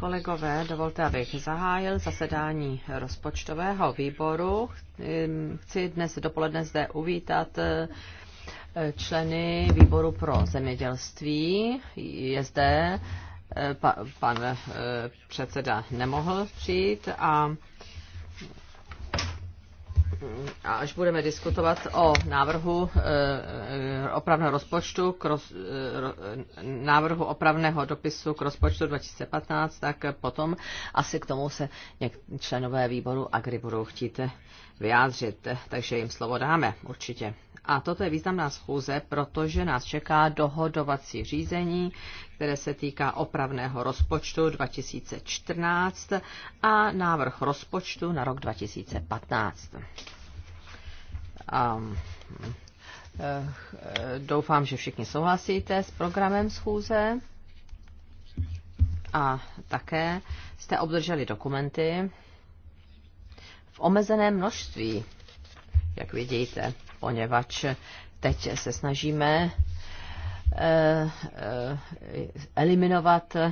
Kolegové, dovolte, abych zahájil zasedání rozpočtového výboru. Ehm, chci dnes dopoledne zde uvítat eh, členy výboru pro zemědělství. Je zde, eh, pa, pan eh, předseda nemohl přijít a a až budeme diskutovat o návrhu eh, opravného rozpočtu, k roz, eh, návrhu opravného dopisu k rozpočtu 2015, tak potom asi k tomu se členové výboru Agri budou chtít vyjádřit, takže jim slovo dáme určitě. A toto je významná schůze, protože nás čeká dohodovací řízení, které se týká opravného rozpočtu 2014 a návrh rozpočtu na rok 2015. A eh, doufám, že všichni souhlasíte s programem schůze a také jste obdrželi dokumenty v omezeném množství, jak vidíte poněvadž teď se snažíme eh, eh, eliminovat, eh,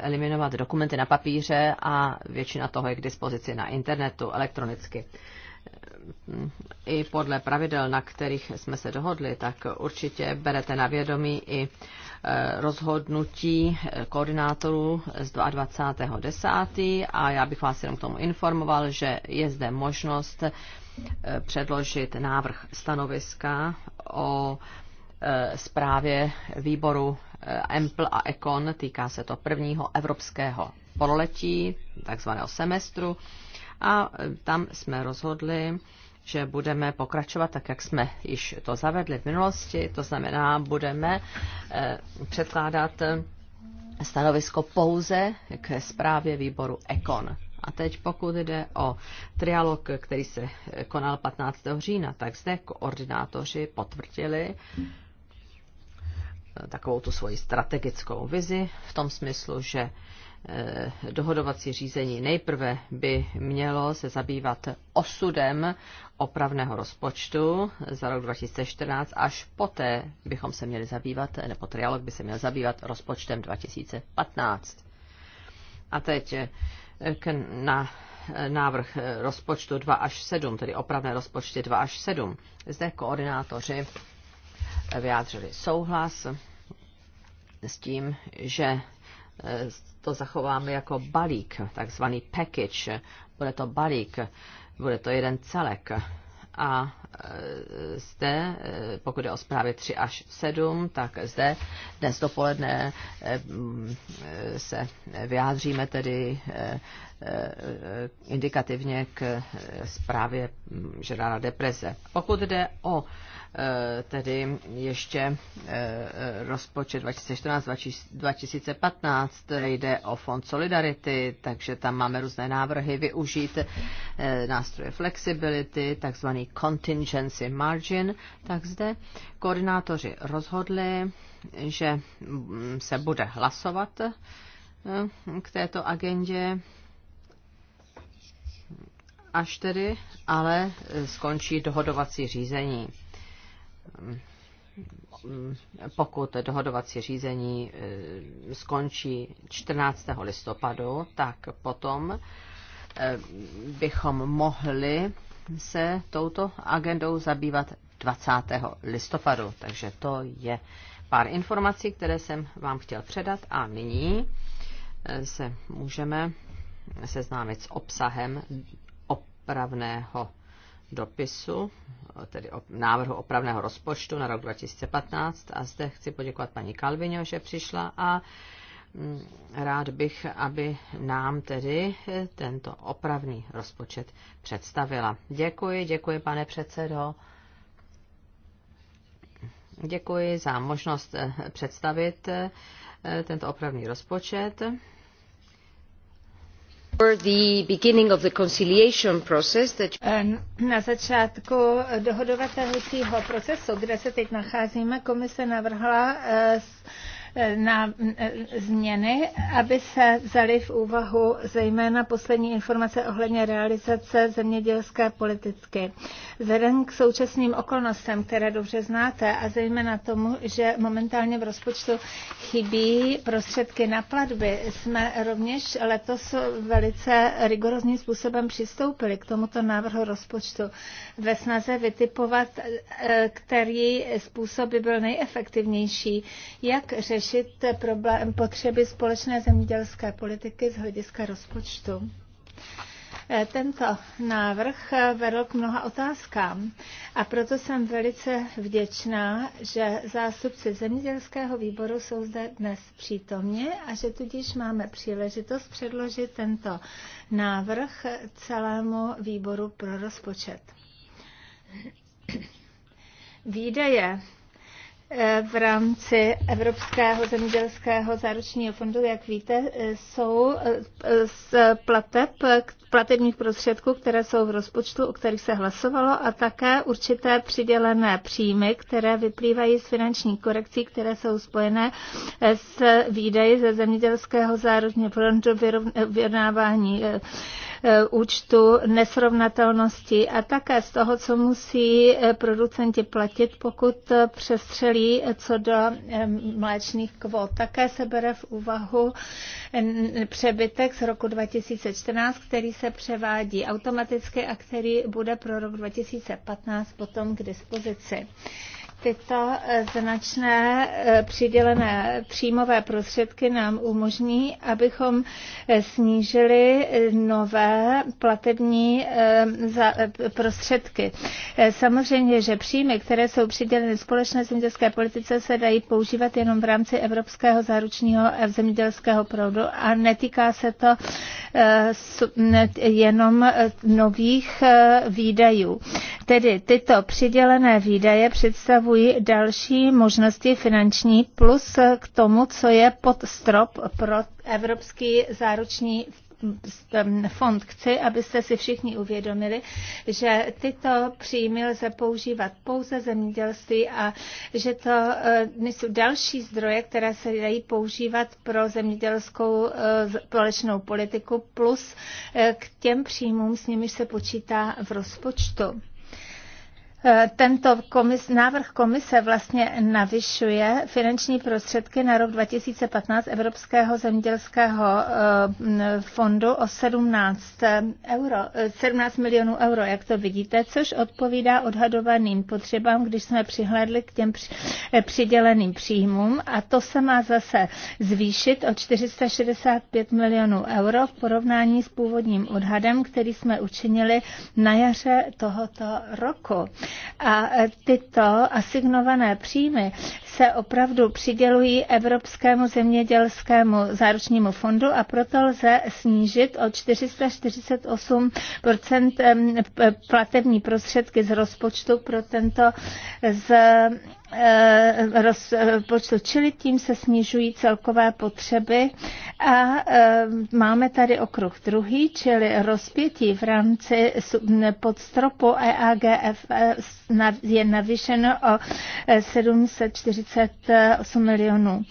eliminovat dokumenty na papíře a většina toho je k dispozici na internetu elektronicky. I podle pravidel, na kterých jsme se dohodli, tak určitě berete na vědomí i rozhodnutí koordinátorů z 22.10. a já bych vás jenom k tomu informoval, že je zde možnost Eh, předložit návrh stanoviska o eh, zprávě výboru eh, EMPL a ECON, týká se to prvního evropského pololetí, takzvaného semestru, a tam jsme rozhodli, že budeme pokračovat tak, jak jsme již to zavedli v minulosti, to znamená, budeme předkládat stanovisko pouze k zprávě výboru ECON. A teď pokud jde o trialog, který se konal 15. října, tak zde koordinátoři potvrdili eh, takovou tu svoji strategickou vizi v tom smyslu, že eh, dohodovací řízení nejprve by mělo se zabývat osudem opravného rozpočtu za rok 2014, až poté bychom se měli zabývat, nebo trialog by se měl zabývat rozpočtem 2015. A teď eh, k, na eh, návrh eh, rozpočtu 2 až 7, tedy opravné rozpočty 2 až 7. Zde koordinátoři vyjádřili souhlas s tím, že eh, to zachováme jako balík, takzvaný package. Bude to balík, bude to jeden celek a e, zde, e, pokud je o zprávy 3 až 7, tak zde dnes dopoledne e, se vyjádříme tedy indikativně k zprávě žerána deprese. Pokud jde o tedy ještě rozpočet 2014-2015, jde o fond Solidarity, takže tam máme různé návrhy využít nástroje flexibility, takzvaný contingency margin, tak zde koordinátoři rozhodli, že se bude hlasovat k této agendě až tedy, ale skončí dohodovací řízení pokud dohodovací řízení eh, skončí 14. listopadu, tak potom eh, bychom mohli se touto agendou zabývat 20. listopadu. Takže to je pár informací, které jsem vám chtěl předat a nyní eh, se můžeme seznámit s obsahem opravného dopisu, tedy o návrhu opravného rozpočtu na rok 2015 a zde chci poděkovat paní Kalvině, že přišla a mm, rád bych, aby nám tedy eh, tento opravný rozpočet představila. Děkuji, děkuji pane předsedo. Děkuji za možnost eh, představit eh, tento opravný rozpočet. Na začátku dohodovacího procesu, kde se teď nacházíme, komise navrhla eh, eh, na eh, změny, aby se vzaly v úvahu zejména poslední informace ohledně realizace zemědělské politiky. Vzhledem k současným okolnostem, které dobře znáte, a zejména tomu, že momentálně v rozpočtu chybí prostředky na platby, jsme rovněž letos velice rigorózním způsobem přistoupili k tomuto návrhu rozpočtu ve snaze vytipovat, eh, který způsob by byl nejefektivnější, jak řešit problém potřeby společné zemědělské politiky z hlediska rozpočtu. Eh, tento návrh eh, vedl k mnoha otázkám a proto jsem velice vděčná, že zástupci zemědělského výboru jsou zde dnes přítomně a že tudíž máme příležitost předložit tento návrh celému výboru pro rozpočet. Výdaje v rámci Evropského zemědělského záručního fondu, jak víte, jsou z plateb, platebních prostředků, které jsou v rozpočtu, o kterých se hlasovalo, a také určité přidělené příjmy, které vyplývají z finančních korekcí, které jsou spojené s výdaji ze zemědělského záručního fondu vyrovnávání eh, Eh, účtu nesrovnatelnosti a také z toho, co musí eh, producenti platit, pokud eh, přestřelí co do mléčných kvot. Také se bere v úvahu přebytek z roku 2014, který se převádí automaticky a který bude pro rok 2015 potom k dispozici tyto značné eh, přidělené příjmové prostředky nám umožní, abychom eh, snížili eh, nové platební prostředky. Samozřejmě, že příjmy, které jsou přiděleny společné zemědělské politice, se dají používat jenom v rámci Evropského záručního a zemědělského proudu a netýká se to jenom nových výdajů. Tedy tyto přidělené výdaje představují objevují další možnosti finanční plus k tomu, co je pod strop pro Evropský záruční fond. Chci, abyste si všichni uvědomili, že tyto příjmy lze používat pouze zemědělství a že to eh, jsou další zdroje, které se dají používat pro zemědělskou eh, společnou politiku plus eh, k těm příjmům, s nimiž se počítá v rozpočtu. Eh, tento komis, návrh komise vlastně navyšuje finanční prostředky na rok 2015 Evropského zemědělského eh, fondu o 17, eh, euro, 17 milionů euro, jak to vidíte, což odpovídá odhadovaným potřebám, když jsme přihlédli k těm přiděleným příjmům a to se má zase zvýšit o 465 milionů euro v porovnání s původním odhadem, který jsme učinili na jaře tohoto roku. A tyto asignované příjmy se opravdu přidělují Evropskému zemědělskému záručnímu fondu a proto lze snížit o 448 platební prostředky z rozpočtu pro tento z e, rozpočtu, e, čili tím se snižují celkové potřeby a e, máme tady okruh druhý, čili rozpětí v rámci podstropu EAGF je navýšeno o 740 38 milionů.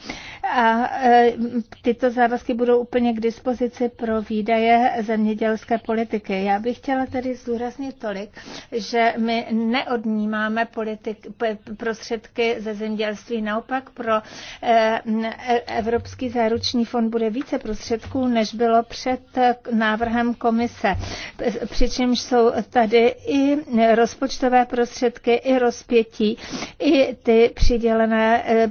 A e, tyto závazky budou úplně k dispozici pro výdaje zemědělské politiky. Já bych chtěla tedy zdůraznit tolik, že my neodnímáme politik, prostředky ze zemědělství. Naopak pro e, e, Evropský záruční fond bude více prostředků, než bylo před návrhem komise. Přičemž jsou tady i rozpočtové prostředky, i rozpětí, i ty přidělené Eh,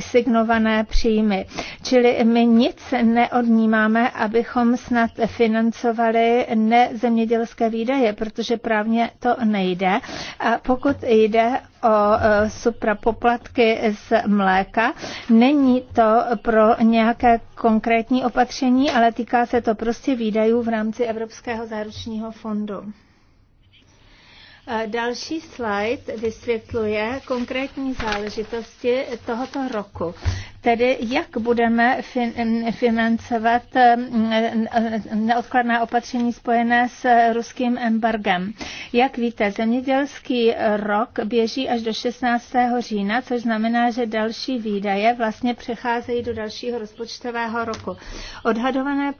signované příjmy. Čili my nic neodnímáme, abychom snad financovali nezemědělské výdaje, protože právně to nejde. A pokud jde o eh, suprapoplatky z mléka. Není to pro nějaké konkrétní opatření, ale týká se to prostě výdajů v rámci Evropského záručního fondu. Další slide vysvětluje konkrétní záležitosti tohoto roku tedy jak budeme financovat neodkladná opatření spojené s ruským embargem. Jak víte, zemědělský rok běží až do 16. října, což znamená, že další výdaje vlastně přecházejí do dalšího rozpočtového roku. Odhadované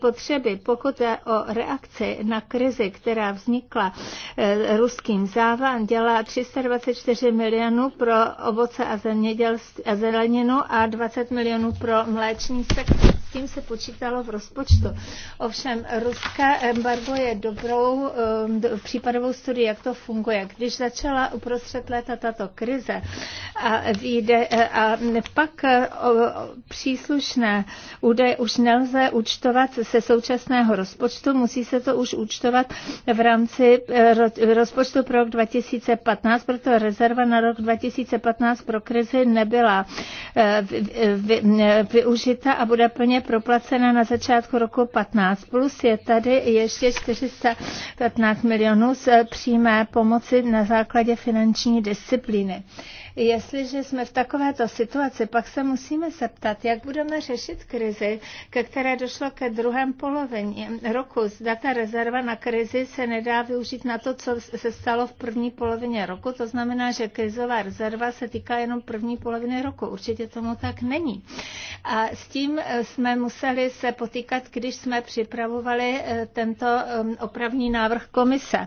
potřeby, pokud je o reakci na krizi, která vznikla e, ruským závan, dělá 324 milionů pro ovoce a zemědělství a zeleninu a 20 milionů pro mléční sektor tím se počítalo v rozpočtu. Ovšem, ruská embargo je dobrou um, případovou studii, jak to funguje. Když začala uprostřed léta tato krize a, výjde, a pak příslušné údaje už nelze účtovat se současného rozpočtu, musí se to už účtovat v rámci eh, rozpočtu pro rok 2015, proto rezerva na rok 2015 pro krizi nebyla eh, využita a bude plně je proplacena na začátku roku 15. Plus je tady ještě 415 milionů z přímé pomoci na základě finanční disciplíny. Jestliže jsme v takovéto situaci, pak se musíme zeptat, jak budeme řešit krizi, ke které došlo ke druhém polovině roku. Zda ta rezerva na krizi se nedá využít na to, co se stalo v první polovině roku. To znamená, že krizová rezerva se týká jenom první poloviny roku. Určitě tomu tak není. A s tím eh, jsme museli se potýkat, když jsme připravovali eh, tento eh, opravní návrh komise.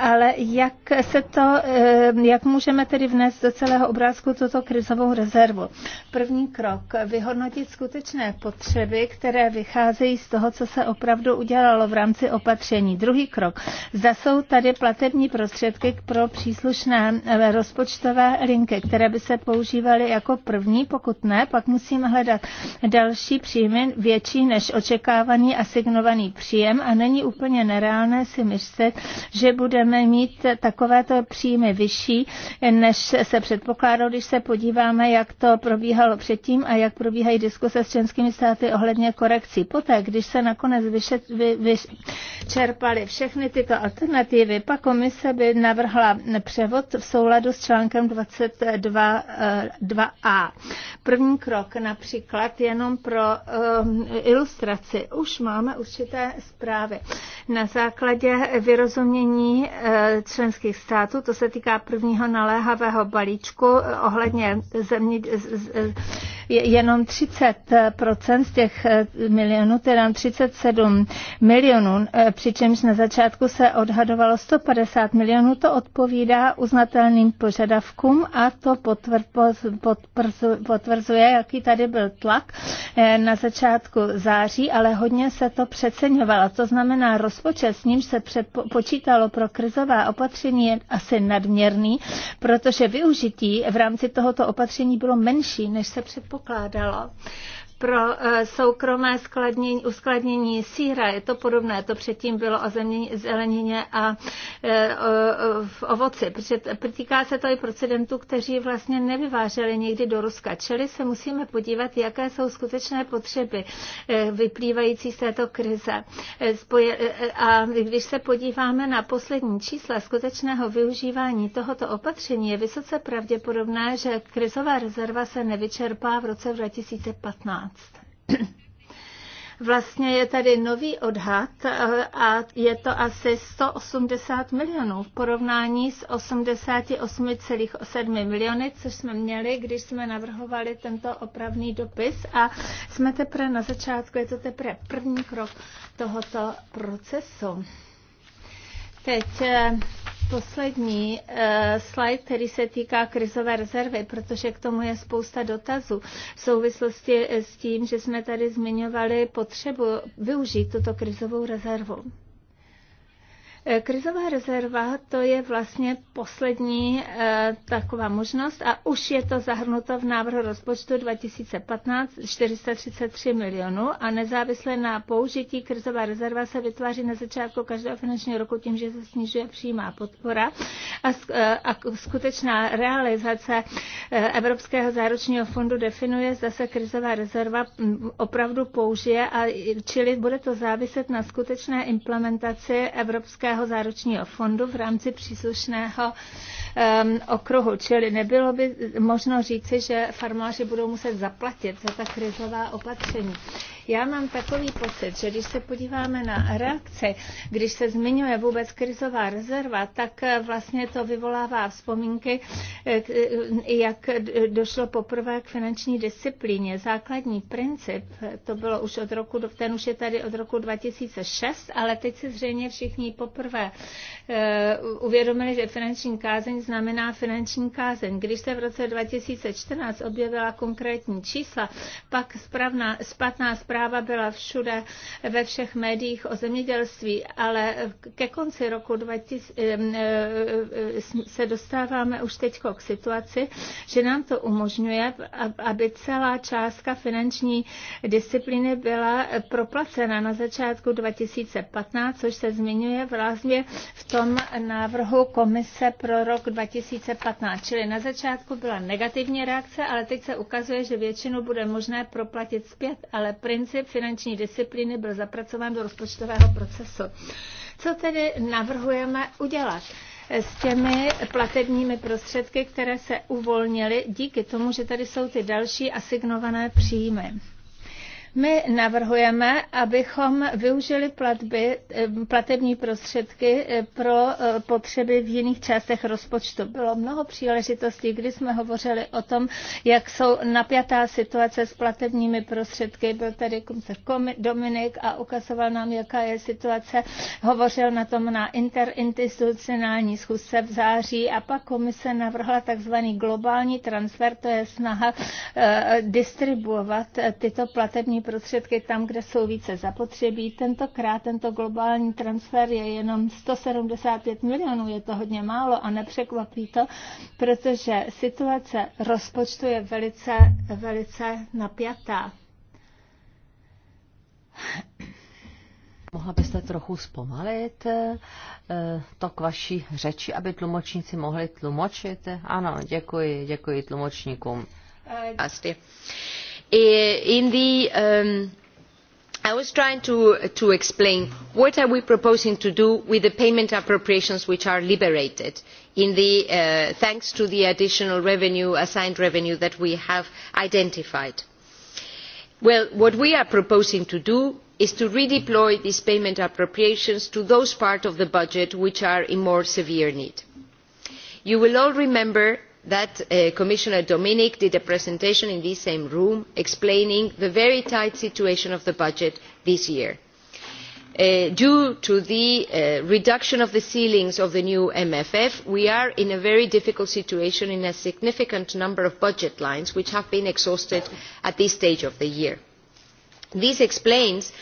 Ale jak se to, jak můžeme tedy vnést do celé celého obrázku tuto krizovou rezervu. První krok, vyhodnotit skutečné potřeby, které vycházejí z toho, co se opravdu udělalo v rámci opatření. Druhý krok, zda jsou tady platební prostředky pro příslušné eh, rozpočtové linky, které by se používaly jako první, pokud ne, pak musíme hledat další příjmy větší než očekávaný asignovaný příjem a není úplně nereálné si myslet, že budeme mít takovéto příjmy vyšší, než se před předpokládal, když se podíváme, jak to probíhalo předtím a jak probíhají diskuse s členskými státy ohledně korekcí. Poté, když se nakonec vyšet, vy, vyčerpaly všechny tyto alternativy, pak komise by navrhla převod v souladu s článkem 22, eh, a První krok například jenom pro um, ilustraci. Už máme určité zprávy. Na základě vyrozumění eh, členských států, to se týká prvního naléhavého balíčku, balíčku ohledně země, jenom 30% z těch eh, milionů, teda 37 milionů, eh, přičemž na začátku se odhadovalo 150 milionů, to odpovídá uznatelným požadavkům a to potvrzuje, jaký tady byl tlak eh, na začátku září, ale hodně se to přeceňovalo. To znamená, rozpočet, s ním se počítalo pro krizová opatření, je asi nadměrný, protože využití použití v rámci tohoto opatření bylo menší, než se předpokládalo pro eh, soukromé skladnění, uskladnění síra. Je to podobné, to předtím bylo o zemění, zelenině a eh, v ovoci. Týká se to i procedentů, kteří vlastně nevyváželi někdy do Ruska. Čili se musíme podívat, jaké jsou skutečné potřeby eh, vyplývající z této krize. A když se podíváme na poslední čísla skutečného využívání tohoto opatření, je vysoce pravděpodobné, že krizová rezerva se nevyčerpá v roce 2015. Vlastně je tady nový odhad eh, a je to asi 180 milionů v porovnání s 88,7 miliony, což jsme měli, když jsme navrhovali tento opravný dopis a jsme teprve na začátku, je to teprve první krok tohoto procesu. Teď eh, poslední eh, slide, který se týká krizové rezervy, protože k tomu je spousta dotazů v souvislosti eh, s tím, že jsme tady zmiňovali potřebu využít tuto krizovou rezervu. Eh, krizová rezerva to je vlastně poslední eh, taková možnost a už je to zahrnuto v návrhu rozpočtu 2015 433 milionů a nezávisle na použití krizová rezerva se vytváří na začátku každého finančního roku tím, že se snižuje přímá podpora a, eh, a skutečná realizace Evropského záručního fondu definuje, zda se krizová rezerva hm, opravdu použije a čili bude to záviset na skutečné implementaci Evropského Evropského záručního fondu v rámci příslušného um, okruhu. Čili nebylo by možno říci, že farmáři budou muset zaplatit za ta krizová opatření. Já mám takový pocit, že když se podíváme na reakce, když se zmiňuje vůbec krizová rezerva, tak eh, vlastně to vyvolává vzpomínky, eh, jak došlo poprvé k finanční disciplíně. Základní princip, eh, to bylo už od roku, ten už je tady od roku 2006, ale teď se zřejmě všichni poprvé Eh, uvědomili, že finanční kázeň znamená finanční kázeň. Když se v roce 2014 objevila konkrétní čísla, pak spravná, spatná zpráva byla všude ve všech médiích o zemědělství, ale ke konci roku 2000, eh, eh, se dostáváme už teď k situaci, že nám to umožňuje, aby celá částka finanční disciplíny byla proplacena na začátku 2015, což se zmiňuje vlastně v tom návrhu komise pro rok 2015. Čili na začátku byla negativní reakce, ale teď se ukazuje, že většinu bude možné proplatit zpět, ale princip finanční disciplíny byl zapracován do rozpočtového procesu. Co tedy navrhujeme udělat? s těmi platebními prostředky, které se uvolnily díky tomu, že tady jsou ty další asignované příjmy. My navrhujeme, abychom využili platby, eh, platební prostředky eh, pro eh, potřeby v jiných částech rozpočtu. Bylo mnoho příležitostí, kdy jsme hovořili o tom, jak jsou napjatá situace s platebními prostředky. Byl tady Dominik a ukazoval nám, jaká je situace. Hovořil na tom na interinstitucionální schůzce v září a pak komise navrhla takzvaný globální transfer, to je snaha distribuovat tyto platební prostředky tam, kde jsou více zapotřebí. Tentokrát tento globální transfer je jenom 175 milionů, je to hodně málo a nepřekvapí to, protože situace rozpočtu je velice, velice napjatá. Mohla byste trochu zpomalit eh, to k vaší řeči, aby tlumočníci mohli tlumočit? Ano, děkuji, děkuji tlumočníkům. Uh, Um, i was trying to, explain what we are proposing to do with the payment appropriations which are liberated uh, thanks to the additional assigned revenue that we have identified. what we are proposing to do is to redeploy these payment appropriations to those parts of the budget which are in more severe need. you will all remember that uh, commissioner dominik did a presentation in this same room explaining the very tight situation of the budget this year. Uh, due to the uh, reduction of the ceilings of the new mff we are in a very difficult situation in a significant number of budget lines which have been exhausted at this stage of the year. this explains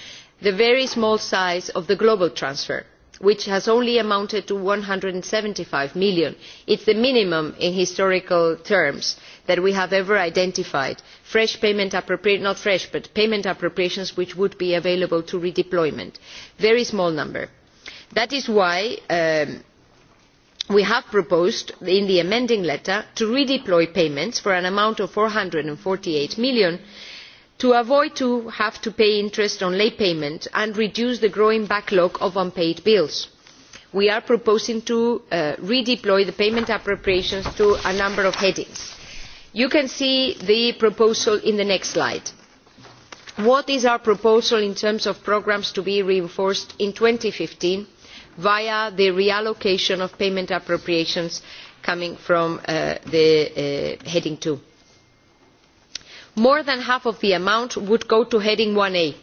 the very small size of the global transfer which has only amounted to eur one hundred and seventy five million. it is the minimum in historical terms that we have ever identified fresh payment not fresh but payment appropriations which would be available to redeployment a very small number. that is why um, we have proposed in the amending letter to redeploy payments for an amount of eur four hundred and forty eight million to avoid having to pay interest on late payment and reduce the growing backlog of unpaid bills. we are proposing to uh, redeploy the payment appropriations to a number of headings. you can see the proposal in the next slide. what is our proposal in terms of programmes to be reinforced in two thousand and fifteen via the reallocation of payment appropriations coming from uh, uh, heading two? more than half of the amount would go to heading one a eur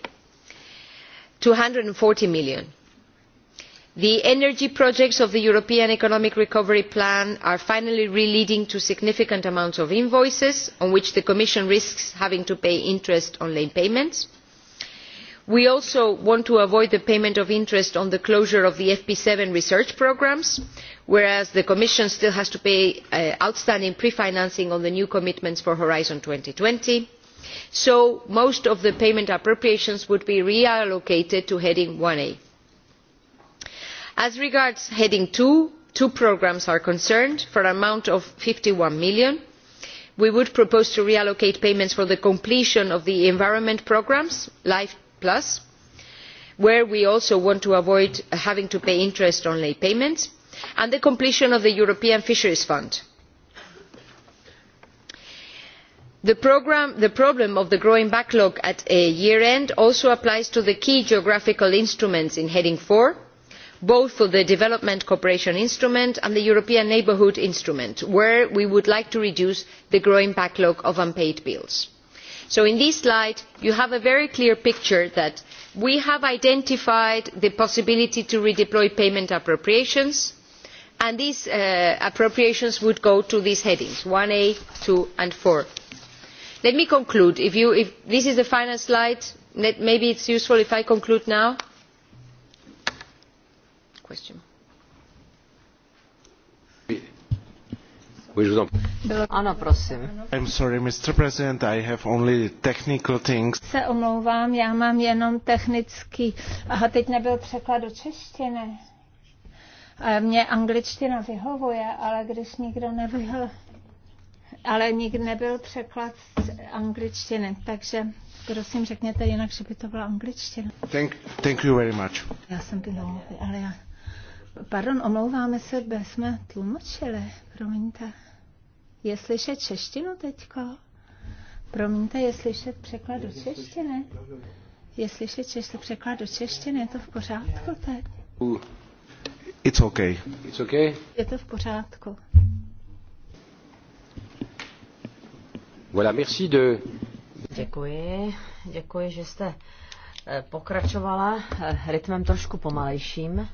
two hundred and forty million. the energy projects of the european economic recovery plan are finally leading to significant amounts of invoices on which the commission risks having to pay interest on late payments we also want to avoid the payment of interest on the closure of the fp seven research programmes whereas the commission still has to pay uh, outstanding pre financing on the new commitments for horizon. two thousand and twenty so most of the payment appropriations would be reallocated to heading. one a as regards heading two two programmes are concerned for an amount of eur fifty one million we would propose to reallocate payments for the completion of the environment programmes life plus where we also want to avoid having to pay interest on late payments and the completion of the european fisheries fund. The, problem of the growing backlog at year end also applies to the key geographical instruments in heading four both for the development cooperation instrument and the european neighbourhood instrument where we would like to reduce the growing backlog of unpaid bills so in this light you have a very clear picture that we have identified the possibility to redeploy payment appropriations and these uh, appropriations would go to these headings one a two and. four let me conclude if, this is the final slide maybe it is useful if i conclude now? Question Ano, prosím. I'm sorry, Mr. President, I have only technical things. Se omlouvám, já mám jenom technický. Aha, teď nebyl překlad do češtiny. Mě angličtina vyhovuje, ale když nikdo nevyhl, ale nikdy nebyl překlad z angličtiny, takže prosím řekněte jinak, že by to byla angličtina. Thank, thank you very much. Já jsem ty ale já... Pardon, omlouváme se, jsme tlumočili, promiňte. Je slyšet češtinu teďko? Promiňte, je slyšet překlad do češtiny? Je slyšet češtinu překlad do češtiny? Je to v pořádku teď? It's okay. It's okay. Je to v pořádku. Voilà, merci de... Děkuji, děkuji, že jste eh, pokračovala eh, rytmem trošku pomalejším.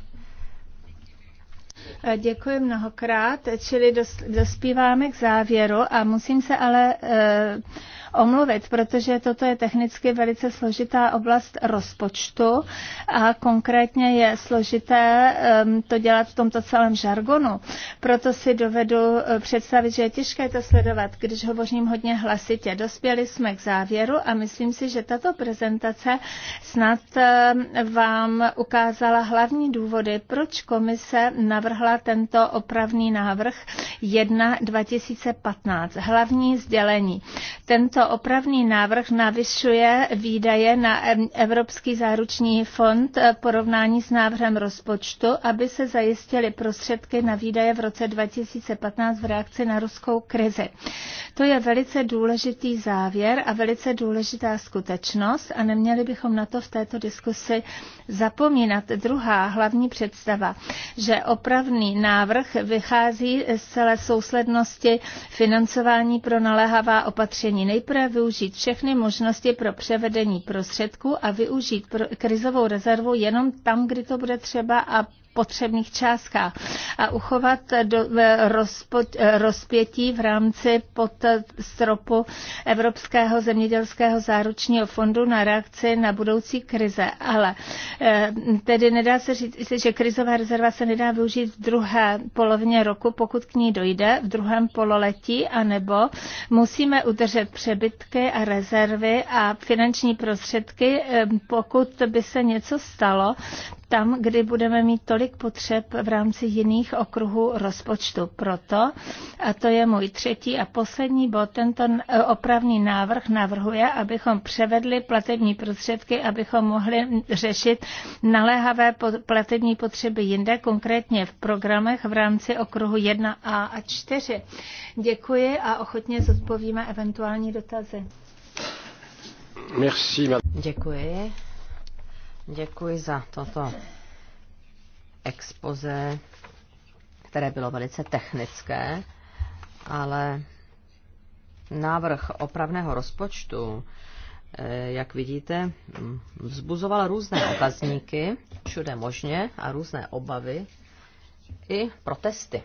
Děkuji mnohokrát, čili dospíváme k závěru a musím se ale eh, omluvit, protože toto je technicky velice složitá oblast rozpočtu a konkrétně je složité to dělat v tomto celém žargonu. Proto si dovedu eh, představit, že je těžké to sledovat, když hovořím hodně hlasitě. Dospěli jsme k závěru a myslím si, že tato prezentace snad vám ukázala hlavní důvody, proč komise navrhla tento opravný návrh 1.2015. Hlavní sdělení. Tento opravný návrh navyšuje výdaje na Evropský záruční fond eh, v porovnání s návrhem rozpočtu, aby se zajistily prostředky na výdaje v roce 2015 v reakci na ruskou krizi. To je velice důležitý závěr a velice důležitá skutečnost a neměli bychom na to v této diskusi zapomínat. Druhá hlavní představa, že opravný návrh vychází z celé souslednosti financování pro naléhavá opatření. Nejprve dobré využít všechny možnosti pro převedení prostředků a využít krizovou rezervu jenom tam, kdy to bude třeba a potřebných částkách a uchovat do, rozpo, eh, rozpětí v rámci pod stropu Evropského zemědělského záručního fondu na reakci na budoucí krize. Ale eh, tedy nedá se říct, že krizová rezerva se nedá využít v druhé polovině roku, pokud k ní dojde, v druhém pololetí, anebo musíme udržet přebytky a rezervy a finanční prostředky, eh, pokud by se něco stalo, tam, kdy budeme mít tolik potřeb v rámci jiných okruhů rozpočtu. Proto, a to je můj třetí a poslední bod, tento eh, opravný návrh navrhuje, abychom převedli platební prostředky, abychom mohli řešit naléhavé platební potřeby jinde, konkrétně v programech v rámci okruhu 1a a 4. Děkuji a ochotně zodpovíme eventuální dotazy. Merci, Děkuji, Děkuji za toto expoze, které bylo velice technické, ale návrh opravného rozpočtu, eh, jak vidíte, vzbuzoval různé otazníky, všude možně, a různé obavy i protesty.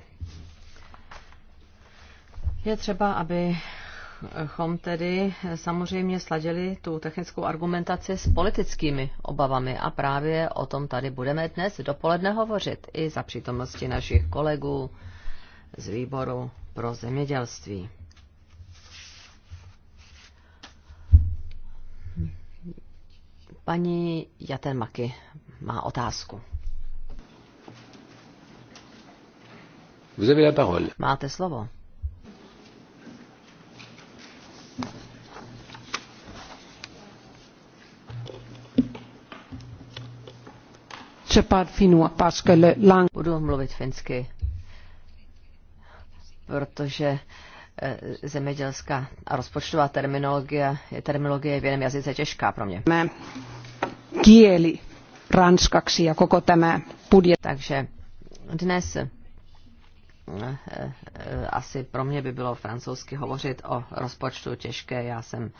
Je třeba, aby bychom tedy samozřejmě sladili tu technickou argumentaci s politickými obavami a právě o tom tady budeme dnes dopoledne hovořit i za přítomnosti našich kolegů z výboru pro zemědělství. Paní Jatenmaky má otázku. Máte slovo. Budu mluvit finsky, protože e, zemědělská a rozpočtová terminologie, terminologie v jiném jazyce těžká pro mě. Kieli ranskaksi ja koko tämä budjet. Takže dnes e, e, asi pro mě by bylo francouzsky hovořit o rozpočtu těžké. Já jsem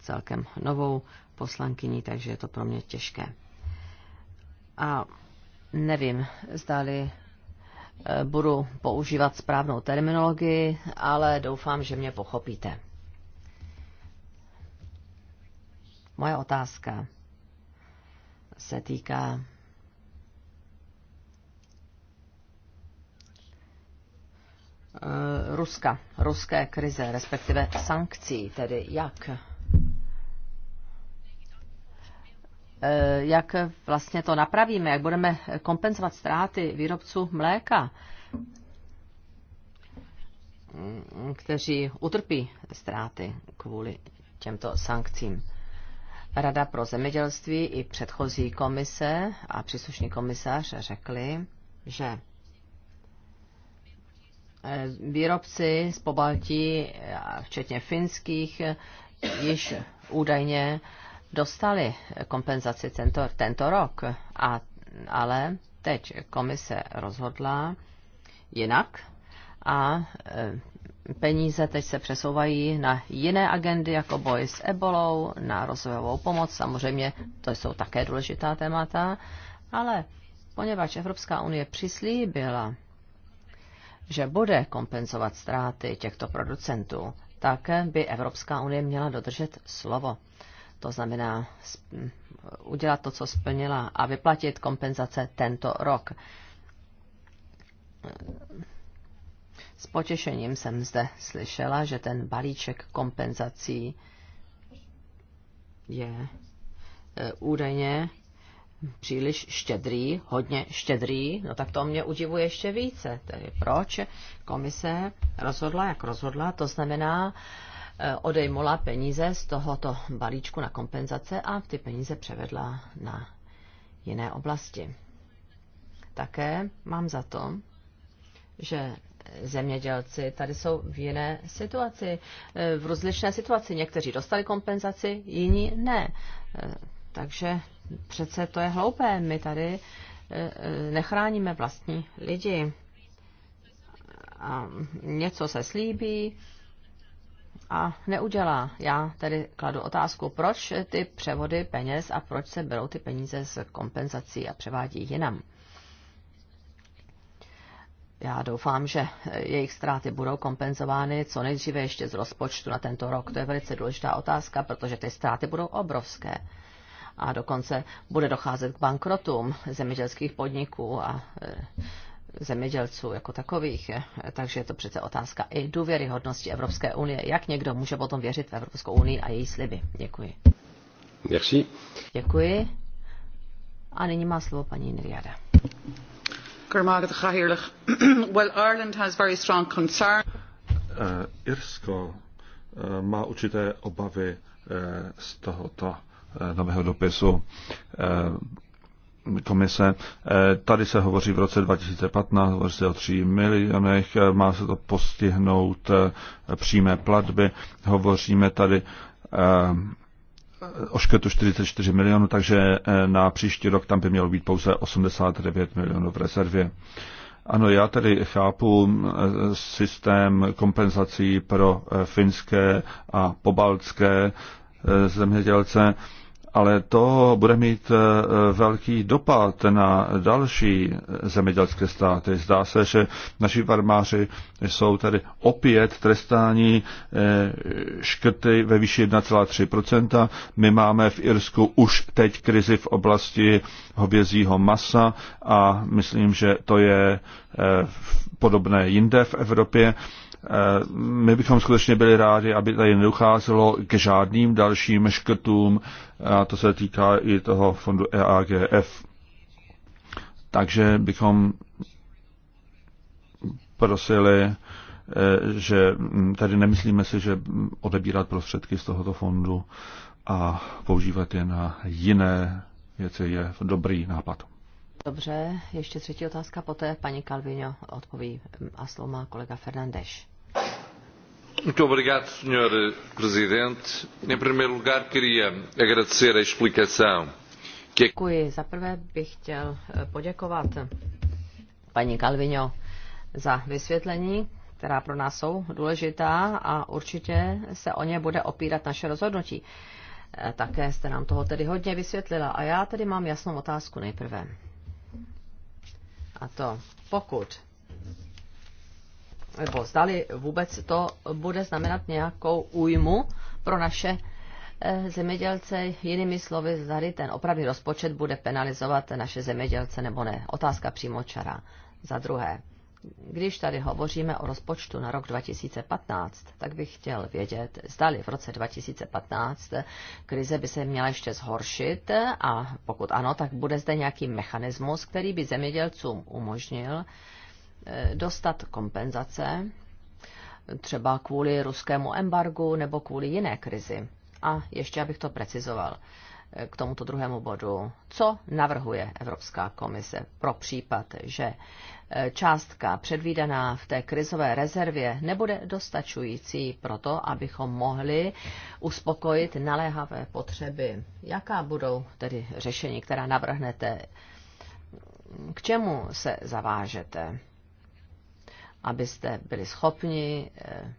celkem novou poslankyní, takže je to pro mě těžké a nevím, zdali eh, budu používat správnou terminologii, ale doufám, že mě pochopíte. Moje otázka se týká eh, Ruska, ruské krize, respektive sankcí, tedy jak Eh, jak vlastně to napravíme, jak budeme kompenzovat ztráty výrobců mléka, mm, kteří utrpí ztráty kvůli těmto sankcím. Rada pro zemědělství i předchozí komise a příslušný komisař řekli, že eh, výrobci z Pobaltí, včetně finských, již údajně dostali kompenzaci tento, tento rok, a, ale teď komise rozhodla jinak a e, peníze teď se přesouvají na jiné agendy, jako boj s ebolou, na rozvojovou pomoc, samozřejmě to jsou také důležitá témata, ale poněvadž Evropská unie přislíbila, že bude kompenzovat ztráty těchto producentů, tak by Evropská unie měla dodržet slovo to znamená mm, udělat to, co splnila a vyplatit kompenzace tento rok. S potěšením jsem zde slyšela, že ten balíček kompenzací je e, údajně příliš štědrý, hodně štědrý, no tak to mě udivuje ještě více. Tedy proč komise rozhodla, jak rozhodla, to znamená, Eh, odejmula peníze z tohoto balíčku na kompenzace a ty peníze převedla na jiné oblasti. Také mám za to, že zemědělci tady jsou v jiné situaci, eh, v rozlišné situaci. Někteří dostali kompenzaci, jiní ne. Eh, takže přece to je hloupé. My tady nechráníme vlastní lidi. A něco se slíbí, a neudělá. Já tedy kladu otázku, proč ty převody peněz a proč se berou ty peníze z kompenzací a převádí jinam. Já doufám, že jejich ztráty budou kompenzovány co nejdříve ještě z rozpočtu na tento rok. To je velice důležitá otázka, protože ty ztráty budou obrovské. A dokonce bude docházet k bankrotům zemědělských podniků a e, zemědělců jako takových. Takže je to přece otázka i důvěryhodnosti Evropské unie. Jak někdo může potom věřit v Evropskou unii a její sliby? Děkuji. Merci. Děkuji. A nyní má slovo paní Niriada. Well, Ireland has very strong eh, Irsko eh, má určité obavy eh, z tohoto nového dopisu komise. Eh, tady se hovoří v roce 2015, hovoří se o 3 milionech, eh, má se to postihnout eh, přímé platby. Hovoříme tady o škrtu 44 milionů, takže na příští rok tam by mělo být pouze 89 milionů v rezervě. Ano, já tedy chápu systém kompenzací pro finské a pobaltské zemědělce ale to bude mít eh, velký dopad na další zemědělské státy. Zdá se, že naši farmáři jsou tady opět trestání, eh, škrty ve výši 1,3%. My máme v Irsku už teď krizi v oblasti hovězího masa a myslím, že to je eh, podobné jinde v Evropě. Eh, my bychom skutečně byli rádi, aby tady nedocházelo k žádným dalším škrtům, a to se týká i toho fondu EAGF. Takže bychom prosili, eh, že hm, tady nemyslíme si, že odebírat prostředky z tohoto fondu a používat je na jiné věci je dobrý nápad. Dobře, ještě třetí otázka, poté paní Kalvino odpoví a slovo má kolega Fernandeš. Muito eh, Presidente. Em primeiro lugar, queria agradecer a explicação. Que... Děkuji. Za prvé bych chtěl eh, poděkovat paní Kalvino za vysvětlení, která pro nás jsou důležitá a určitě se o ně bude opírat naše rozhodnutí. Eh, také jste nám toho tedy hodně vysvětlila a já tedy mám jasnou otázku nejprve. A to pokud nebo zdali vůbec to bude znamenat nějakou újmu pro naše eh, zemědělce, jinými slovy, zdali ten opravný rozpočet bude penalizovat naše zemědělce nebo ne. Otázka přímo čara. Za druhé, když tady hovoříme o rozpočtu na rok 2015, tak bych chtěl vědět, zdali v roce 2015 eh, krize by se měla ještě zhoršit eh, a pokud ano, tak bude zde nějaký mechanismus, který by zemědělcům umožnil Eh, dostat kompenzace, třeba kvůli ruskému embargu nebo kvůli jiné krizi. A ještě abych to precizoval eh, k tomuto druhému bodu. Co navrhuje Evropská komise pro případ, že eh, částka předvídaná v té krizové rezervě nebude dostačující pro to, abychom mohli uspokojit naléhavé potřeby? Jaká budou tedy řešení, která navrhnete? K čemu se zavážete? abyste byli schopni, eh,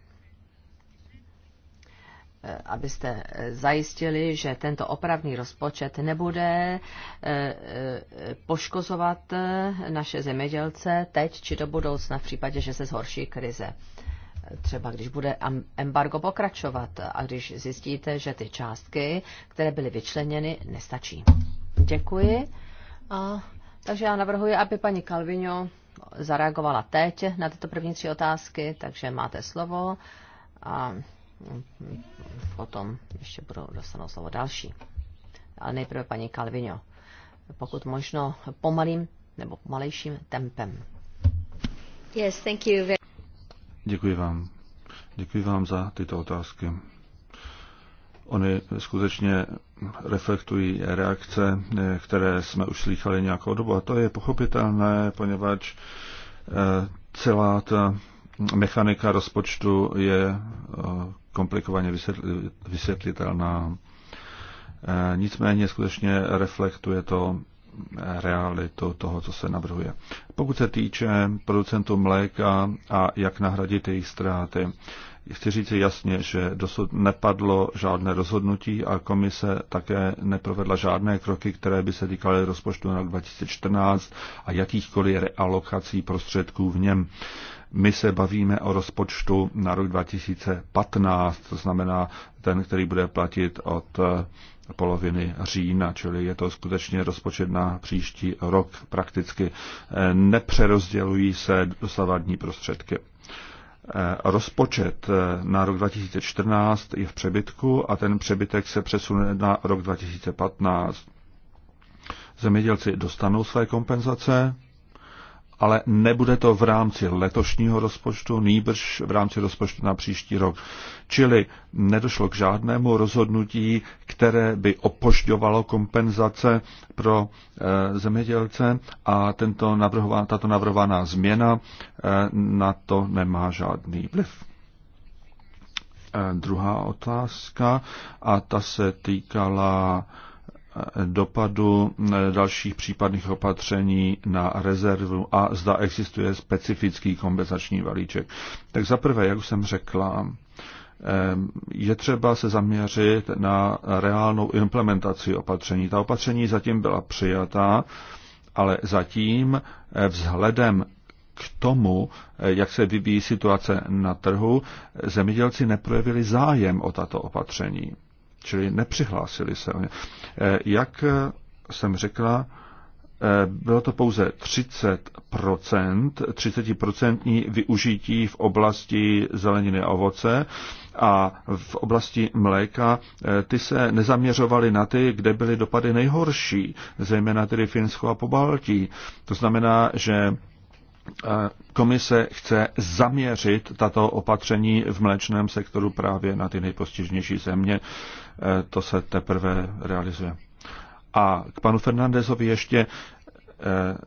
eh, abyste eh, zajistili, že tento opravný rozpočet nebude poškozovat naše zemědělce teď či do budoucna v případě, že se zhorší krize třeba když bude embargo pokračovat a když zjistíte, že ty částky, které byly vyčleněny, nestačí. Děkuji. A, takže já navrhuji, aby paní Kalvino zareagovala teď na tyto první tři otázky, takže máte slovo a potom ještě budou dostanou slovo další. Ale nejprve paní Kalvino, pokud možno pomalým nebo pomalejším tempem. Yes, thank you. Děkuji vám. Děkuji vám za tyto otázky. Ony skutečně reflektují reakce, eh, které jsme už slychali nějakou dobu. A to je pochopitelné, poněvadž eh, celá ta mechanika rozpočtu je eh, komplikovaně vysvětlitelná. Nicméně skutečně reflektuje to realitu toho, co se navrhuje. Pokud se týče producentů mléka a jak nahradit jejich ztráty, Chci říct jasně, že dosud nepadlo žádné rozhodnutí a komise také neprovedla žádné kroky, které by se týkaly rozpočtu na 2014 a jakýchkoliv realokací prostředků v něm. My se bavíme o rozpočtu na rok 2015, to znamená ten, který bude platit od eh, poloviny října, čili je to skutečně rozpočet na příští rok prakticky. Eh, nepřerozdělují se dosavadní prostředky. Eh, rozpočet eh, na rok 2014 je v přebytku a ten přebytek se přesune na rok 2015. Zemědělci dostanou své kompenzace ale nebude to v rámci letošního rozpočtu, nýbrž v rámci rozpočtu na příští rok. Čili nedošlo k žádnému rozhodnutí, které by opožďovalo kompenzace pro e, zemědělce a tento navrhová, tato navrhovaná změna e, na to nemá žádný vliv. E, druhá otázka a ta se týkala e, dopadu eh, dalších případných opatření na rezervu a zda existuje specifický kompenzační valíček. Tak zaprvé, jak už jsem řekla, eh, je třeba se zaměřit na reálnou implementaci opatření. Ta opatření zatím byla přijatá, ale zatím eh, vzhledem k tomu, jak se vyvíjí situace na trhu, zemědělci neprojevili zájem o tato opatření čili nepřihlásili se o ně. Eh, jak eh, jsem řekla, eh, bylo to pouze 30%, 30% využití v oblasti zeleniny a ovoce a v oblasti mléka ty se nezaměřovaly na ty, kde byly dopady nejhorší, zejména tedy Finsko a Pobaltí. To znamená, že komise chce zaměřit tato opatření v mléčném sektoru právě na ty nejpostižnější země. E, to se teprve realizuje. A k panu Fernandezovi ještě e, e,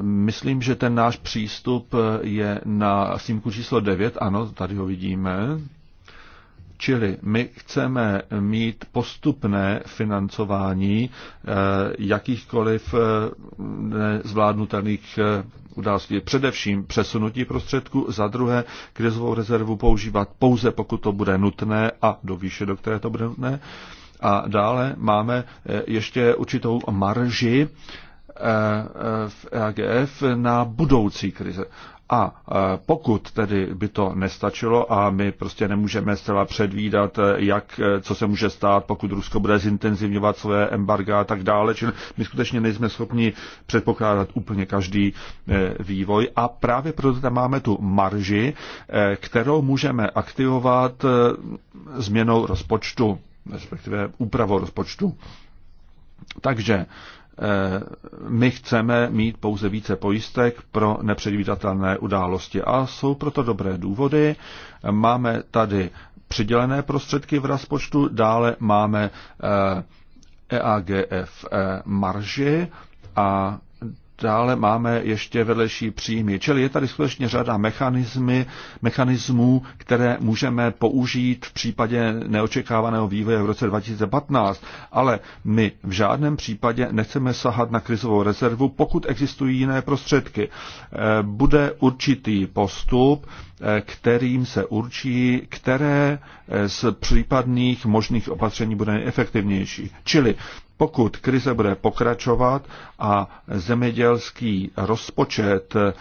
Myslím, že ten náš přístup je na snímku číslo 9. Ano, tady ho vidíme. Čili my chceme mít postupné financování eh, jakýchkoliv eh, zvládnutelných eh, událostí. Především přesunutí prostředků, za druhé krizovou rezervu používat pouze pokud to bude nutné a do výše, do které to bude nutné. A dále máme ještě určitou marži v EGF na budoucí krize. A e, pokud tedy by to nestačilo a my prostě nemůžeme zcela předvídat, e, jak, e, co se může stát, pokud Rusko bude zintenzivňovat své embarga a tak dále, čili my skutečně nejsme schopni předpokládat úplně každý vývoj a právě proto tam máme tu marži, kterou můžeme aktivovat změnou rozpočtu, respektive úpravou rozpočtu. Takže Eh, my chceme mít pouze více pojistek pro nepředvídatelné události a jsou proto dobré důvody. Máme tady přidělené prostředky v rozpočtu, dále máme EAGF eh, e eh, marži a dále máme ještě vedlejší příjmy. Čili je tady skutečně řada mechanizmy, mechanismů, které můžeme použít v případě neočekávaného vývoje v roce 2015, ale my v žádném případě nechceme sahat na krizovou rezervu, pokud existují jiné prostředky. Eh, bude určitý postup, eh, kterým se určí, které eh, z případných možných opatření bude nejefektivnější. Čili pokud krize bude pokračovat a zemědělský rozpočet, eh,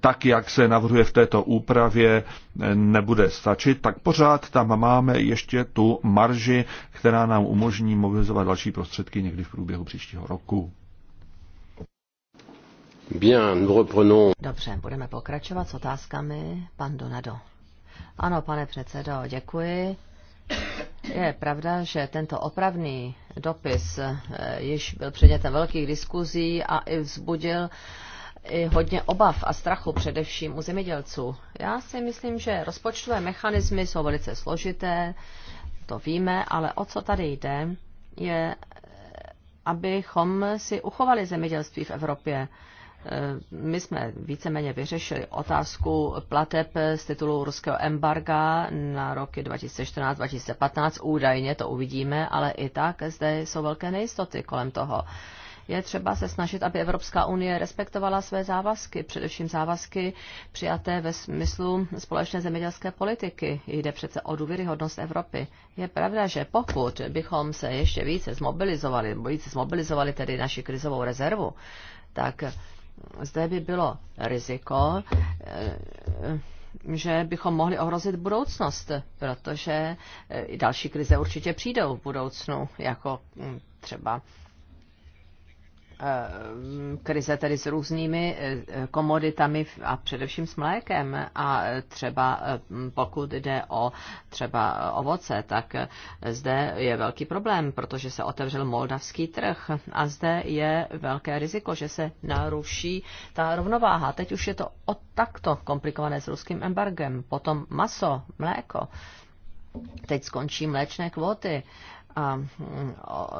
tak jak se navrhuje v této úpravě, eh, nebude stačit, tak pořád tam máme ještě tu marži, která nám umožní mobilizovat další prostředky někdy v průběhu příštího roku. Dobře, budeme pokračovat s otázkami. Pan Donado. Ano, pane předsedo, děkuji. Je pravda, že tento opravný dopis eh, již byl předmětem velkých diskuzí a i vzbudil i hodně obav a strachu především u zemědělců. Já si myslím, že rozpočtové mechanismy jsou velice složité, to víme, ale o co tady jde, je, eh, abychom si uchovali zemědělství v Evropě. Eh, my jsme víceméně vyřešili otázku plateb z titulu ruského embarga na roky 2014-2015. Údajně to uvidíme, ale i tak zde jsou velké nejistoty kolem toho. Je třeba se snažit, aby Evropská unie respektovala své závazky, především závazky přijaté ve smyslu společné zemědělské politiky. Jde přece o důvěryhodnost Evropy. Je pravda, že pokud bychom se ještě více zmobilizovali, více zmobilizovali tedy naši krizovou rezervu, tak zde by bylo riziko, eh, že bychom mohli ohrozit budoucnost, protože eh, i další krize určitě přijdou v budoucnu, jako mm, třeba Eh, krize tedy s různými eh, komoditami a především s mlékem a třeba eh, pokud jde o třeba ovoce, tak zde je velký problém, protože se otevřel moldavský trh a zde je velké riziko, že se naruší ta rovnováha. Teď už je to o takto komplikované s ruským embargem, potom maso, mléko, teď skončí mléčné kvóty a mm,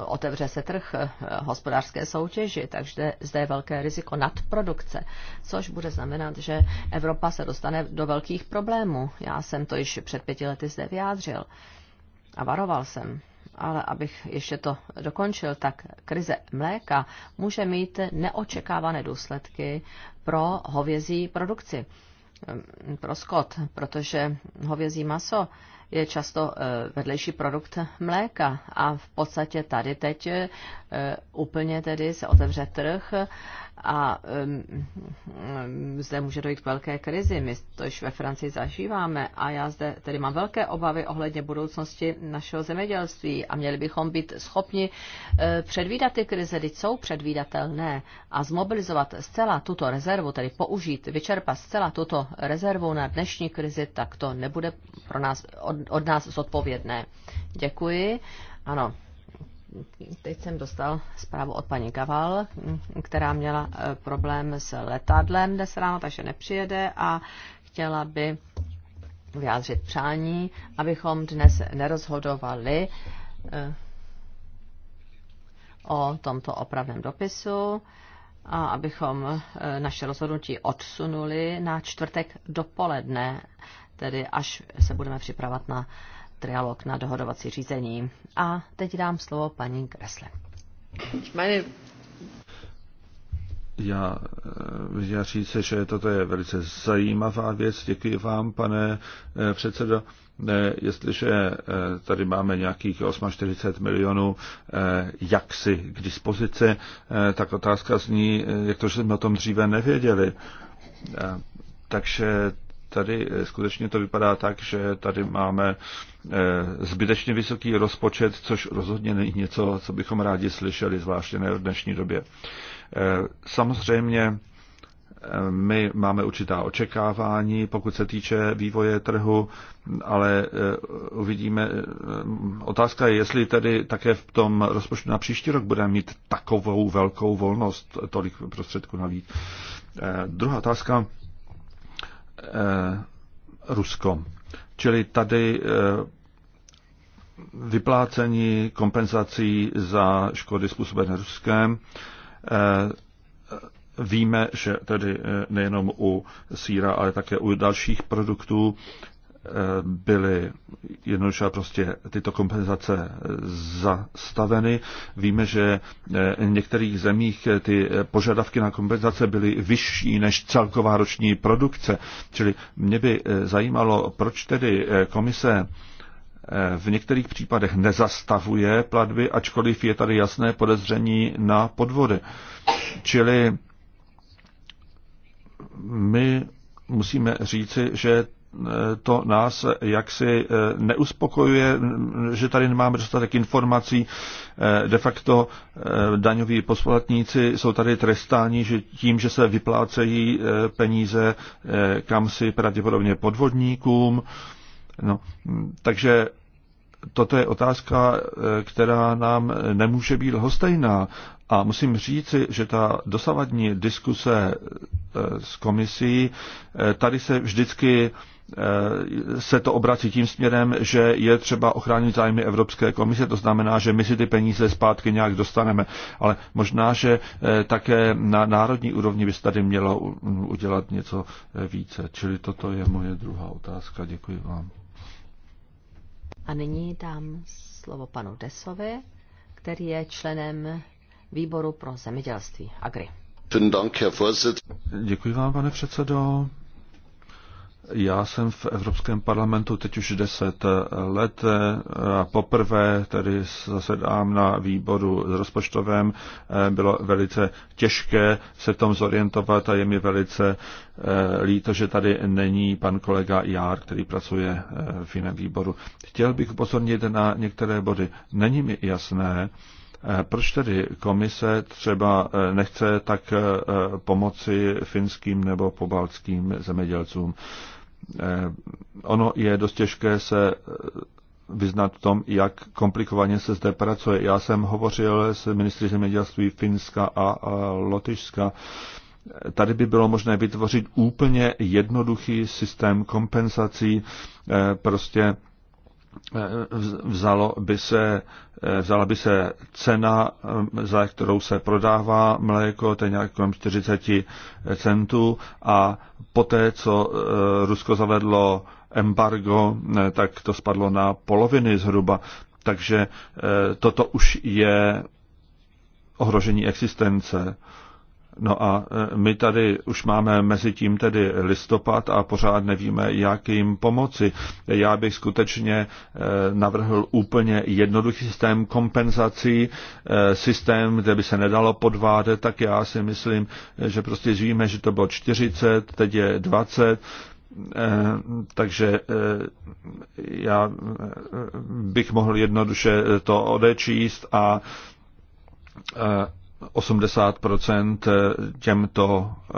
otevře se trh eh, hospodářské soutěži, takže zde je velké riziko nadprodukce, což bude znamenat, že Evropa se dostane do velkých problémů. Já jsem to již před pěti lety zde vyjádřil a varoval jsem. Ale abych ještě to dokončil, tak krize mléka může mít neočekávané důsledky pro hovězí produkci, ehm, pro skot, protože hovězí maso je často eh, vedlejší produkt mléka. A v podstatě tady teď eh, Eh, úplně tedy se otevře trh a zde může dojít k velké krizi. My to již ve Francii zažíváme a já zde tedy mám velké obavy ohledně budoucnosti našeho zemědělství a měli bychom být schopni eh, předvídat ty krize, když jsou předvídatelné a zmobilizovat zcela tuto rezervu, tedy použít, vyčerpat zcela tuto rezervu na dnešní krizi, tak to nebude pro nás, od, od nás zodpovědné. Děkuji. Ano, teď jsem dostal zprávu od paní Kaval, která měla eh, problém s letadlem dnes ráno, takže nepřijede a chtěla by vyjádřit přání, abychom dnes nerozhodovali eh, o tomto opravném dopisu a abychom eh, naše rozhodnutí odsunuli na čtvrtek dopoledne, tedy až se budeme připravovat na trialog na dohodovací řízení. A teď dám slovo paní Kresle. Já eh, bych říct, že toto je velice zajímavá věc. Děkuji vám, pane eh, předsedo. Eh, jestliže tady máme nějakých 48 milionů jaksi k dispozici, tak otázka zní, jak to, že jsme o tom dříve nevěděli. Takže tady eh, skutečně to vypadá tak, že tady máme eh, zbytečně vysoký rozpočet, což rozhodně není něco, co bychom rádi slyšeli, zvláště ne v dnešní době. Eh, samozřejmě my máme určitá očekávání, pokud se týče vývoje trhu, ale uvidíme. Otázka je, jestli tedy také v tom rozpočtu na příští rok budeme mít takovou velkou volnost, tolik prostředků navíc. Druhá otázka Eh, Rusko. Čili tady eh, vyplácení kompenzací za škody způsobené Ruskem. Eh, víme, že tedy nejenom u síra, ale také u dalších produktů byly jednoduše prostě tyto kompenzace zastaveny. Víme, že eh, v některých zemích eh, ty požadavky na kompenzace byly vyšší než celková roční produkce. Čili mě by eh, zajímalo, proč tedy komise v některých případech nezastavuje platby, ačkoliv je tady jasné podezření na podvody. Čili my musíme říci, že to nás jaksi eh, neuspokojuje, že tady nemáme dostatek informací. Eh, de facto eh, daňoví poslatníci jsou tady trestáni že tím, že se vyplácejí peníze kam si pravděpodobně podvodníkům. No, takže toto je otázka, která nám nemůže být hostejná. A musím říci, že ta dosavadní diskuse s komisí, tady se vždycky Eh, se to obrací tím směrem, že je třeba ochránit zájmy Evropské komise, to znamená, že my si ty peníze zpátky nějak dostaneme, ale možná, že eh, také na národní úrovni by se tady mělo udělat něco eh, více. Čili toto je moje druhá otázka. Děkuji vám. A nyní dám slovo panu Desovi, který je členem výboru pro zemědělství Agri. Děkuji vám, pane předsedo. Já jsem v Evropském parlamentu teď už 10 let a poprvé tedy zasedám na výboru rozpočtovém. Bylo velice těžké se v tom zorientovat a je mi velice eh, líto, že tady není pan kolega Jár, který pracuje eh, v jiném výboru. Chtěl bych upozornit na některé body. Není mi jasné, Eh, proč tedy komise třeba eh, nechce tak eh, pomoci finským nebo pobaltským zemědělcům? Ono je dost těžké se vyznat v tom, jak komplikovaně se zde pracuje. Já jsem hovořil s ministry zemědělství Finska a Lotyšska. Tady by bylo možné vytvořit úplně jednoduchý systém kompenzací, prostě vzalo by se, vzala by se cena, eh, za kterou se prodává mléko, to je nějak kolem 40 centů a poté, co eh, Rusko zavedlo embargo, eh, tak to spadlo na poloviny zhruba. Takže toto už je ohrožení existence. No a e, my tady už máme mezi tím tedy listopad a pořád nevíme, jak jim pomoci. Já bych skutečně e, navrhl úplně jednoduchý systém kompenzací, e, systém, kde by se nedalo podvádět, tak já si myslím, že prostě víme, že to bylo 40, teď je 20, takže já bych mohl jednoduše to odečíst a 80 těmto eh,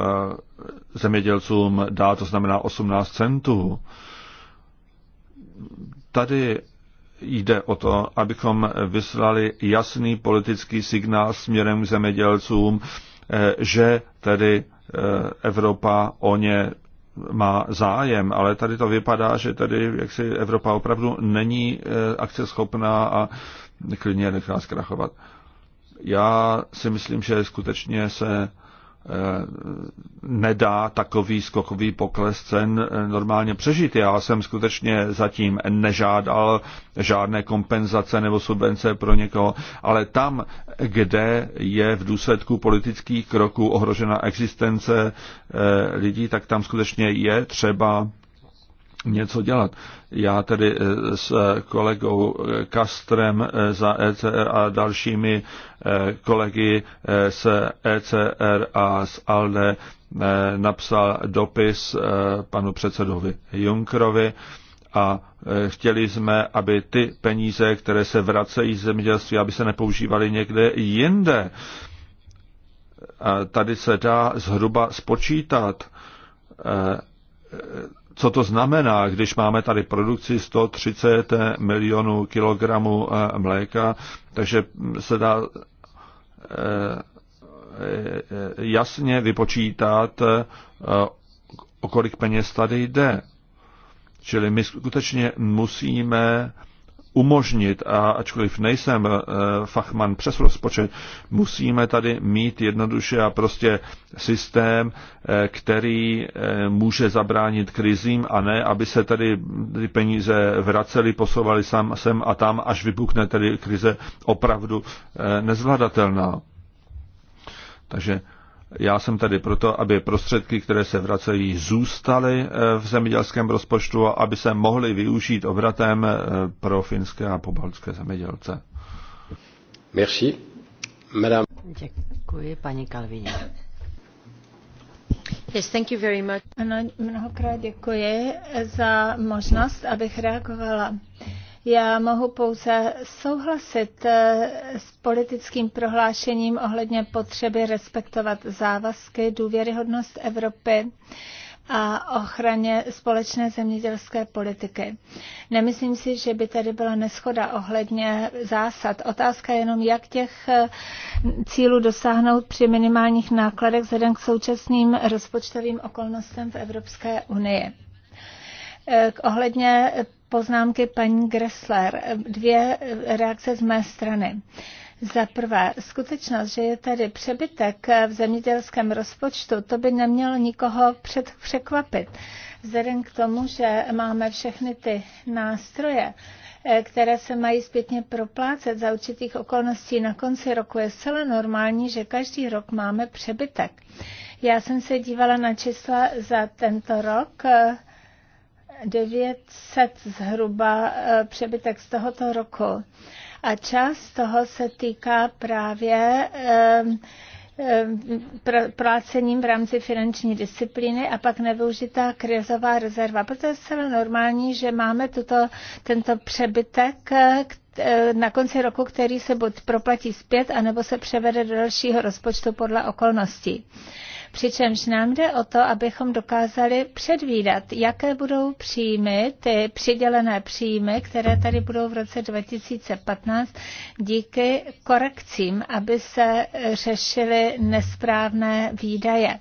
zemědělcům dá, to znamená 18 centů. Tady jde o to, abychom vyslali jasný politický signál směrem k zemědělcům, eh, že tedy eh, Evropa o ně má zájem, ale tady to vypadá, že tady jaksi Evropa opravdu není akceschopná a klidně nechá zkrachovat. Já si myslím, že skutečně se eh, nedá takový skokový pokles cen eh, normálně přežít. Já jsem skutečně zatím nežádal žádné kompenzace nebo subvence pro někoho, ale tam, kde je v důsledku politických kroků ohrožena existence eh, lidí, tak tam skutečně je třeba něco dělat. Já tedy eh, s eh, kolegou eh, Kastrem za ECR a dalšími kolegy z ECR a z ALDE napsal dopis panu předsedovi Junkrovi a chtěli jsme, aby ty peníze, které se vracejí z zemědělství, aby se nepoužívaly někde jinde. A tady se dá zhruba spočítat, co to znamená, když máme tady produkci 130 milionů kilogramů eh, mléka, takže se dá eh, eh, jasně vypočítat, o kolik peněz tady jde. Čili my skutečně musíme umožnit, a ačkoliv nejsem eh, fachman přes rozpočet, musíme tady mít jednoduše a prostě systém, eh, který eh, může zabránit krizím a ne, aby se tady ty peníze vracely, posouvaly sam, sem a tam, až vypukne tedy krize opravdu nezvladatelná. Takže já jsem tady proto, aby prostředky, které se vracejí, zůstaly eh, v zemědělském rozpočtu a aby se mohly využít obratem eh, pro finské a pobaltské zemědělce. Merci. Madame. Děkuji, paní Kalvině. Yes, thank you very much. Ano, mnohokrát děkuji za možnost, abych reagovala. Uh, já mohu pouze souhlasit eh, s politickým prohlášením ohledně potřeby respektovat závazky, důvěryhodnost Evropy a ochraně společné zemědělské politiky. Nemyslím si, že by tady byla neschoda ohledně zásad. Otázka je jenom, jak těch eh, cílů dosáhnout při minimálních nákladech vzhledem k současným rozpočtovým okolnostem v Evropské unii. Eh, k ohledně poznámky paní Gressler. Dvě reakce z mé strany. Za prvé, skutečnost, že je tady přebytek v zemědělském rozpočtu, to by nemělo nikoho před překvapit. Vzhledem k tomu, že máme všechny ty nástroje, eh, které se mají zpětně proplácet za určitých okolností na konci roku, je zcela normální, že každý rok máme přebytek. Já jsem se dívala na čísla za tento rok eh, 900 zhruba eh, přebytek z tohoto roku. A část toho se týká právě ehm, ehm, plácením v rámci finanční disciplíny a pak nevyužitá krizová rezerva. Proto je zcela normální, že máme tuto, tento přebytek, eh, eh, na konci roku, který se buď proplatí zpět, anebo se převede do dalšího rozpočtu podle okolností. Přičemž nám jde o to, abychom dokázali předvídat, jaké budou příjmy, ty přidělené příjmy, které tady budou v roce 2015 díky korekcím, aby se řešily nesprávné výdaje.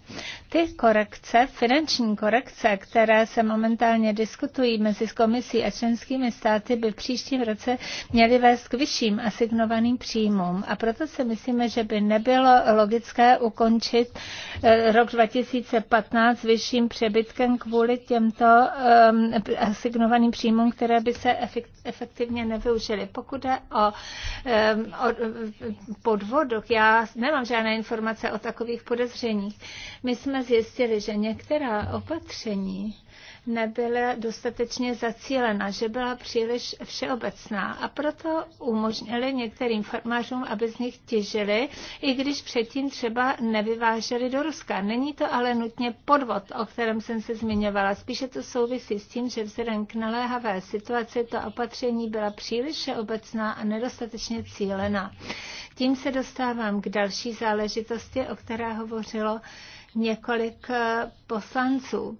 Ty korekce, finanční korekce, které se momentálně diskutují mezi komisí a členskými státy, by v příštím roce měly vést k vyšším asignovaným příjmům. A proto si myslíme, že by nebylo logické ukončit eh, rok 2015 vyšším přebytkem kvůli těmto um, asignovaným příjmům, které by se efektivně nevyužily. Pokud jde o, um, o podvodok, já nemám žádné informace o takových podezřeních. My jsme zjistili, že některá opatření nebyla dostatečně zacílena, že byla příliš všeobecná a proto umožnili některým farmářům, aby z nich těžili, i když předtím třeba nevyváželi do Ruska. Není to ale nutně podvod, o kterém jsem se zmiňovala. Spíše to souvisí s tím, že vzhledem k naléhavé situaci to opatření byla příliš všeobecná a nedostatečně cílená. Tím se dostávám k další záležitosti, o které hovořilo několik eh, poslanců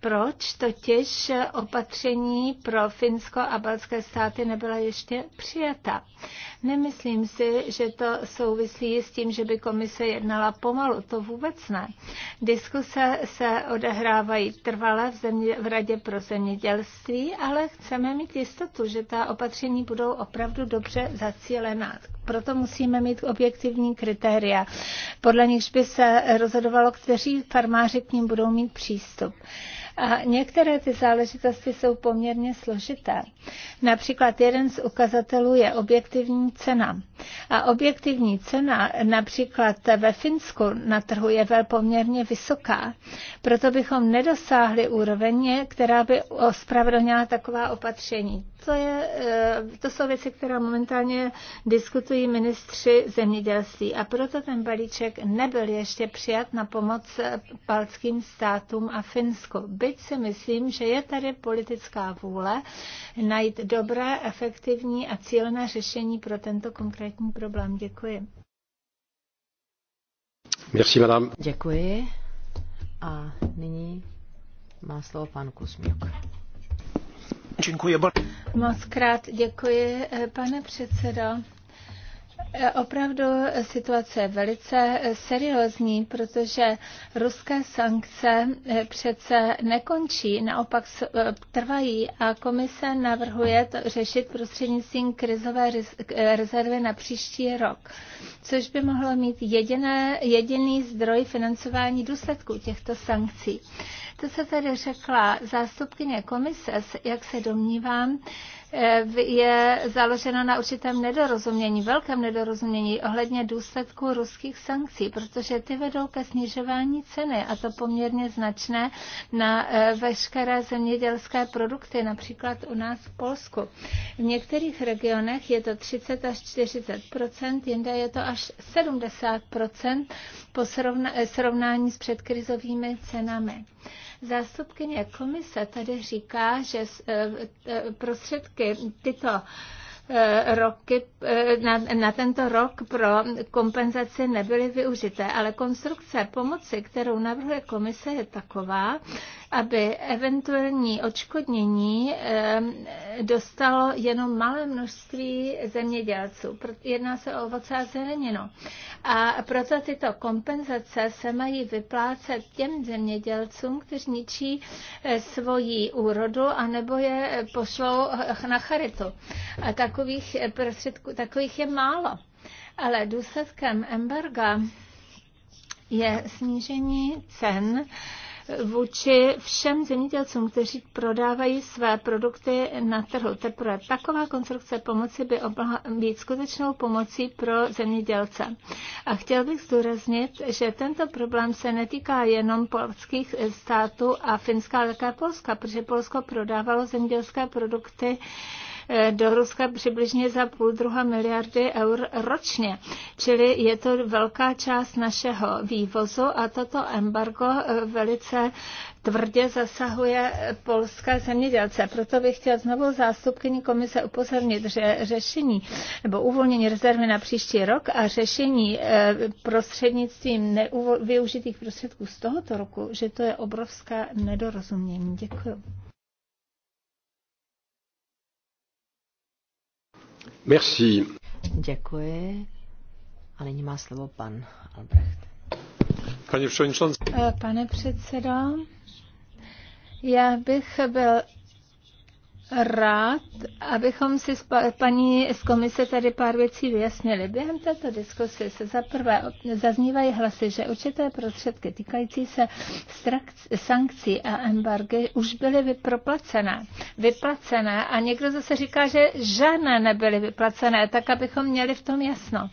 proč totiž opatření pro Finsko a balské státy nebyla ještě přijata. Nemyslím si, že to souvisí s tím, že by komise jednala pomalu, to vůbec ne. Diskuse se odehrávají trvale v, země, v Radě pro zemědělství, ale chceme mít jistotu, že ta opatření budou opravdu dobře zacílená. Proto musíme mít objektivní kritéria, podle nichž by se rozhodovalo, kteří farmáři k ním budou mít přístup. A některé ty záležitosti jsou poměrně složité. Například jeden z ukazatelů je objektivní cena. A objektivní cena například ve Finsku na trhu je vel poměrně vysoká. Proto bychom nedosáhli úroveň, která by ospravedlnila taková opatření to, je, eh, to jsou věci, které momentálně diskutují ministři zemědělství a proto ten balíček nebyl ještě přijat na pomoc baltským eh, státům a Finsku. Byť si myslím, že je tady politická vůle najít dobré, efektivní a cílené řešení pro tento konkrétní problém. Děkuji. Merci, madame. Děkuji. A nyní má slovo pan Kusmiuk. Dziękuję bardzo. Moc krát děkuji, eh, pane předsedo. Opravdu situace je velice seriózní, protože ruské sankce eh, přece nekončí, naopak eh, trvají a komise navrhuje to řešit prostřednictvím krizové eh, rezervy na příští rok, což by mohlo mít jediné, jediný zdroj financování důsledků těchto sankcí. To se tedy řekla zástupkyně komise, jak se domnívám, Eh, je založeno na určitém nedorozumění, velkém nedorozumění ohledně důsledků ruských sankcí, protože ty vedou ke snižování ceny a to poměrně značné na eh, veškeré zemědělské produkty, například u nás v Polsku. V některých regionech je to 30 až 40 jinde je to až 70 po srovnání s předkrizovými cenami. Zástupkyně komise tady říká, že e, e, prostředky tyto e, roky, na, na tento rok pro kompenzaci nebyly využité, ale konstrukce pomoci, kterou navrhuje komise, je taková, aby eventuální odškodnění eh, dostalo jenom malé množství zemědělců. Jedná se o ovoce a zeleninu. A proto tyto kompenzace se mají vyplácet těm zemědělcům, kteří ničí eh, svoji úrodu a nebo je pošlou eh, na charitu. A takových prostředků, takových je málo. Ale důsledkem embarga je snížení cen vůči všem zemědělcům, kteří prodávají své produkty na trhu. Teprve taková konstrukce pomoci by být skutečnou pomocí pro zemědělce. A chtěl bych zdůraznit, že tento problém se netýká jenom polských států a Finska, ale také Polska, protože Polsko prodávalo zemědělské produkty do Ruska přibližně za půl druhá miliardy eur ročně. Čili je to velká část našeho vývozu a toto embargo eh, velice tvrdě zasahuje polské zemědělce. Proto bych chtěl znovu zástupkyni komise upozornit, že řešení nebo uvolnění rezervy na příští rok a řešení eh, prostřednictvím využitých prostředků z tohoto roku, že to je obrovské nedorozumění. Děkuji. Merci. Děkuji. A nyní má slovo pan Albrecht. Pane předsedo, já bych byl rád, abychom si s paní z komise tady pár věcí vyjasnili. Během této diskuse se zaprvé zaznívají hlasy, že určité prostředky týkající se sankcí a embargy už byly proplacené. Vyplacené a někdo zase říká, že žádné nebyly vyplacené, tak abychom měli v tom jasno.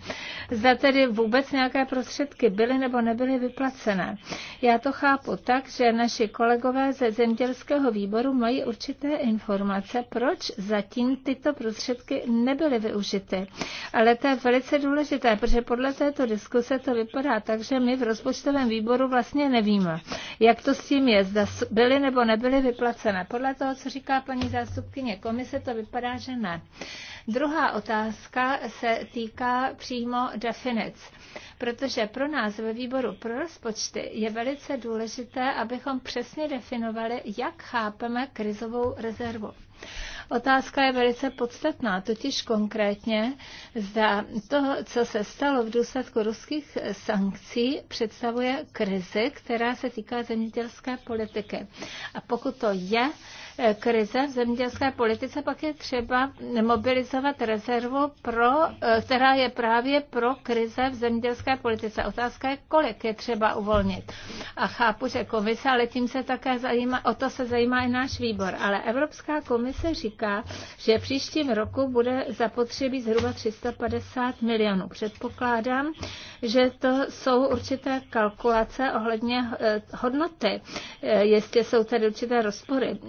Zda tedy vůbec nějaké prostředky byly nebo nebyly vyplacené. Já to chápu tak, že naši kolegové ze zemědělského výboru mají určité informace informace, proč zatím tyto prostředky nebyly využity. Ale to je velice důležité, protože podle této diskuse to vypadá tak, že my v rozpočtovém výboru vlastně nevíme, jak to s tím je, zda byly nebo nebyly vyplacené. Podle toho, co říká paní zástupkyně komise, to vypadá, že ne. Druhá otázka se týká přímo definic protože pro nás ve výboru pro rozpočty je velice důležité, abychom přesně definovali, jak chápeme krizovou rezervu. Otázka je velice podstatná, totiž konkrétně za to, co se stalo v důsledku ruských sankcí, představuje krizi, která se týká zemědělské politiky. A pokud to je, Eh, krize v zemědělské politice, pak je třeba mobilizovat rezervu, pro, eh, která je právě pro krize v zemědělské politice. Otázka je, kolik je třeba uvolnit. A chápu, že komise, ale tím se také zajímá, o to se zajímá i náš výbor. Ale Evropská komise říká, že příštím roku bude zapotřebí zhruba 350 milionů. Předpokládám, že to jsou určité kalkulace ohledně eh, hodnoty. Jestli jsou tady určité rozpory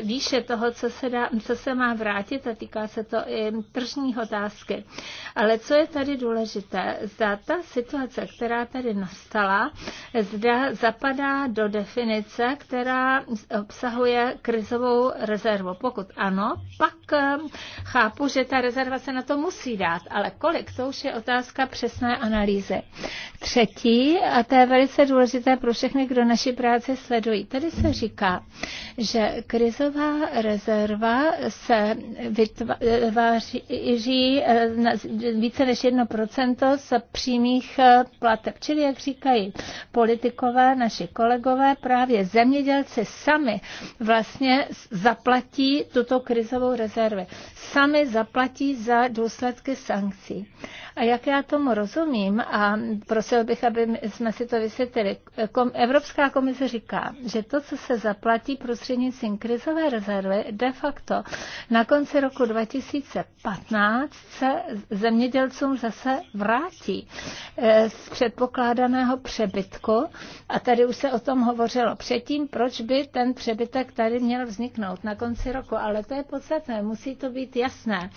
výše toho, co se, dá, co se má vrátit a týká se to i tržní otázky. Ale co je tady důležité? Zda ta situace, která tady nastala, zda zapadá do definice, která obsahuje krizovou rezervu. Pokud ano, pak eh, chápu, že ta rezerva se na to musí dát, ale kolik, to už je otázka přesné analýzy. Třetí, a to je velice důležité pro všechny, kdo naši práci sledují. Tady se říká, že krize časová rezerva se vytváří více než 1% z přímých plateb. Čili, jak říkají politikové, naši kolegové, právě zemědělci sami vlastně zaplatí tuto krizovou rezervu. Sami zaplatí za důsledky sankcí. A jak já tomu rozumím, a prosil bych, aby jsme si to vysvětlili, Evropská komise říká, že to, co se zaplatí prostřednictvím krizové rezervy, de facto na konci roku 2015 se zemědělcům zase vrátí eh, z předpokládaného přebytku. A tady už se o tom hovořilo předtím, proč by ten přebytek tady měl vzniknout na konci roku. Ale to je podstatné, musí to být jasné.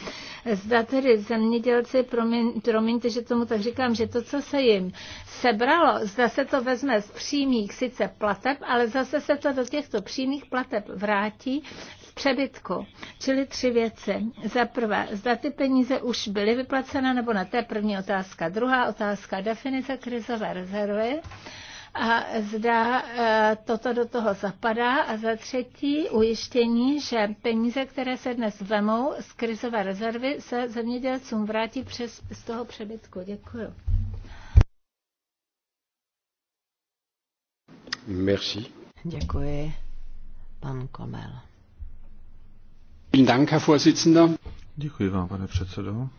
Zda tedy zemědělci, promiň, promiňte, že tomu tak říkám, že to, co se jim sebralo, zase to vezme z přímých sice plateb, ale zase se to do těchto přímých plateb vrátí z přebytku. Čili tři věci. Za prvé, zda ty peníze už byly vyplacené, nebo na té první otázka. Druhá otázka, definice krizové rezervy a zda e, toto do toho zapadá. A za třetí ujištění, že peníze, které se dnes vemou z krizové rezervy, se zemědělcům vrátí přes z toho přebytku. Děkuji. Merci. Děkuji, pan Komel. Děkuji vám, pane předsedo. E,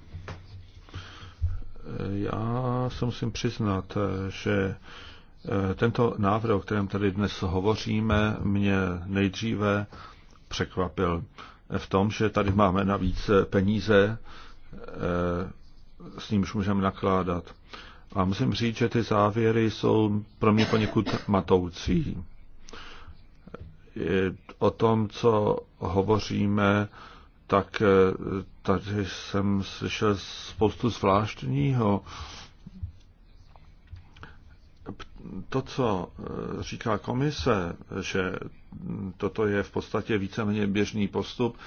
já se musím přiznat, e, že tento návrh, o kterém tady dnes hovoříme, mě nejdříve překvapil v tom, že tady máme navíc peníze, eh, s nímž můžeme nakládat. A musím říct, že ty závěry jsou pro mě poněkud matoucí. O tom, co hovoříme, tak eh, tady jsem slyšel spoustu zvláštního to, co e, říká komise, že toto je v podstatě víceméně běžný postup,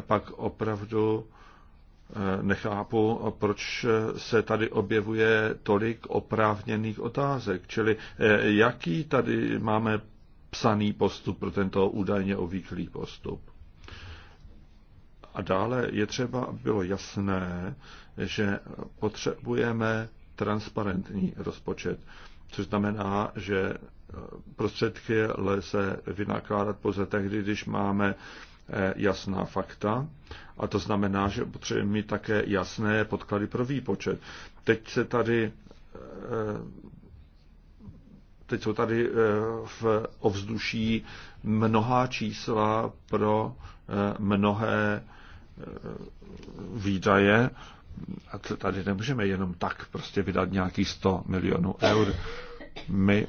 pak opravdu e, nechápu, proč se tady objevuje tolik oprávněných otázek. Čili e, jaký tady máme psaný postup pro tento údajně obvyklý postup? A dále je třeba, aby bylo jasné, že potřebujeme transparentní rozpočet což znamená, že eh, prostředky lze vynakládat pouze tehdy, když máme eh, jasná fakta. A to znamená, že potřebujeme mít také jasné podklady pro výpočet. Teď se tady eh, teď jsou tady v ovzduší mnohá čísla pro mnohé výdaje a tady nemůžeme jenom tak prostě vydat nějaký 100 milionů eur. My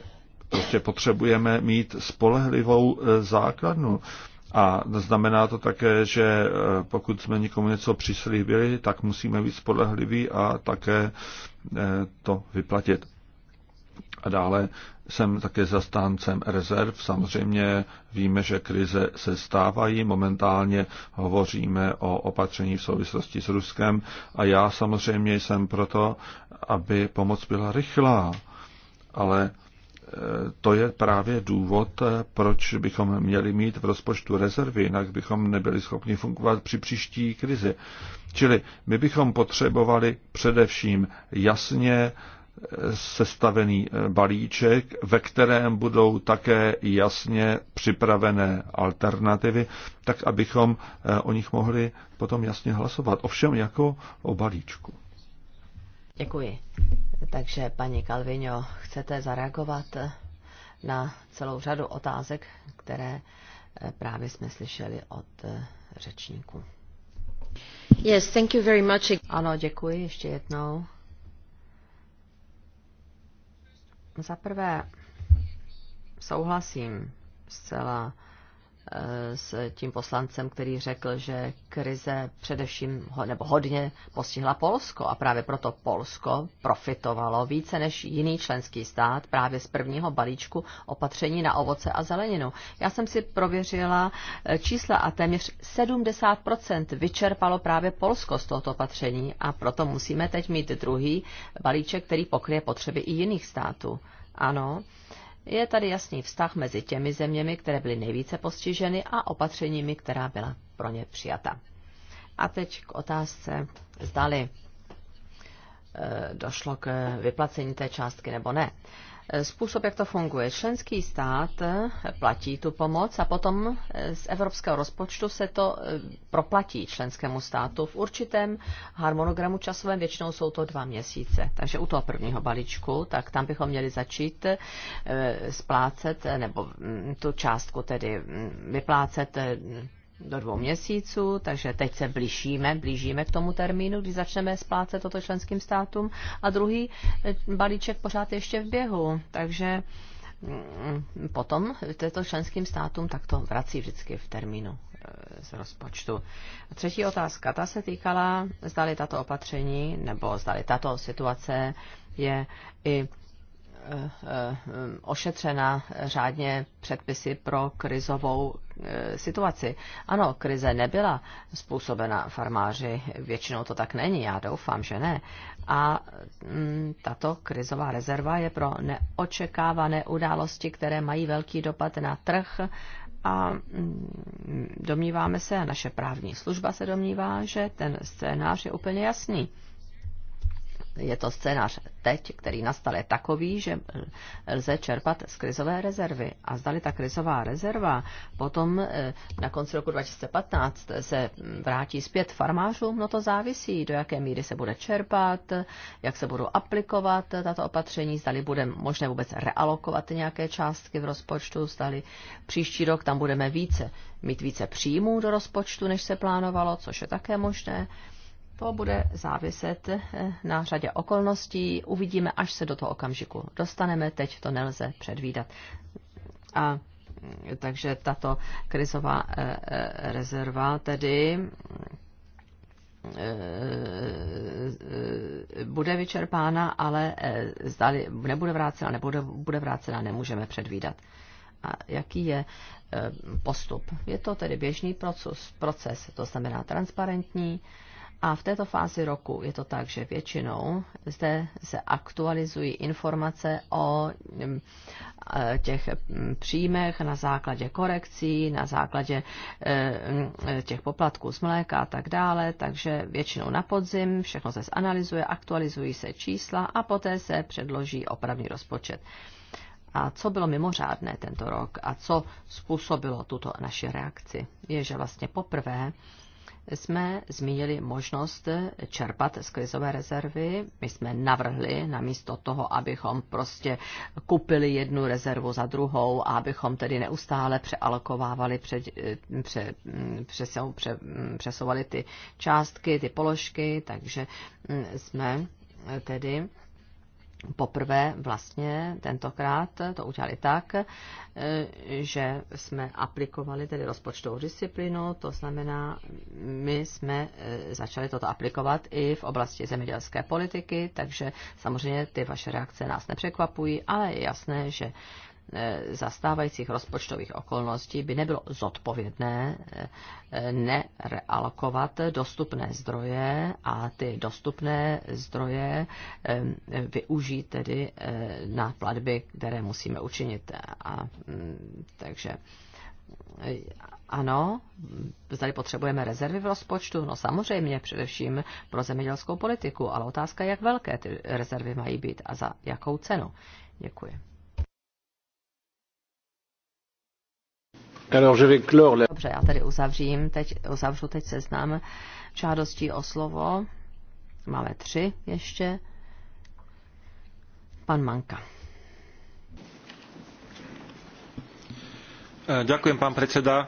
prostě potřebujeme mít spolehlivou e, základnu. A znamená to také, že e, pokud jsme někomu něco přislíbili, tak musíme být spolehliví a také e, to vyplatit. A dále jsem také zastáncem rezerv. Samozřejmě víme, že krize se stávají. Momentálně hovoříme o opatření v souvislosti s Ruskem a já samozřejmě jsem proto, aby pomoc byla rychlá. Ale e, to je právě důvod, e, proč bychom měli mít v rozpočtu rezervy, jinak bychom nebyli schopni fungovat při příští krizi. Čili my bychom potřebovali především jasně sestavený eh, balíček, ve kterém budou také jasně připravené alternativy, tak abychom eh, o nich mohli potom jasně hlasovat. Ovšem jako o balíčku. Děkuji. Takže, paní Kalvino, chcete zareagovat eh, na celou řadu otázek, které právě jsme slyšeli od řečníků. Yes, thank you very much. Ano, děkuji ještě jednou Za prvé souhlasím zcela s tím poslancem, který řekl, že krize především nebo hodně postihla Polsko a právě proto Polsko profitovalo více než jiný členský stát právě z prvního balíčku opatření na ovoce a zeleninu. Já jsem si prověřila eh, čísla a téměř 70% vyčerpalo právě Polsko z tohoto opatření a proto musíme teď mít druhý balíček, který pokryje potřeby i jiných států. Ano, je tady jasný vztah mezi těmi zeměmi, které byly nejvíce postiženy a opatřeními, která byla pro ně přijata. A teď k otázce, zdali eh, došlo k vyplacení té částky nebo ne způsob, jak to funguje. Členský stát eh, platí tu pomoc a potom eh, z evropského rozpočtu se to eh, proplatí členskému státu v určitém harmonogramu časovém, většinou jsou to dva měsíce. Takže u toho prvního balíčku, tak tam bychom měli začít splácet, nebo mm, tu částku tedy mm, vyplácet do dvou měsíců, takže teď se blížíme, blížíme k tomu termínu, kdy začneme splácet toto členským státům a druhý eh, balíček pořád ještě v běhu, takže mm, potom této členským státům to vrací vždycky v termínu eh, z rozpočtu. Třetí otázka, ta se týkala, zdali tato opatření nebo zdali tato situace je i Eh, eh, ošetřena řádně předpisy pro krizovou eh, situaci. Ano, krize nebyla způsobena farmáři, většinou to tak není, já doufám, že ne. A mm, tato krizová rezerva je pro neočekávané události, které mají velký dopad na trh a mm, domníváme se, a naše právní služba se domnívá, že ten scénář je úplně jasný je to scénář teď, který nastal je takový, že lze čerpat z krizové rezervy. A zdali ta krizová rezerva potom eh, na konci roku 2015 se vrátí zpět farmářům, no to závisí, do jaké míry se bude čerpat, jak se budou aplikovat tato opatření, zdali bude možné vůbec realokovat nějaké částky v rozpočtu, zdali příští rok tam budeme více, mít více příjmů do rozpočtu, než se plánovalo, což je také možné. To bude záviset eh, na řadě okolností. Uvidíme, až se do toho okamžiku dostaneme. Teď to nelze předvídat. A mm, takže tato krizová eh, eh, rezerva tedy bude vyčerpána, ale zdali nebude vrácena, nebude bude vrácena, nemůžeme předvídat. A jaký je postup? Je to tedy běžný proces, proces to znamená transparentní, a v této fázi roku je to tak, že většinou zde se aktualizují informace o mm, e, těch mm, příjmech na základě korekcí, na základě e, mm, e, těch poplatků z mléka a tak dále, takže většinou na podzim všechno se zanalizuje, aktualizují se čísla a poté se předloží opravný rozpočet. A co bylo mimořádné tento rok a co způsobilo tuto naši reakci, je, že vlastně poprvé jsme zmínili možnost čerpat z krizové rezervy. My jsme navrhli, namísto toho, abychom prostě kupili jednu rezervu za druhou a abychom tedy neustále přealokovávali, pře, pře, přesou, pře, přesouvali ty částky, ty položky, takže jsme tedy poprvé vlastně tentokrát to udělali tak, e, že jsme aplikovali tedy rozpočtovou disciplínu, to znamená, my jsme e, začali toto aplikovat i v oblasti zemědělské politiky, takže samozřejmě ty vaše reakce nás nepřekvapují, ale je jasné, že E, za stávajících rozpočtových okolností by nebylo zodpovědné e, nerealokovat dostupné zdroje a ty dostupné zdroje e, využít tedy na platby, které musíme učinit. A, mm, takže ano, tady potřebujeme rezervy v rozpočtu, no samozřejmě především pro zemědělskou politiku, ale otázka je, jak velké ty rezervy mají být a za jakou cenu. Děkuji. Dobře, já tady uzavřím, teď, uzavřu teď seznam žádostí o slovo. Máme tři ještě. Pan Manka. Děkuji, eh, pan předseda.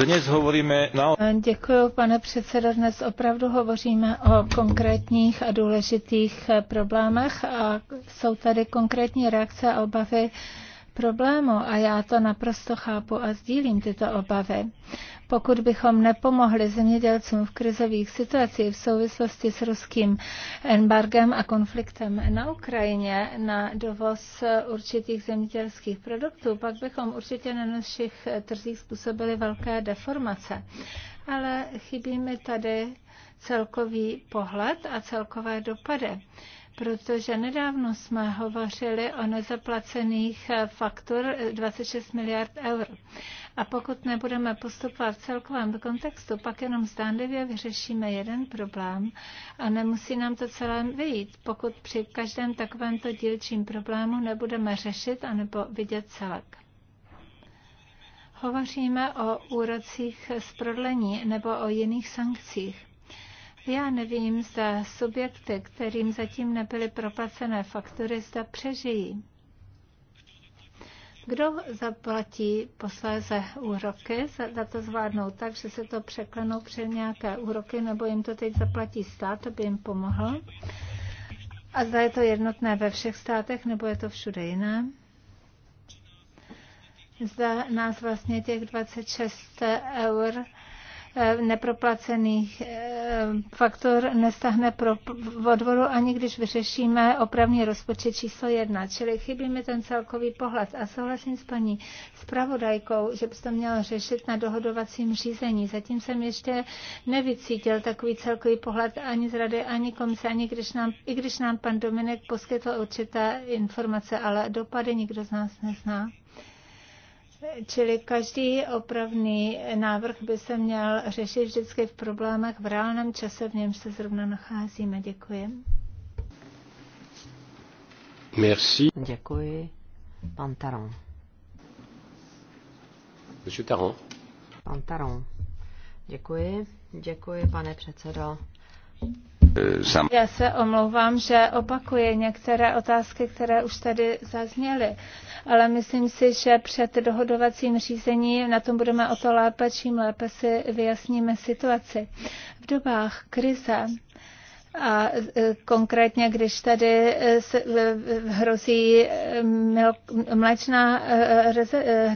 Eh, dnes hovoríme na... Eh, Děkuji, pane předsedo. Dnes opravdu hovoříme o konkrétních a důležitých problémech a jsou tady konkrétní reakce a obavy problému a já to naprosto chápu a sdílím tyto obavy. Pokud bychom nepomohli zemědělcům v krizových situacích v souvislosti s ruským embargem a konfliktem na Ukrajině na dovoz určitých zemědělských produktů, pak bychom určitě na našich trzích způsobili velké deformace. Ale chybí mi tady celkový pohled a celkové dopady protože nedávno jsme hovořili o nezaplacených eh, faktur 26 eh, miliard eur. A pokud nebudeme postupovat v celkovém kontextu, pak jenom zdánlivě vyřešíme jeden problém a nemusí nám to celé vyjít, pokud při každém takovémto dílčím problému nebudeme řešit anebo vidět celek. Hovoříme o úrocích z prodlení nebo o jiných sankcích. Já nevím, zda subjekty, kterým zatím nebyly proplacené faktury, zda přežijí. Kdo zaplatí posléze úroky, zda to zvládnou tak, že se to překlenou před nějaké úroky, nebo jim to teď zaplatí stát, aby jim pomohl? A zda je to jednotné ve všech státech, nebo je to všude jiné? Zda nás vlastně těch 26 eur Eh, neproplacených eh, faktor nestahne pro odvodu, ani když vyřešíme opravný rozpočet číslo jedna. Čili chybí mi ten celkový pohled. A souhlasím s paní zpravodajkou, že by to mělo řešit na dohodovacím řízení. Zatím jsem ještě nevycítil takový celkový pohled ani z rady, ani komise, ani když nám, i když nám pan Dominik poskytl určité informace, ale dopady nikdo z nás nezná. Čili každý opravný návrh by se měl řešit vždycky v problémech v reálném čase, v něm se zrovna nacházíme. Děkuji. Merci. Děkuji. Pan Taron. Monsieur Taron. Pan Taron. Děkuji. Děkuji, pane předsedo. Já se omlouvám, že opakuje některé otázky, které už tady zazněly, ale myslím si, že před dohodovacím řízením na tom budeme o to lépe, čím lépe si vyjasníme situaci. V dobách krize a e, konkrétně, když tady e, e, hrozí mléčná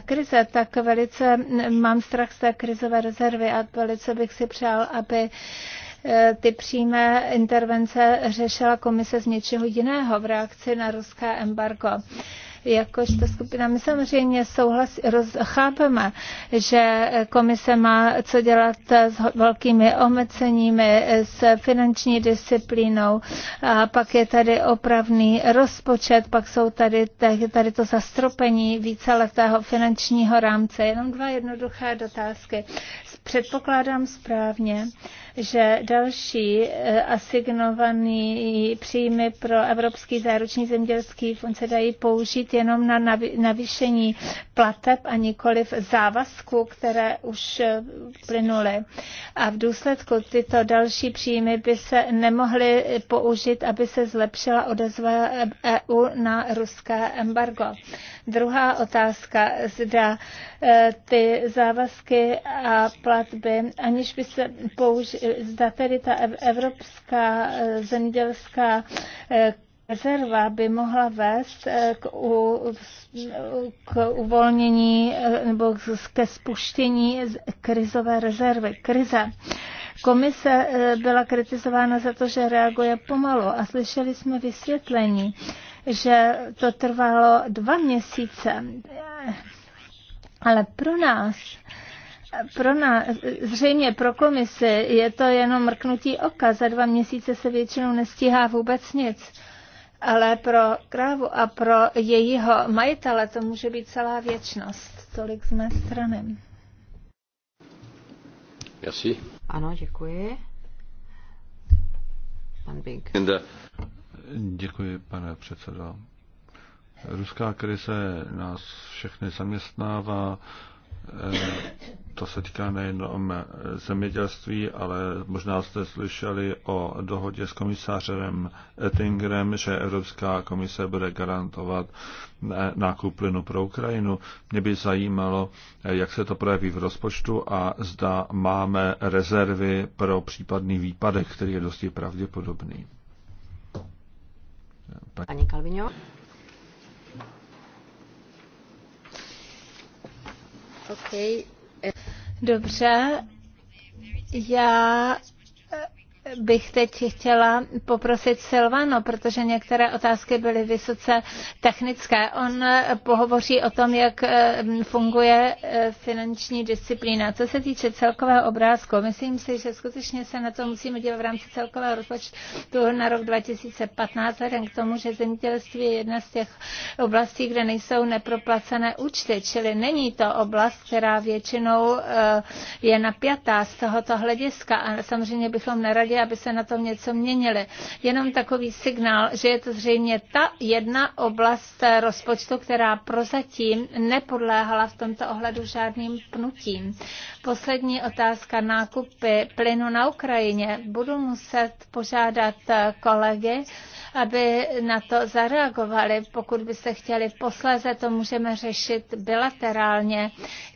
krize, tak velice mám strach z té krizové rezervy a velice bych si přál, aby Eh, ty přímé intervence řešila komise z něčeho jiného v reakci na ruské embargo ta skupina. My samozřejmě souhlas, roz, chápeme, že komise má co dělat s velkými omezeními, s finanční disciplínou, a pak je tady opravný rozpočet, pak jsou tady, tady to zastropení víceletého finančního rámce. Jenom dva jednoduché dotázky. Předpokládám správně, že další eh, asignovaný příjmy pro Evropský záruční zemědělský fond se dají použít jenom na navýšení plateb a nikoli v závazku, které už eh, plynuly. A v důsledku tyto další příjmy by se nemohly použít, aby se zlepšila odezva EU na ruské embargo. Druhá otázka, zda eh, ty závazky a platby, aniž by se použi- zda tedy ta evropská eh, zemědělská eh, rezerva by mohla vést eh, k, u, k uvolnění nebo ke spuštění krizové rezervy, krize. Komise byla kritizována za to, že reaguje pomalu a slyšeli jsme vysvětlení, že to trvalo dva měsíce. Ale pro nás pro nás, zřejmě pro komisi je to jenom mrknutí oka. Za dva měsíce se většinou nestíhá vůbec nic. Ale pro krávu a pro jejího majitele to může být celá věčnost. Tolik z mé strany. Merci. Ano, děkuji. Pan Bink. Děkuji, pane předsedo. Ruská krize nás všechny zaměstnává Eh, to se týká nejenom zemědělství, ale možná jste slyšeli o dohodě s komisářem Ettingerem, že Evropská komise bude garantovat nákup plynu pro Ukrajinu. Mě by zajímalo, jak se to projeví v rozpočtu a zda máme rezervy pro případný výpadek, který je dosti pravděpodobný. Pani Kalvinio? Dobře, já bych teď chtěla poprosit Silvano, protože některé otázky byly vysoce technické. On eh, pohovoří o tom, jak eh, funguje eh, finanční disciplína. Co se týče celkového obrázku, myslím si, že skutečně se na to musíme dělat v rámci celkového rozpočtu na rok 2015, vzhledem k tomu, že zemědělství je jedna z těch oblastí, kde nejsou neproplacené účty, čili není to oblast, která většinou je napjatá z tohoto hlediska. A samozřejmě bychom neradili vlády, aby se na tom něco měnili. Jenom takový signál, že je to zřejmě ta jedna oblast rozpočtu, která prozatím nepodléhala v tomto ohledu žádným pnutím. Poslední otázka nákupy plynu na Ukrajině. Budu muset požádat kolegy, aby na to zareagovali. Pokud by se chtěli posléze, to můžeme řešit bilaterálně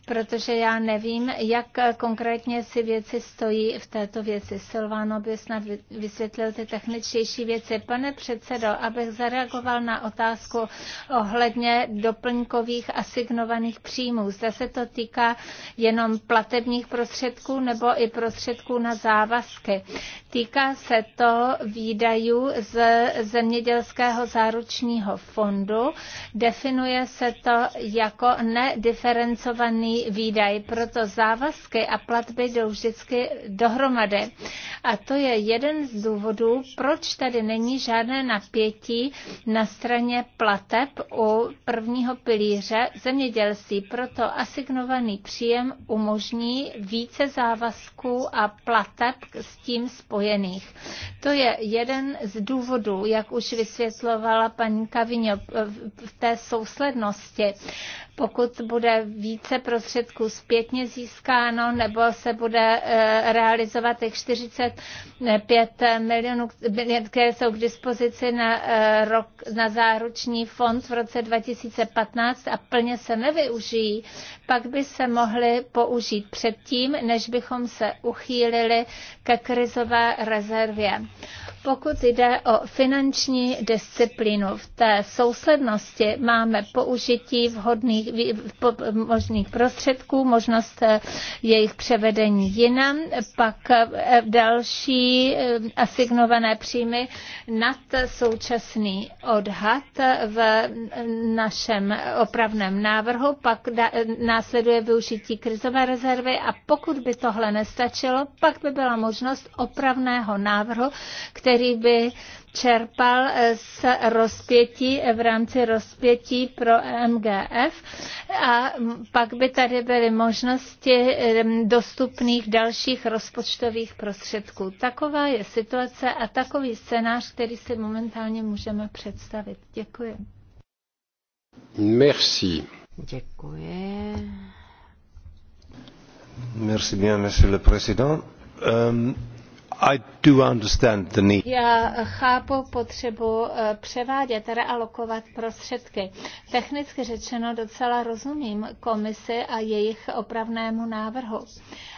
protože já nevím, jak konkrétně si věci stojí v této věci. Silvano by snad vysvětlil ty techničtější věci. Pane předsedo, abych zareagoval na otázku ohledně doplňkových asignovaných příjmů. Zda se to týká jenom platebních prostředků nebo i prostředků na závazky. Týká se to výdajů z zemědělského záručního fondu. Definuje se to jako nediferencovaný výdaj, proto závazky a platby jdou vždycky dohromady. A to je jeden z důvodů, proč tady není žádné napětí na straně plateb u prvního pilíře zemědělství. Proto asignovaný příjem umožní více závazků a plateb s tím spojených. To je jeden z důvodů, jak už vysvětlovala paní Kavinio v té souslednosti pokud bude více prostředků zpětně získáno, nebo se bude eh, realizovat těch 45 milionů, které jsou k dispozici na, eh, rok, na záruční fond v roce 2015 a plně se nevyužijí, pak by se mohly použít předtím, než bychom se uchýlili ke krizové rezervě. Pokud jde o finanční disciplínu, v té souslednosti máme použití vhodných možných prostředků, možnost eh, jejich převedení jinam, pak eh, další eh, asignované příjmy nad současný odhad v našem opravném návrhu, pak následuje využití krizové rezervy a pokud by tohle nestačilo, pak by byla možnost opravného návrhu, který by čerpal eh, z rozpětí eh, v rámci rozpětí pro MGF a pak by tady byly možnosti eh, dostupných dalších rozpočtových prostředků. Taková je situace a takový scénář, který si momentálně můžeme představit. Děkuji. Merci. Děkuji. Merci bien, monsieur le président. Um... I do understand the need. Já chápu potřebu eh, převádět, realokovat prostředky. Technicky řečeno docela rozumím komisi a jejich opravnému návrhu.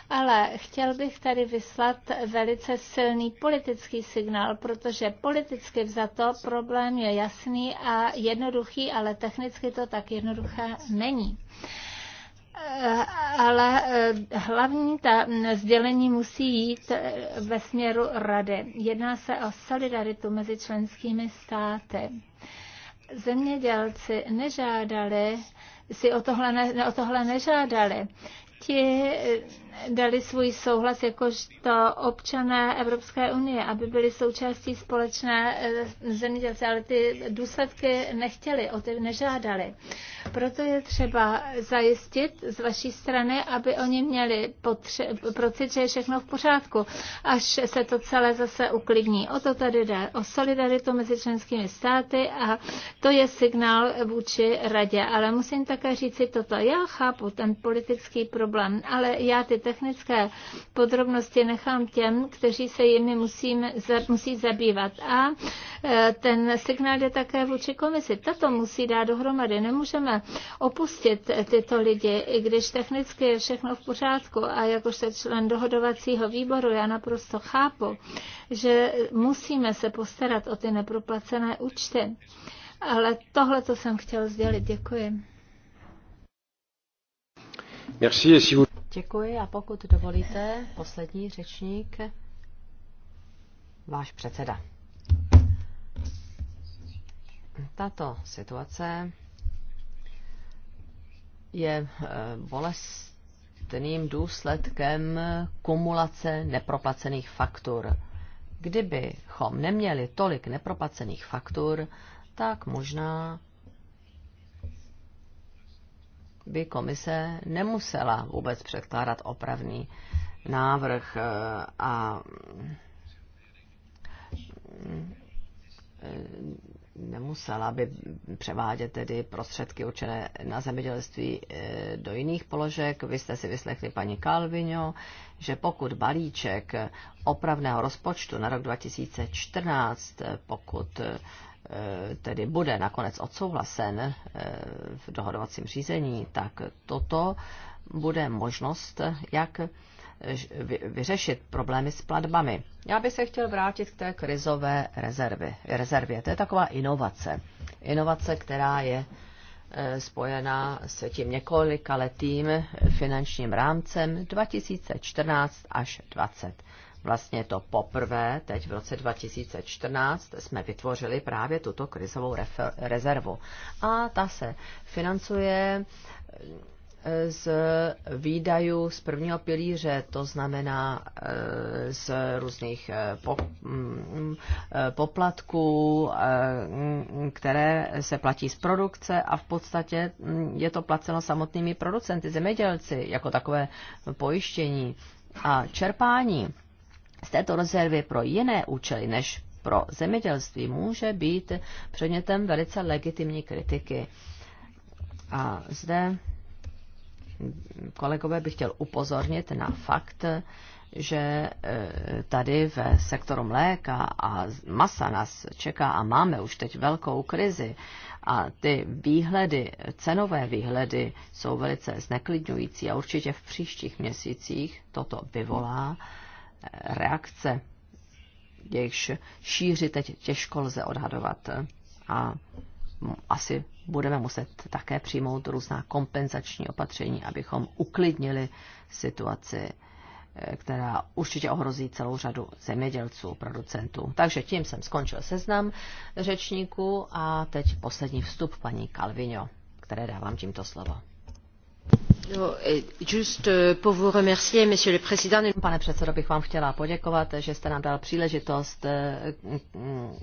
Ale chtěl bych tady vyslat velice silný politický signál, protože politicky vzato problém je jasný a jednoduchý, ale technicky to tak jednoduché není. Uh, ale eh, hlavní ta sdělení musí jít eh, ve směru rady. Jedná se o solidaritu mezi členskými státy. Zemědělci nežádali, si o tohle, ne, o tohle nežádali. Ti eh, dali svůj souhlas jakožto občané Evropské unie, aby byli součástí společné eh, zemědělce, ale ty důsledky nechtěli, o ty nežádali. Proto je třeba zajistit z vaší strany, aby oni měli potře- pocit, že je všechno v pořádku, až se to celé zase uklidní. O to tady jde, o solidaritu mezi členskými státy a to je signál vůči radě. Ale musím také říci toto. Já chápu ten politický problém, ale já ty technické podrobnosti nechám těm, kteří se jimi musíme, musí zabývat. A e, ten signál je také vůči komisi. Tato musí dát dohromady. Nemůžeme opustit tyto lidi, i když technicky je všechno v pořádku. A jakožto člen dohodovacího výboru já naprosto chápu, že musíme se postarat o ty neproplacené účty. Ale tohle, co jsem chtěl sdělit, děkuji. Merci, Děkuji a pokud dovolíte, poslední řečník, váš předseda. Tato situace je eh, bolestným důsledkem kumulace neproplacených faktur. Kdybychom neměli tolik neproplacených faktur, tak možná by komise nemusela vůbec předkládat opravný návrh eh, a eh, nemusela by převádět tedy prostředky určené na zemědělství eh, do jiných položek. Vy jste si vyslechli paní Kalvino, že pokud balíček opravného rozpočtu na rok 2014, pokud tedy bude nakonec odsouhlasen eh, v dohodovacím řízení, tak toto bude možnost, jak eh, vyřešit problémy s platbami. Já bych se chtěl vrátit k té krizové rezervy, rezervě. To je taková inovace. Inovace, která je eh, spojená s tím několika letým finančním rámcem 2014 až 2020. Vlastně to poprvé, teď v roce 2014, jsme vytvořili právě tuto krizovou rezervu. A ta se financuje eh, z výdajů z prvního pilíře, to znamená eh, z různých eh, mm, poplatků, mm, které se platí z produkce a v podstatě mm, je to placeno samotnými producenty, zemědělci, jako takové pojištění a čerpání z této rezervy pro jiné účely než pro zemědělství může být předmětem velice legitimní kritiky. A zde kolegové bych chtěl upozornit na fakt, že e, tady v sektoru mléka a masa nás čeká a máme už teď velkou krizi a ty výhledy, cenové výhledy jsou velice zneklidňující a určitě v příštích měsících toto vyvolá reakce, jejichž šíři teď těžko lze odhadovat. A asi budeme muset také přijmout různá kompenzační opatření, abychom uklidnili situaci, eh, která určitě ohrozí celou řadu zemědělců, producentů. Takže tím jsem skončil seznam řečníků a teď poslední vstup paní Kalvino, které dávám tímto slovo. No, eh, eh, Pane předsedo, bych vám chtěla poděkovat, že jste nám dal příležitost eh, mm,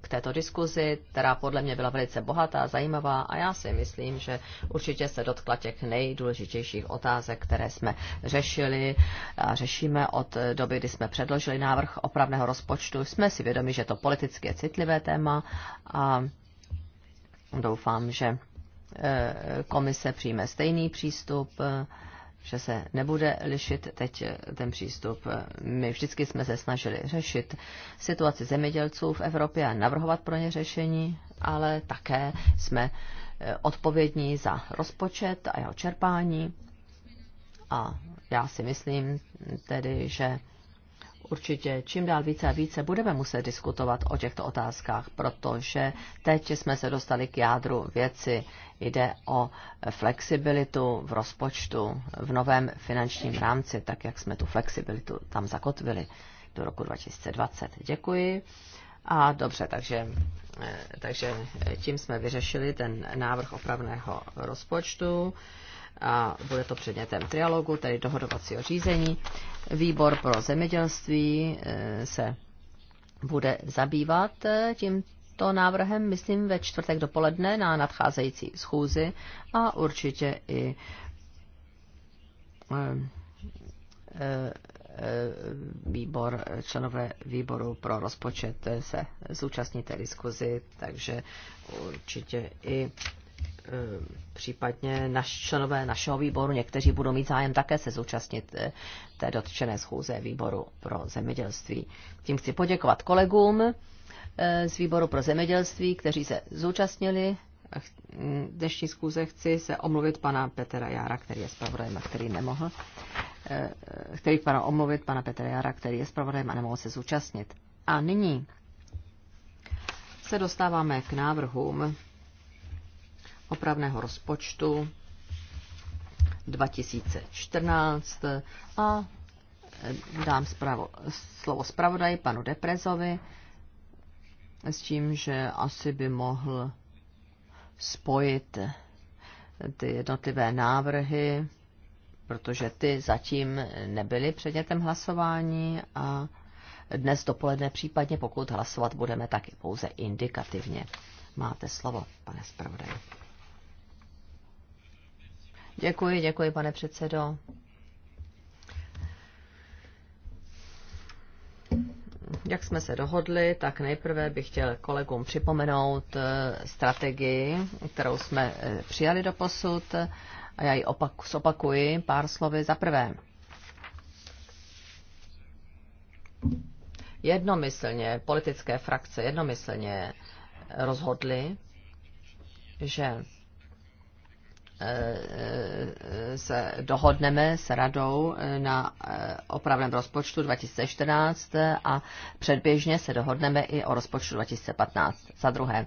k této diskuzi, která podle mě byla velice bohatá, zajímavá a já si myslím, že určitě se dotkla těch nejdůležitějších otázek, které jsme řešili a řešíme od doby, kdy jsme předložili návrh opravného rozpočtu. Jsme si vědomi, že to politicky je citlivé téma a doufám, že Eh, komise přijme stejný přístup, eh, že se nebude lišit teď eh, ten přístup. My vždycky jsme se snažili řešit situaci zemědělců v Evropě a navrhovat pro ně řešení, ale také jsme odpovědní za rozpočet a jeho čerpání. A já si myslím tedy, že určitě čím dál více a více budeme muset diskutovat o těchto otázkách, protože teď jsme se dostali k jádru věci jde o flexibilitu v rozpočtu v novém finančním rámci, tak jak jsme tu flexibilitu tam zakotvili do roku 2020. Děkuji. A dobře, takže, eh, takže tím jsme vyřešili ten návrh opravného rozpočtu a bude to předmětem trialogu, tedy dohodovacího řízení. Výbor pro zemědělství eh, se bude zabývat eh, tím to návrhem, myslím, ve čtvrtek dopoledne na nadcházející schůzi a určitě i eh, eh, eh, výbor, členové výboru pro rozpočet se zúčastní té diskuzi, takže určitě i případně naš, členové našeho výboru, někteří budou mít zájem také se zúčastnit té dotčené schůze výboru pro zemědělství. Tím chci poděkovat kolegům Eh, z výboru pro zemědělství, kteří se zúčastnili mm, dnešní zkuze. Chci se omluvit pana Petra Jára, který je zpravodajem a který nemohl. Eh, který pana omluvit pana Petra Jára, který je zpravodajem a nemohl se zúčastnit. A nyní se dostáváme k návrhům opravného rozpočtu 2014 a dám zpravo, slovo zpravodaji panu Deprezovi, s tím, že asi by mohl spojit ty jednotlivé návrhy, protože ty zatím nebyly předmětem hlasování a dnes dopoledne případně, pokud hlasovat budeme, tak pouze indikativně. Máte slovo, pane zpravodaj. Děkuji, děkuji, pane předsedo. Jak jsme se dohodli, tak nejprve bych chtěl kolegům připomenout eh, strategii, kterou jsme eh, přijali do posud a já ji opaku, zopakuji pár slovy. Za prvé, jednomyslně politické frakce jednomyslně rozhodly, že se dohodneme s radou eh, na eh, opravném rozpočtu 2014 eh, a předběžně se dohodneme i o rozpočtu 2015. Za druhé,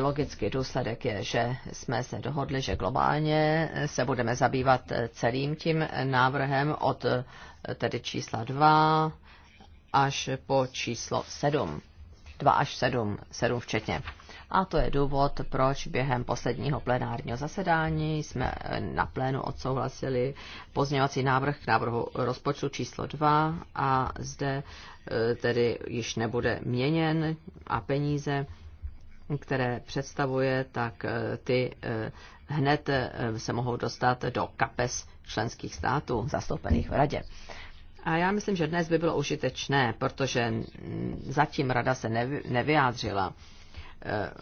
logický důsledek je, že jsme se dohodli, že globálně se budeme zabývat celým tím návrhem od tedy čísla 2 až po číslo 7. 2 až 7, 7 včetně. A to je důvod, proč během posledního plenárního zasedání jsme eh, na plénu odsouhlasili pozměňovací návrh k návrhu rozpočtu číslo 2 a zde eh, tedy již nebude měněn a peníze, které představuje, tak eh, ty hned se mohou dostat do kapes členských států zastoupených v radě. A já myslím, že dnes by bylo užitečné, protože mm, zatím rada se nevyjádřila Eh,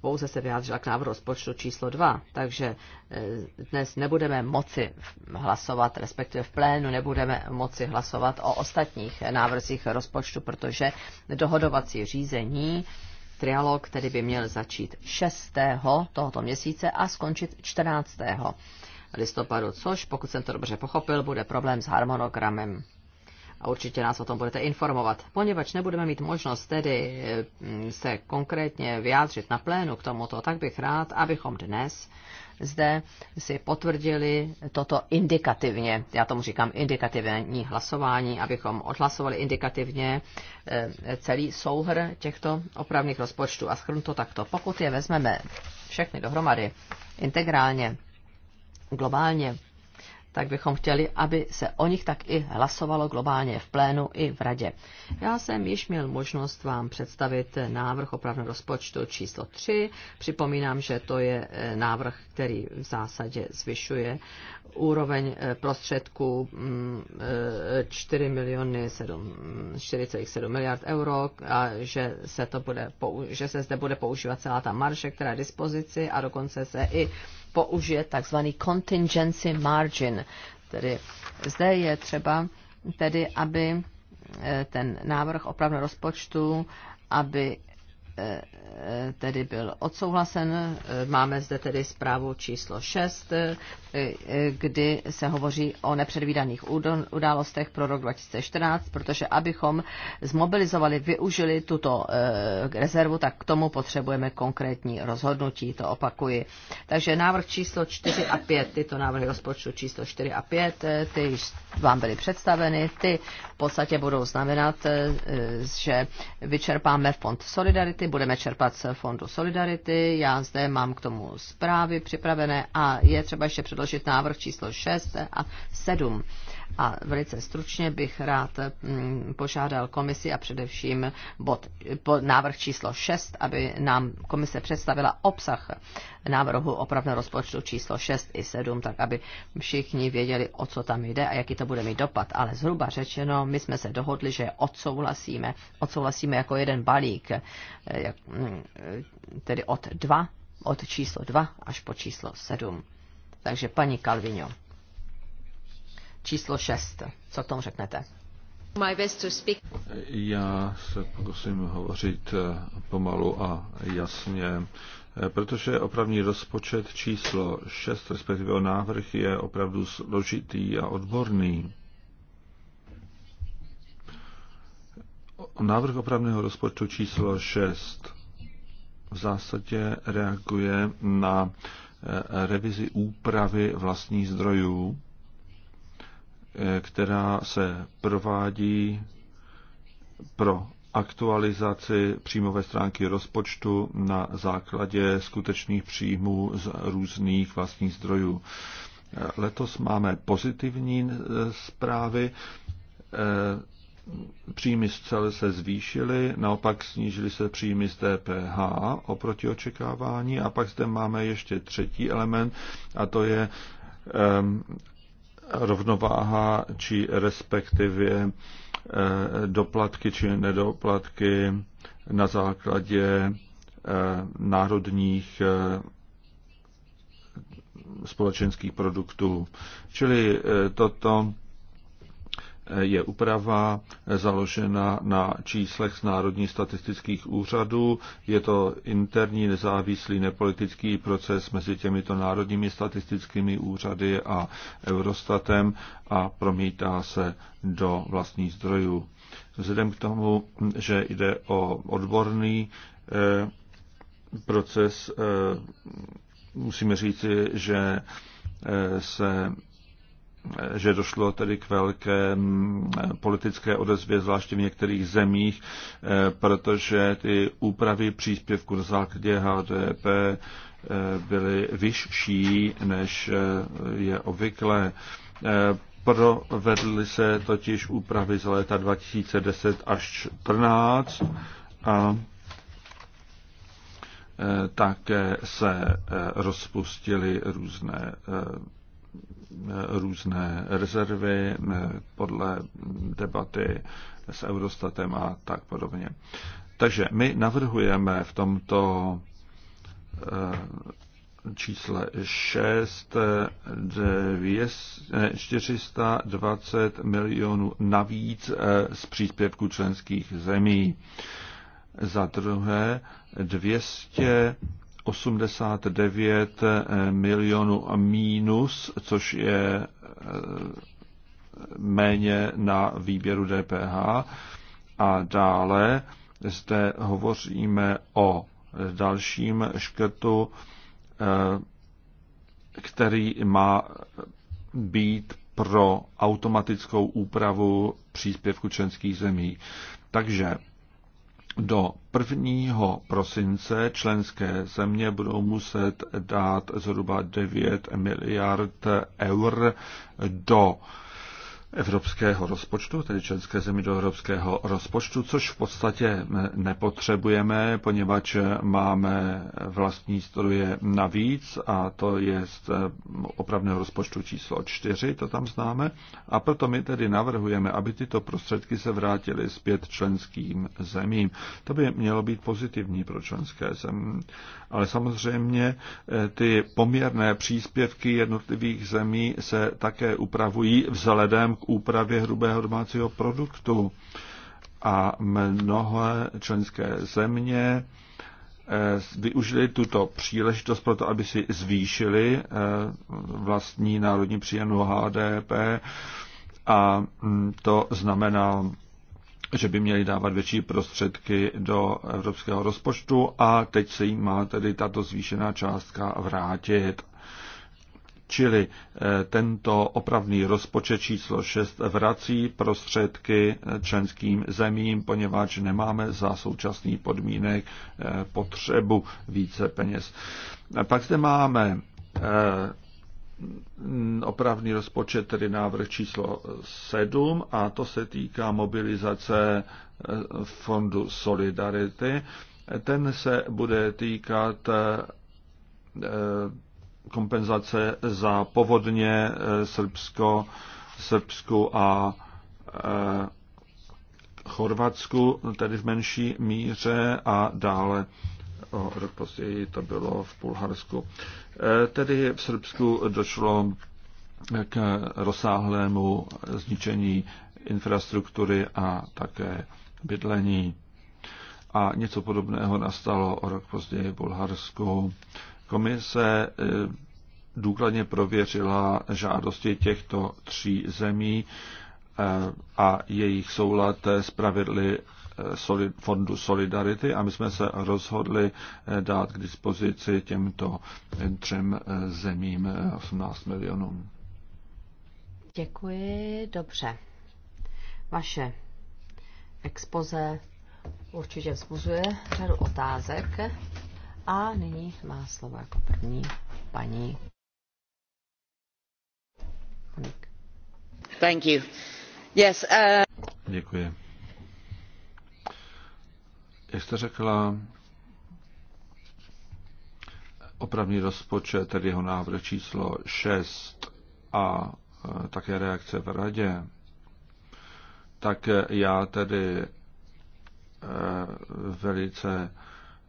pouze se vyjádřila k návrhu rozpočtu číslo 2, takže eh, dnes nebudeme moci hlasovat, respektive v plénu nebudeme moci hlasovat o ostatních návrzích rozpočtu, protože dohodovací řízení trialog který by měl začít 6. tohoto měsíce a skončit 14. listopadu, což, pokud jsem to dobře pochopil, bude problém s harmonogramem a určitě nás o tom budete informovat. Poněvadž nebudeme mít možnost tedy mm, se konkrétně vyjádřit na plénu k tomuto, tak bych rád, abychom dnes zde si potvrdili toto indikativně, já tomu říkám indikativní hlasování, abychom odhlasovali indikativně eh, celý souhr těchto opravných rozpočtů a schrnu to takto. Pokud je vezmeme všechny dohromady integrálně, globálně, tak bychom chtěli, aby se o nich tak i hlasovalo globálně v plénu i v radě. Já jsem již měl možnost vám představit návrh opravdu rozpočtu číslo 3. Připomínám, že to je eh, návrh, který v zásadě zvyšuje úroveň eh, prostředků 4 mm, eh, miliony 4,7 miliard euro a že se, to bude, že se zde bude používat celá ta marže, která je dispozici a dokonce se i použije takzvaný contingency margin. Tedy zde je třeba tedy, aby eh, ten návrh opravdu rozpočtu, aby tedy byl odsouhlasen. Máme zde tedy zprávu číslo 6, kdy se hovoří o nepředvídaných událostech pro rok 2014, protože abychom zmobilizovali, využili tuto eh, rezervu, tak k tomu potřebujeme konkrétní rozhodnutí, to opakuji. Takže návrh číslo 4 a 5, tyto návrhy rozpočtu číslo 4 a 5, eh, ty vám byly představeny, ty v podstatě budou znamenat, eh, že vyčerpáme fond Solidarity, budeme čerpat z Fondu Solidarity. Já zde mám k tomu zprávy připravené a je třeba ještě předložit návrh číslo 6 a 7 a velice stručně bych rád mm, požádal komisi a především bod, bod, návrh číslo 6, aby nám komise představila obsah návrhu opravného rozpočtu číslo 6 i 7, tak aby všichni věděli, o co tam jde a jaký to bude mít dopad. Ale zhruba řečeno, my jsme se dohodli, že odsouhlasíme, odsouhlasíme jako jeden balík, eh, jak, mm, eh, tedy od 2, od číslo 2 až po číslo 7. Takže paní Kalvino číslo 6. Co k tomu řeknete? Já se pokusím hovořit eh, pomalu a jasně, eh, protože opravní rozpočet číslo 6, respektive návrh, je opravdu složitý a odborný. Návrh opravného rozpočtu číslo 6 v zásadě reaguje na eh, revizi úpravy vlastních zdrojů Eh, která se provádí pro aktualizaci příjmové stránky rozpočtu na základě skutečných příjmů z různých vlastních zdrojů. Eh, letos máme pozitivní eh, zprávy. Příjmy z cel se zvýšily, naopak snížily se příjmy z DPH oproti očekávání a pak zde máme ještě třetí element a to je rovnováha či respektive eh, doplatky či nedoplatky na základě eh, národních eh, společenských produktů. Čili toto je úprava založena na číslech z Národních statistických úřadů. Je to interní nezávislý nepolitický proces mezi těmito národními statistickými úřady a Eurostatem a promítá se do vlastních zdrojů. Vzhledem k tomu, že jde o odborný eh, proces, eh, musíme říci, že eh, se že došlo tedy k velké mm, politické odezvě, zvláště v některých zemích, eh, protože ty úpravy příspěvku na základě HDP eh, byly vyšší, než eh, je obvyklé. Provedly se totiž úpravy z léta 2010 až 2014 a také se rozpustily různé různé rezervy eh, podle debaty s Eurostatem a tak podobně. Takže my navrhujeme v tomto eh, čísle 6 420 milionů navíc eh, z příspěvku členských zemí. Za druhé 200 89 eh, milionů mínus, což je eh, méně na výběru DPH. A dále zde hovoříme o dalším škrtu, eh, který má být pro automatickou úpravu příspěvku členských zemí. Takže do 1. prosince členské země budou muset dát zhruba 9 miliard eur do evropského rozpočtu, tedy členské zemi do evropského rozpočtu, což v podstatě nepotřebujeme, poněvadž máme vlastní stroje navíc a to je z eh, opravného rozpočtu číslo 4, to tam známe. A proto my tedy navrhujeme, aby tyto prostředky se vrátily zpět členským zemím. To by mělo být pozitivní pro členské země. Ale samozřejmě eh, ty poměrné příspěvky jednotlivých zemí se také upravují vzhledem k úpravě hrubého domácího produktu a mnohé členské země eh, využili tuto příležitost pro to, aby si zvýšili eh, vlastní národní příjem HDP a mm, to znamená, že by měli dávat větší prostředky do evropského rozpočtu a teď se jim má tedy tato zvýšená částka vrátit. Čili eh, tento opravný rozpočet číslo 6 vrací prostředky eh, členským zemím, poněvadž nemáme za současný podmínek eh, potřebu více peněz. Pak zde máme opravný rozpočet, tedy návrh číslo 7, a to se týká mobilizace fondu Solidarity. Ten se bude týkat kompenzace za povodně eh, Srbsko, Srbsku a eh, Chorvatsku, tedy v menší míře a dále o rok později to bylo v Bulharsku. Eh, tedy v Srbsku došlo k rozsáhlému zničení infrastruktury a také bydlení. A něco podobného nastalo o rok později v Bulharsku Komise e, důkladně prověřila žádosti těchto tří zemí e, a jejich soulad s pravidly e, Fondu Solidarity a my jsme se rozhodli dát k dispozici těmto třem zemím 18 milionů. Děkuji, dobře. Vaše expoze určitě vzbuzuje řadu otázek. A nyní má slovo jako první paní Monik. Thank you. Yes, uh... Děkuji. Jak jste řekla, opravný rozpočet, tedy jeho návrh číslo 6 a eh, také reakce v radě, tak já tedy eh, velice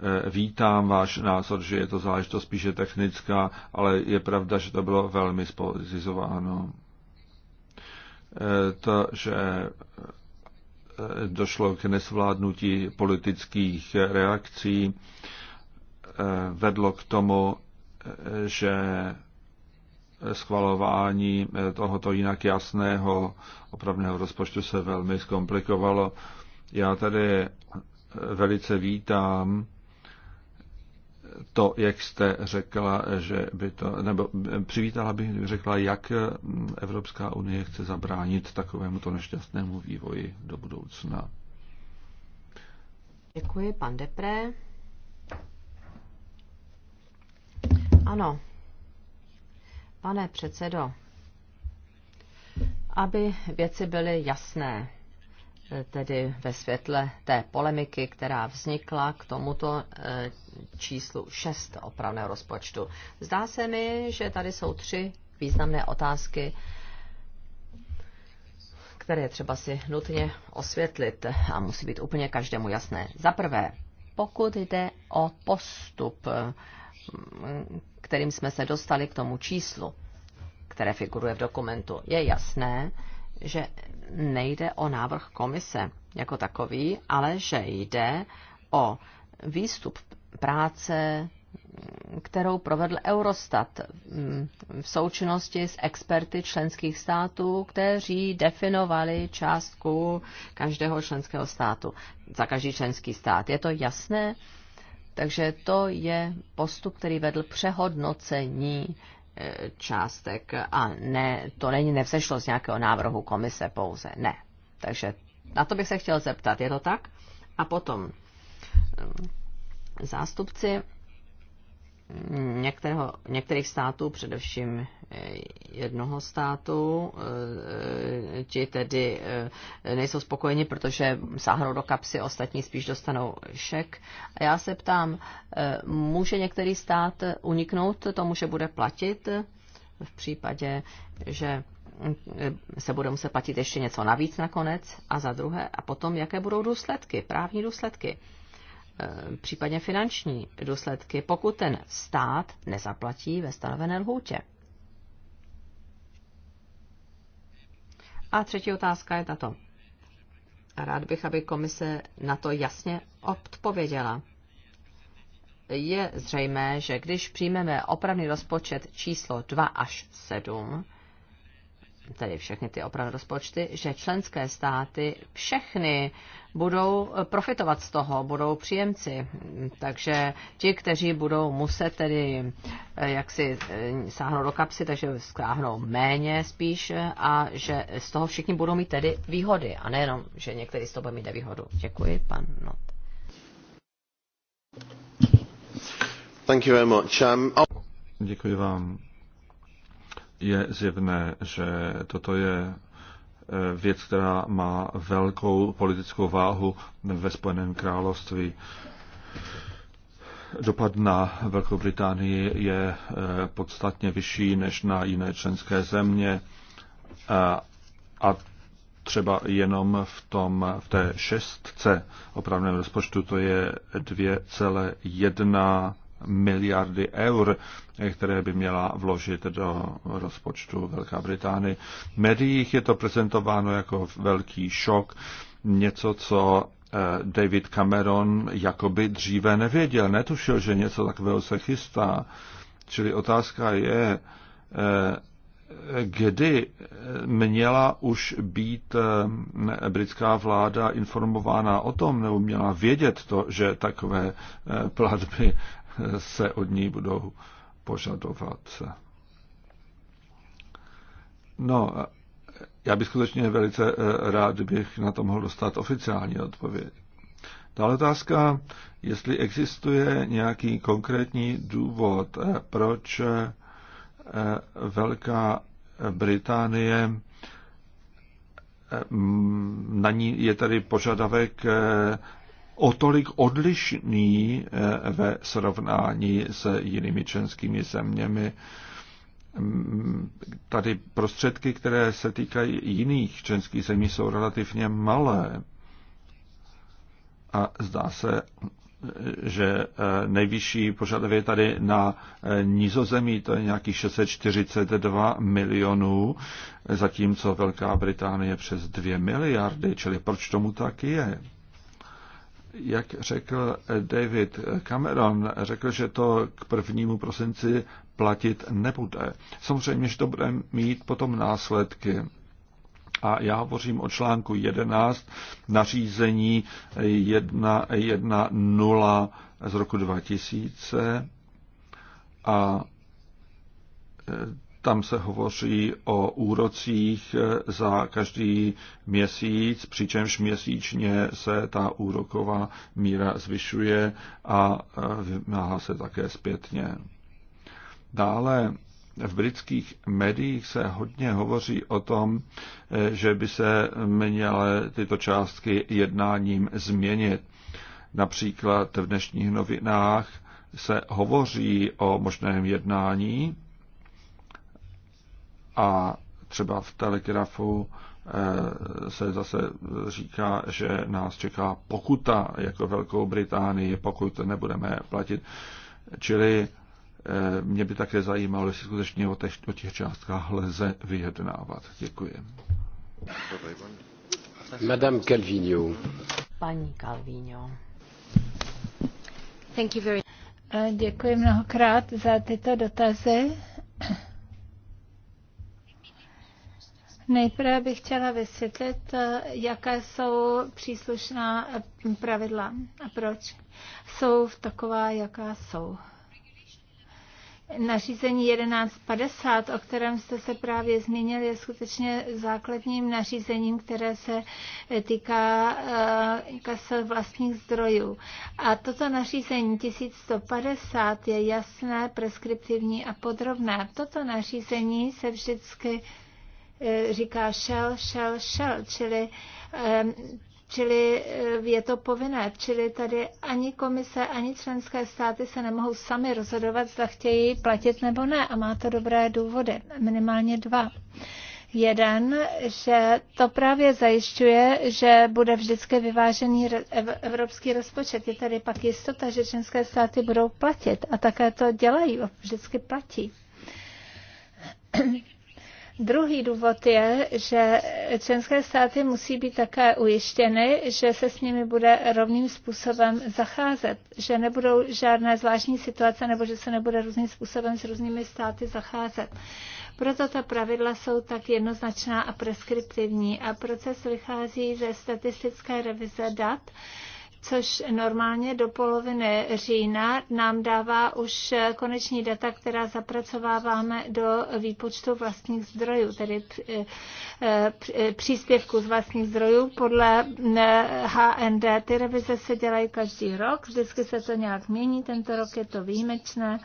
Eh, vítám váš názor, že je to záležitost spíše technická, ale je pravda, že to bylo velmi spolizováno. Eh, to, že eh, došlo k nesvládnutí politických reakcí, vedlo k tomu, že schvalování tohoto jinak jasného opravného rozpočtu se velmi zkomplikovalo. Já tady velice vítám to, jak jste řekla, že by to, nebo přivítala bych, řekla, jak Evropská unie chce zabránit takovému to nešťastnému vývoji do budoucna. Děkuji, pan Depré. Ano, pane předsedo, aby věci byly jasné tedy ve světle té polemiky, která vznikla k tomuto eh, číslu 6 opravného rozpočtu. Zdá se mi, že tady jsou tři významné otázky, které je třeba si nutně osvětlit a musí být úplně každému jasné. Za prvé, pokud jde o postup, mm, kterým jsme se dostali k tomu číslu, které figuruje v dokumentu, je jasné, že nejde o návrh komise jako takový, ale že jde o výstup práce, kterou provedl Eurostat mm, v součinnosti s experty členských států, kteří definovali částku každého členského státu za každý členský stát. Je to jasné? Takže to je postup, který vedl přehodnocení částek a ne, to není nevzešlo z nějakého návrhu komise pouze, ne. Takže na to bych se chtěl zeptat, je to tak? A potom mm, zástupci některého, některých států, především eh, jednoho státu, eh, ti tedy eh, nejsou spokojeni, protože sáhnou do kapsy, ostatní spíš dostanou šek. A já se ptám, může některý stát uniknout tomu, že bude platit v případě, že se bude muset platit ještě něco navíc nakonec a za druhé a potom, jaké budou důsledky, právní důsledky. Eh, případně finanční důsledky, pokud ten stát nezaplatí ve stanovené lhůtě. A třetí otázka je tato. Rád bych, aby komise na to jasně odpověděla. Je zřejmé, že když přijmeme opravný rozpočet číslo 2 až 7, tedy všechny ty opravdu rozpočty, že členské státy všechny budou profitovat z toho, budou příjemci. Takže ti, kteří budou muset tedy eh, jak si eh, sáhnout do kapsy, takže skáhnou méně spíš a že z toho všichni budou mít tedy výhody a nejenom, že některý z toho bude mít výhodu. Děkuji, pan Not. Thank you very much. Um, Děkuji vám je zjevné, že toto je eh, věc, která má velkou politickou váhu ve Spojeném království. Dopad na Velkou Británii je eh, podstatně vyšší než na jiné členské země eh, a třeba jenom v, tom, v té šestce opravném rozpočtu to je 2,1 miliardy eur, které by měla vložit do rozpočtu Velká Británie. V médiích je to prezentováno jako velký šok, něco, co eh, David Cameron jakoby dříve nevěděl, netušil, že něco takového se chystá. Čili otázka je, eh, kdy eh, měla už být britská vláda informována o tom, nebo měla vědět to, že takové platby se od ní budou požadovat. No, já bych skutečně velice eh, rád, bych na to mohl dostat oficiální odpověď. Dále otázka, jestli existuje nějaký konkrétní důvod, eh, proč eh, Velká Británie na ní je tady požadavek o tolik odlišný eh, ve srovnání s jinými členskými zeměmi. Mm, tady prostředky, které se týkají jiných členských zemí, jsou relativně malé. A zdá se, že eh, nejvyšší požadavek tady na eh, nizozemí, to je nějakých 642 milionů, zatímco Velká Británie přes 2 miliardy, čili proč tomu tak je? jak řekl David Cameron, řekl, že to k prvnímu prosinci platit nebude. Samozřejmě, že to bude mít potom následky. A já hovořím o článku 11 nařízení 1.1.0 z roku 2000 a e, tam se hovoří o úrocích za každý měsíc, přičemž měsíčně se ta úroková míra zvyšuje a vymáhá se také zpětně. Dále v britských médiích se hodně hovoří o tom, že by se měly tyto částky jednáním změnit. Například v dnešních novinách se hovoří o možném jednání, a třeba v Telegrafu eh, se zase říká, že nás čeká pokuta jako Velkou Británii, pokud nebudeme platit. Čili eh, mě by také zajímalo, jestli skutečně o těch, o těch částkách lze vyjednávat. Děkuji. Madame Calvino. Paní Calvino. Thank you very... Eh, děkuji mnohokrát za tyto dotazy. Nejprve bych chtěla vysvětlit, jaké jsou příslušná pravidla a proč jsou taková, jaká jsou. Nařízení 1150, o kterém jste se právě zmínil, je skutečně základním nařízením, které se týká uh, vlastních zdrojů. A toto nařízení 1150 je jasné, preskriptivní a podrobné. Toto nařízení se vždycky E, říká šel, šel, šel, čili e, Čili e, je to povinné, čili tady ani komise, ani členské státy se nemohou sami rozhodovat, zda chtějí platit nebo ne. A má to dobré důvody, minimálně dva. Jeden, že to právě zajišťuje, že bude vždycky vyvážený evropský rozpočet. Je tady pak jistota, že členské státy budou platit a také to dělají, vždycky platí. Druhý důvod je, že členské státy musí být také ujištěny, že se s nimi bude rovným způsobem zacházet, že nebudou žádné zvláštní situace nebo že se nebude různým způsobem s různými státy zacházet. Proto ta pravidla jsou tak jednoznačná a preskriptivní a proces vychází ze statistické revize dat, což normálně do poloviny října nám dává už koneční data, která zapracováváme do výpočtu vlastních zdrojů, tedy eh, eh, příspěvku z vlastních zdrojů. Podle HND eh, ty revize se dělají každý rok, vždycky se to nějak mění, tento rok je to výjimečné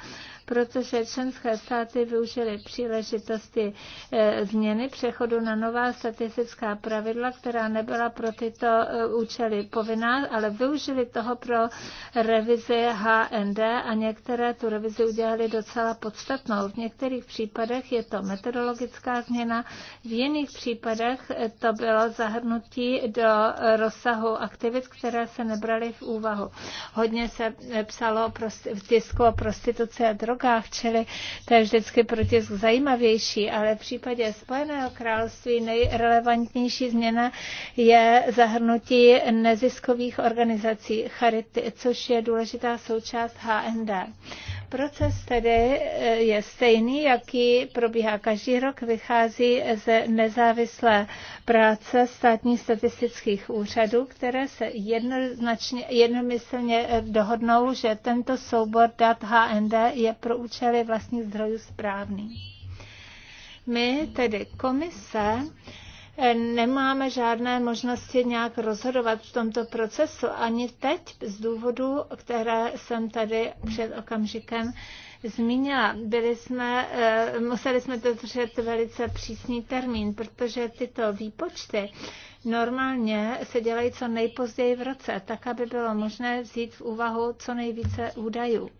protože členské státy využily příležitosti eh, změny přechodu na nová statistická pravidla, která nebyla pro tyto eh, účely povinná, ale využili toho pro revizi HND a některé tu revizi udělali docela podstatnou. V některých případech je to metodologická změna, v jiných případech eh, to bylo zahrnutí do rozsahu aktivit, které se nebraly v úvahu. Hodně se psalo v tisku o prostituci a drog, drogách, čili to je vždycky protisk zajímavější, ale v případě Spojeného království nejrelevantnější změna je zahrnutí neziskových organizací Charity, což je důležitá součást HND. Proces tedy e, je stejný, jaký probíhá každý rok, vychází ze nezávislé práce státních statistických úřadů, které se jednoznačně, jednomyslně e, dohodnou, že tento soubor dat HND je pro účely vlastních zdrojů správný. My, tedy komise, nemáme žádné možnosti nějak rozhodovat v tomto procesu ani teď z důvodu, které jsem tady před okamžikem zmínila. Byli jsme, eh, museli jsme dodržet velice přísný termín, protože tyto výpočty normálně se dělají co nejpozději v roce, tak aby bylo možné vzít v úvahu co nejvíce údajů.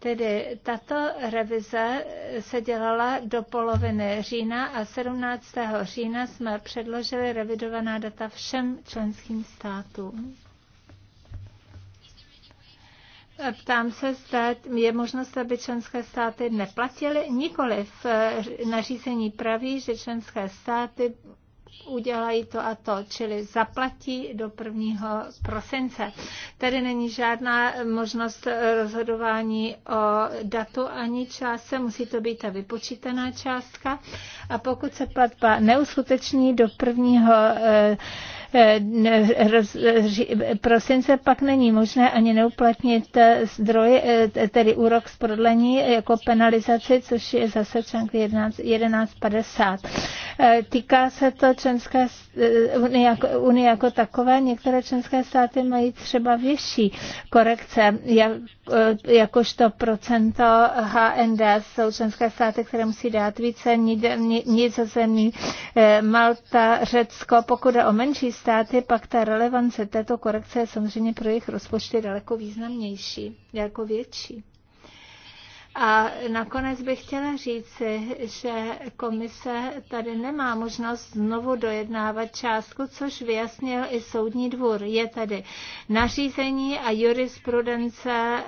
Tedy tato revize se dělala do poloviny října a 17. října jsme předložili revidovaná data všem členským státům. Ptám se, zda je možnost, aby členské státy neplatily. Nikoliv eh, nařízení praví, že členské státy udělají to a to, čili zaplatí do 1. prosince. Tady není žádná možnost rozhodování o datu ani čase. musí to být ta vypočítaná částka a pokud se platba neuskuteční do 1. Eh, prosince pak není možné ani neuplatnit eh, zdroj, eh, tedy úrok z prodlení jako penalizaci, což je zase článek 1150. Týká se to členské unie jako, unie jako takové. Některé členské státy mají třeba vyšší korekce, jak, jakožto procento HND jsou členské státy, které musí dát více, zemí, Malta, Řecko. Pokud je o menší státy, pak ta relevance této korekce je samozřejmě pro jejich rozpočty daleko významnější, daleko větší. A nakonec bych chtěla říci, že komise tady nemá možnost znovu dojednávat částku, což vyjasnil i soudní dvůr. Je tady nařízení a jurisprudence e,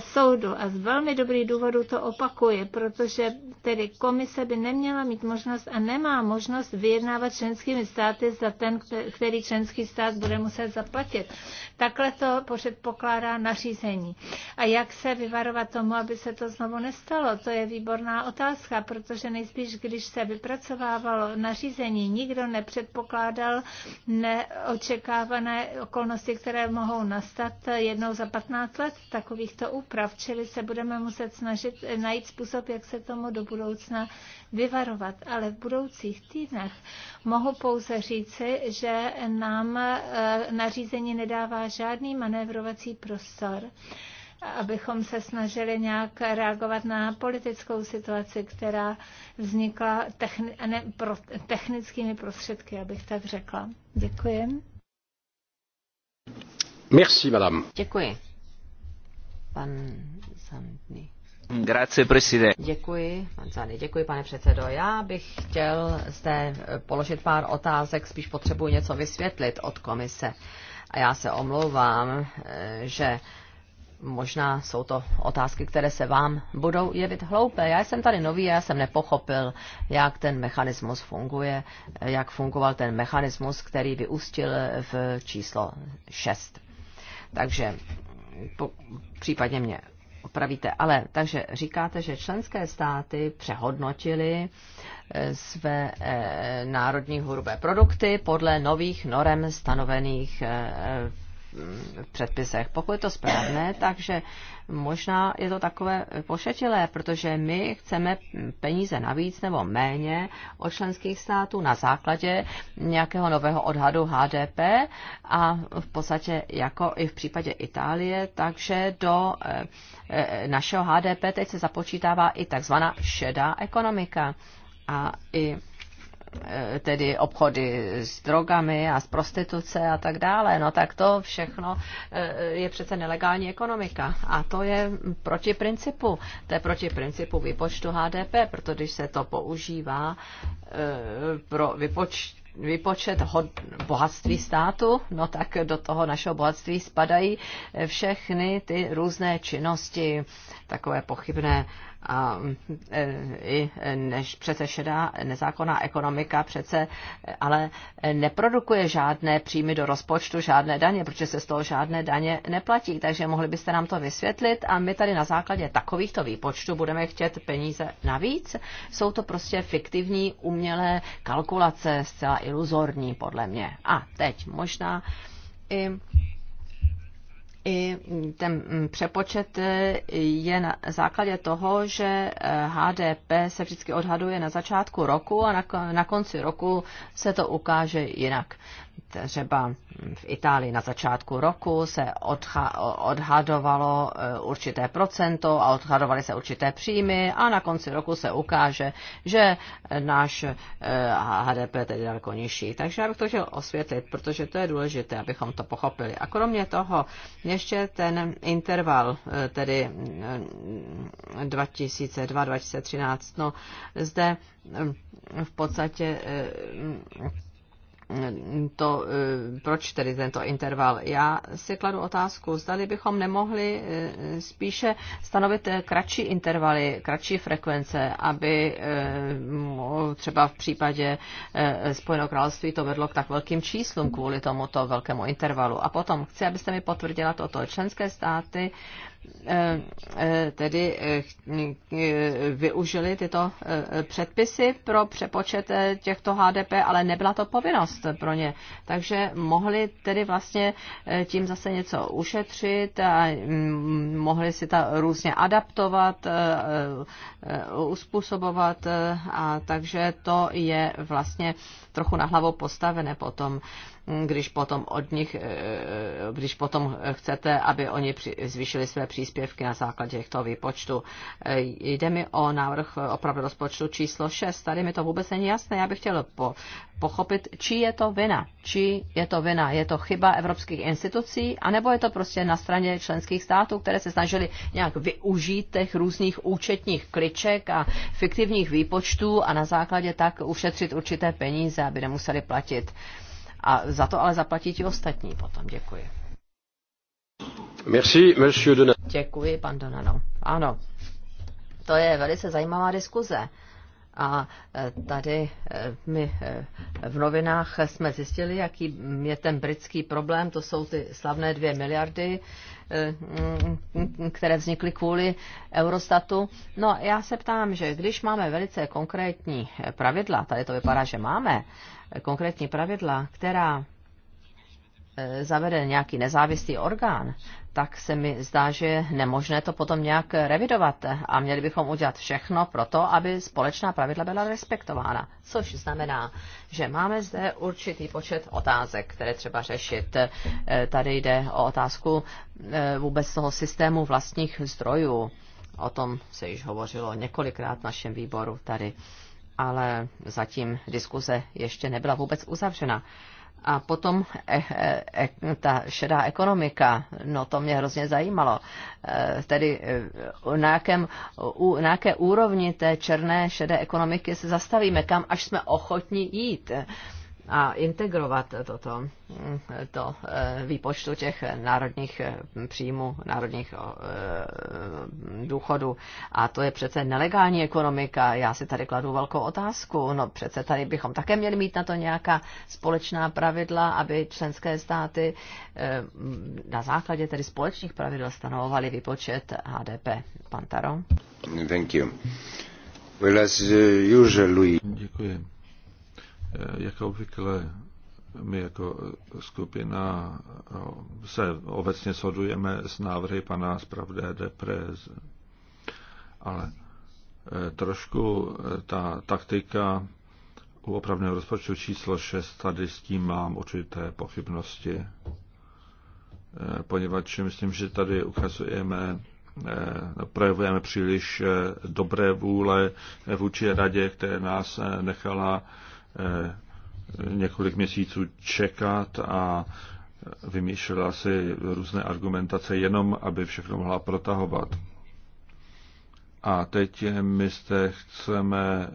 soudu. A z velmi dobrých důvodů to opakuje, protože tedy komise by neměla mít možnost a nemá možnost vyjednávat členskými státy za ten, který členský stát bude muset zaplatit. Takhle to předpokládá nařízení. A jak se vyvarovat tomu, aby se to znovu tomu nestalo? To je výborná otázka, protože nejspíš, když se vypracovávalo nařízení, nikdo nepředpokládal neočekávané okolnosti, které mohou nastat jednou za 15 let takovýchto úprav, čili se budeme muset snažit najít způsob, jak se tomu do budoucna vyvarovat. Ale v budoucích týdnech mohu pouze říci, že nám eh, nařízení nedává žádný manévrovací prostor abychom se snažili nějak reagovat na politickou situaci, která vznikla techni- ne, pro, technickými prostředky, abych tak řekla. Děkuji. Merci, madame. Děkuji. Pan Sandny. Grazie, presidente. Děkuji, pan děkuji, pane předsedo. Já bych chtěl zde položit pár otázek, spíš potřebuji něco vysvětlit od komise. A já se omlouvám, eh, že možná jsou to otázky, které se vám budou jevit hloupé. Já jsem tady nový, já jsem nepochopil, jak ten mechanismus funguje, jak fungoval ten mechanismus, který vyústil v číslo 6. Takže po, případně mě opravíte. Ale takže říkáte, že členské státy přehodnotily eh, své eh, národní hrubé produkty podle nových norem stanovených eh, předpisech. Pokud je to správné, takže možná je to takové pošetilé, protože my chceme peníze navíc nebo méně od členských států na základě nějakého nového odhadu HDP a v podstatě jako i v případě Itálie, takže do eh, eh, našeho HDP teď se započítává i takzvaná šedá ekonomika a i Eh, tedy obchody s drogami a s prostituce a tak dále. No tak to všechno eh, je přece nelegální ekonomika. A to je proti principu. To je proti principu výpočtu HDP, protože když se to používá eh, pro vypoč, vypočet hod, bohatství státu, no tak do toho našeho bohatství spadají všechny ty různé činnosti, takové pochybné eh, a e, i než přece šedá nezákonná ekonomika přece ale neprodukuje žádné příjmy do rozpočtu, žádné daně, protože se z toho žádné daně neplatí. Takže mohli byste nám to vysvětlit a my tady na základě takovýchto výpočtů budeme chtět peníze navíc. Jsou to prostě fiktivní umělé kalkulace, zcela iluzorní podle mě. A teď možná i i ten mm, přepočet e, je na základě toho, že e, HDP se vždycky odhaduje na začátku roku a na, na konci roku se to ukáže jinak třeba v Itálii na začátku roku se odha- odhadovalo e, určité procento a odhadovaly se určité příjmy a na konci roku se ukáže, že náš e, HDP je tedy daleko nižší. Takže já bych to chtěl osvětlit, protože to je důležité, abychom to pochopili. A kromě toho ještě ten interval, e, tedy 2002-2013, no zde v podstatě to, e, proč tedy tento interval? Já si kladu otázku, zda bychom nemohli e, spíše stanovit e, kratší intervaly, kratší frekvence, aby třeba v případě Spojeného království to vedlo k tak velkým číslům kvůli tomuto velkému intervalu. A potom chci, abyste mi potvrdila toto. Členské státy Eh, eh, tedy eh, využili tyto předpisy pro přepočet těchto HDP, ale nebyla to povinnost pro ně. Takže mohli tedy vlastně tím zase něco ušetřit a mm, mohli si to různě adaptovat, uspůsobovat a takže to je vlastně trochu na hlavu postavené potom když potom od nich, eh, když potom chcete, aby oni zvýšili své příspěvky na základě těchto výpočtu. Eh, jde mi o návrh opravdu rozpočtu číslo 6. Tady mi to vůbec není jasné. Já bych chtěl po, pochopit, či je to vina. či je to vina? Je to chyba evropských institucí, anebo je to prostě na straně členských států, které se snažili nějak využít těch různých účetních kliček a fiktivních výpočtů a na základě tak ušetřit určité peníze, aby nemuseli platit. Uh, a za to ale zaplatí ti ostatní potom. Děkuji. Merci, monsieur Donano. Děkuji, pan Donano. Ano, to je velice zajímavá diskuze. A e, tady e, my e, v novinách jsme zjistili, jaký je ten britský problém, to jsou ty slavné dvě miliardy, Eh, které vznikly kvůli Eurostatu. No já se ptám, že když máme velice konkrétní pravidla, tady to vypadá, že máme konkrétní pravidla, která E, zaveden nějaký nezávislý orgán, tak se mi zdá, že je nemožné to potom nějak revidovat a měli bychom udělat všechno pro to, aby společná pravidla byla respektována. Což znamená, že máme zde určitý počet otázek, které třeba řešit. E, tady jde o otázku e, vůbec toho systému vlastních zdrojů. O tom se již hovořilo několikrát v našem výboru tady, ale zatím diskuze ještě nebyla vůbec uzavřena. A potom e, e, ta šedá ekonomika, no to mě hrozně zajímalo. E, tedy na, jakém, u, na jaké úrovni té černé šedé ekonomiky se zastavíme, kam až jsme ochotni jít. E, a integrovat toto to eh, výpočtu těch národních eh, příjmů, národních eh, důchodů. A to je přece nelegální ekonomika. Já si tady kladu velkou otázku. No přece tady bychom také měli mít na to nějaká společná pravidla, aby členské státy na základě tedy společných pravidel stanovovaly výpočet HDP. Pan Taro? Thank you. Well, as usual, Louis. Děkuji Eh, jako obvykle my jako eh, skupina eh, se obecně shodujeme s návrhy pana zpravdé Deprez, ale trošku ta taktika u opravného rozpočtu číslo 6, tady s tím mám určité pochybnosti, poněvadž myslím, že tady ukazujeme, no, projevujeme příliš dobré vůle vůči radě, které nás nechala Eh, několik měsíců čekat a vymýšlela si různé argumentace jenom, aby všechno mohla protahovat. A teď my zde chceme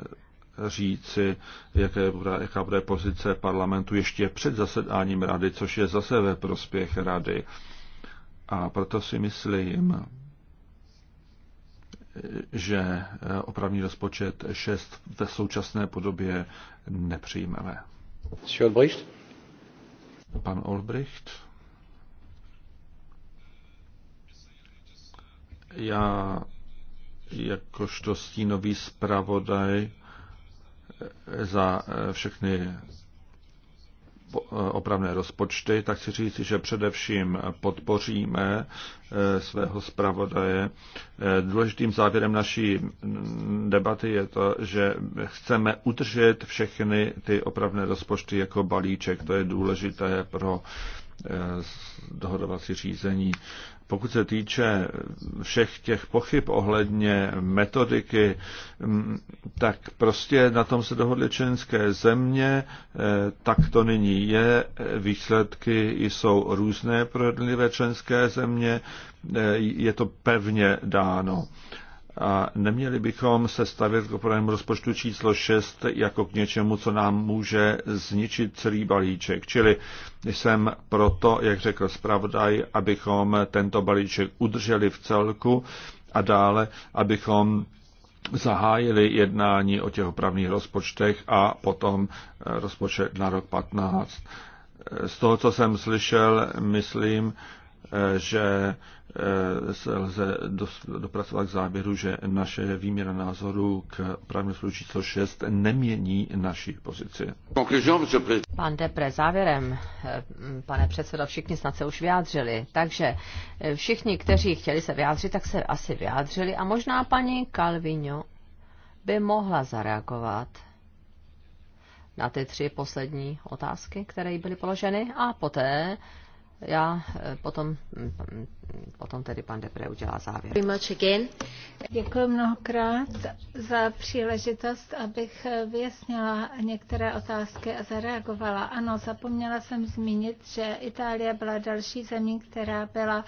říci, jaké bude, jaká bude pozice parlamentu ještě před zasedáním rady, což je zase ve prospěch rady. A proto si myslím, že eh, opravní rozpočet 6 ve současné podobě nepřijmeme. Pan Olbricht? Já jakožto stínový zpravodaj eh, za eh, všechny Eh, opravné rozpočty, tak chci říct, že především podpoříme eh, svého zpravodaje. Eh, důležitým závěrem naší debaty je to, že chceme udržet všechny ty opravné rozpočty jako balíček. To je důležité pro dohodovací řízení. Pokud se týče všech těch pochyb ohledně metodiky, mm, tak prostě na tom se dohodly členské země, eh, tak to nyní je. Výsledky jsou různé pro jednotlivé členské země, eh, je to pevně dáno. A neměli bychom se stavět k opravdu rozpočtu číslo 6 jako k něčemu, co nám může zničit celý balíček. Čili jsem proto, jak řekl zpravodaj, abychom tento balíček udrželi v celku a dále, abychom zahájili jednání o těch opravných rozpočtech a potom eh, rozpočet na rok 15. Eh, z toho, co jsem slyšel, myslím, že eh, se lze dopracovat k závěru, že naše výměna názoru k právnímu sporu číslo 6 nemění naši pozici. Pan Depre, závěrem, eh, pane předsedo, všichni snad se už vyjádřili, takže eh, všichni, kteří chtěli se vyjádřit, tak se asi vyjádřili a možná paní Kalvino by mohla zareagovat na ty tři poslední otázky, které jí byly položeny a poté já eh, potom, mm, potom tedy pan Depre udělá závěr. Děkuji mnohokrát za příležitost, abych eh, vyjasnila některé otázky a zareagovala. Ano, zapomněla jsem zmínit, že Itálie byla další zemí, která byla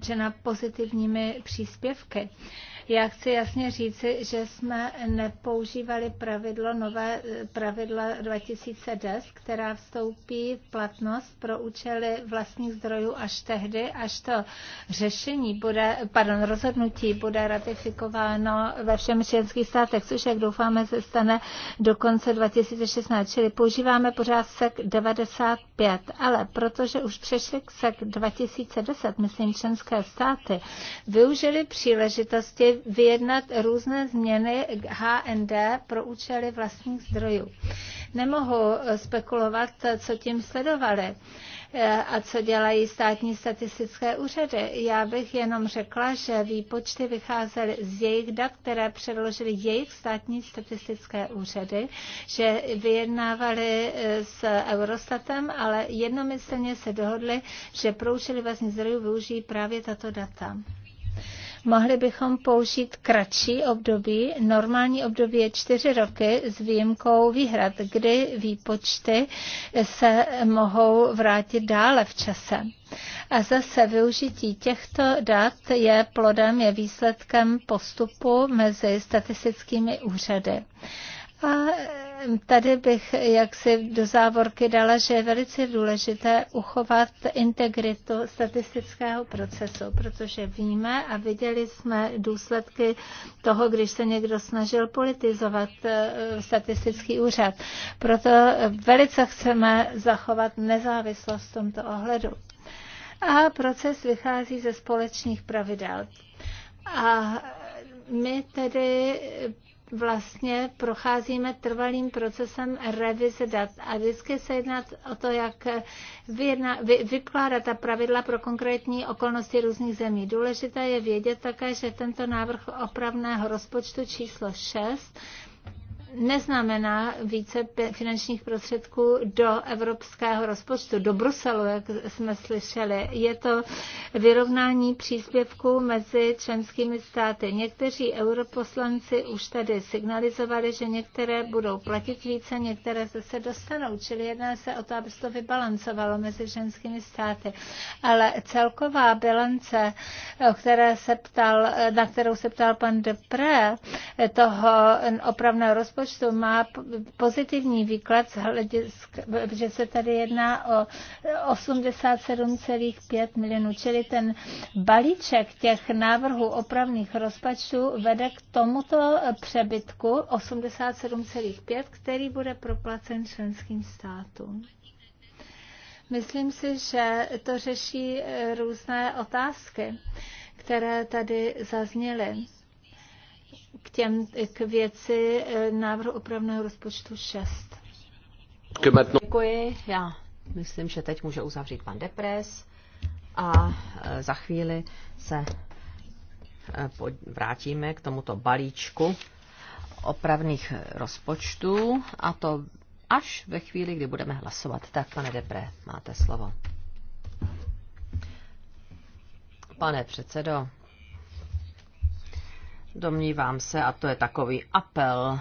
džena pozitivními příspěvky. Já chci jasně říci, že jsme nepoužívali pravidlo nové eh, pravidla 2010, která vstoupí v platnost pro účely vlastních zdrojů až tehdy, až to řešení bude, pardon, rozhodnutí bude ratifikováno ve všem členských státech, což, jak doufáme, se stane do konce 2016. Čili používáme pořád SEC 95, ale protože už přešli k e SEC 2010, myslím, členské státy, využili příležitosti vyjednat různé změny HND pro účely vlastních zdrojů. Nemohu spekulovat, co tím sledovali eh, a co dělají státní statistické úřady. Já bych jenom řekla, že výpočty vycházely z jejich dat, které předložili jejich státní statistické úřady, že vyjednávali eh, s Eurostatem, ale jednomyslně se dohodli, že pro účely vlastních zdrojů využijí právě tato data. Mohli bychom použít kratší období. Normální období je čtyři roky s výjimkou výhrad, kdy výpočty se mohou vrátit dále v čase. A zase využití těchto dat je plodem, je výsledkem postupu mezi statistickými úřady. A tady bych jaksi do závorky dala, že je velice důležité uchovat integritu statistického procesu, protože víme a viděli jsme důsledky toho, když se někdo snažil politizovat eh, statistický úřad. Proto velice chceme zachovat nezávislost v tomto ohledu. A proces vychází ze společných pravidel. A my tedy vlastně procházíme trvalým procesem revize dat a vždycky se jedná o to, jak vyjedna, vy, vykládat ta pravidla pro konkrétní okolnosti různých zemí. Důležité je vědět také, že tento návrh opravného rozpočtu číslo 6 neznamená více finančních prostředků do evropského rozpočtu, do Bruselu, jak jsme slyšeli. Je to vyrovnání příspěvků mezi členskými státy. Někteří europoslanci už tady signalizovali, že některé budou platit více, některé zase dostanou. Čili jedná se o to, aby se to vybalancovalo mezi členskými státy. Ale celková bilance, o které se ptal, na kterou se ptal pan Depré, toho opravného rozpočtu, rozpočtu má pozitivní výklad, že se tady jedná o 87,5 milionů, čili ten balíček těch návrhů opravných rozpočtů vede k tomuto přebytku 87,5, který bude proplacen členským státům. Myslím si, že to řeší různé otázky, které tady zazněly k, těm, k věci eh, návrhu opravného rozpočtu 6. Děkuji. Já myslím, že teď může uzavřít pan Depres a eh, za chvíli se eh, vrátíme k tomuto balíčku opravných rozpočtů a to až ve chvíli, kdy budeme hlasovat. Tak, pane Depre, máte slovo. Pane předsedo, Domnívám se, a to je takový apel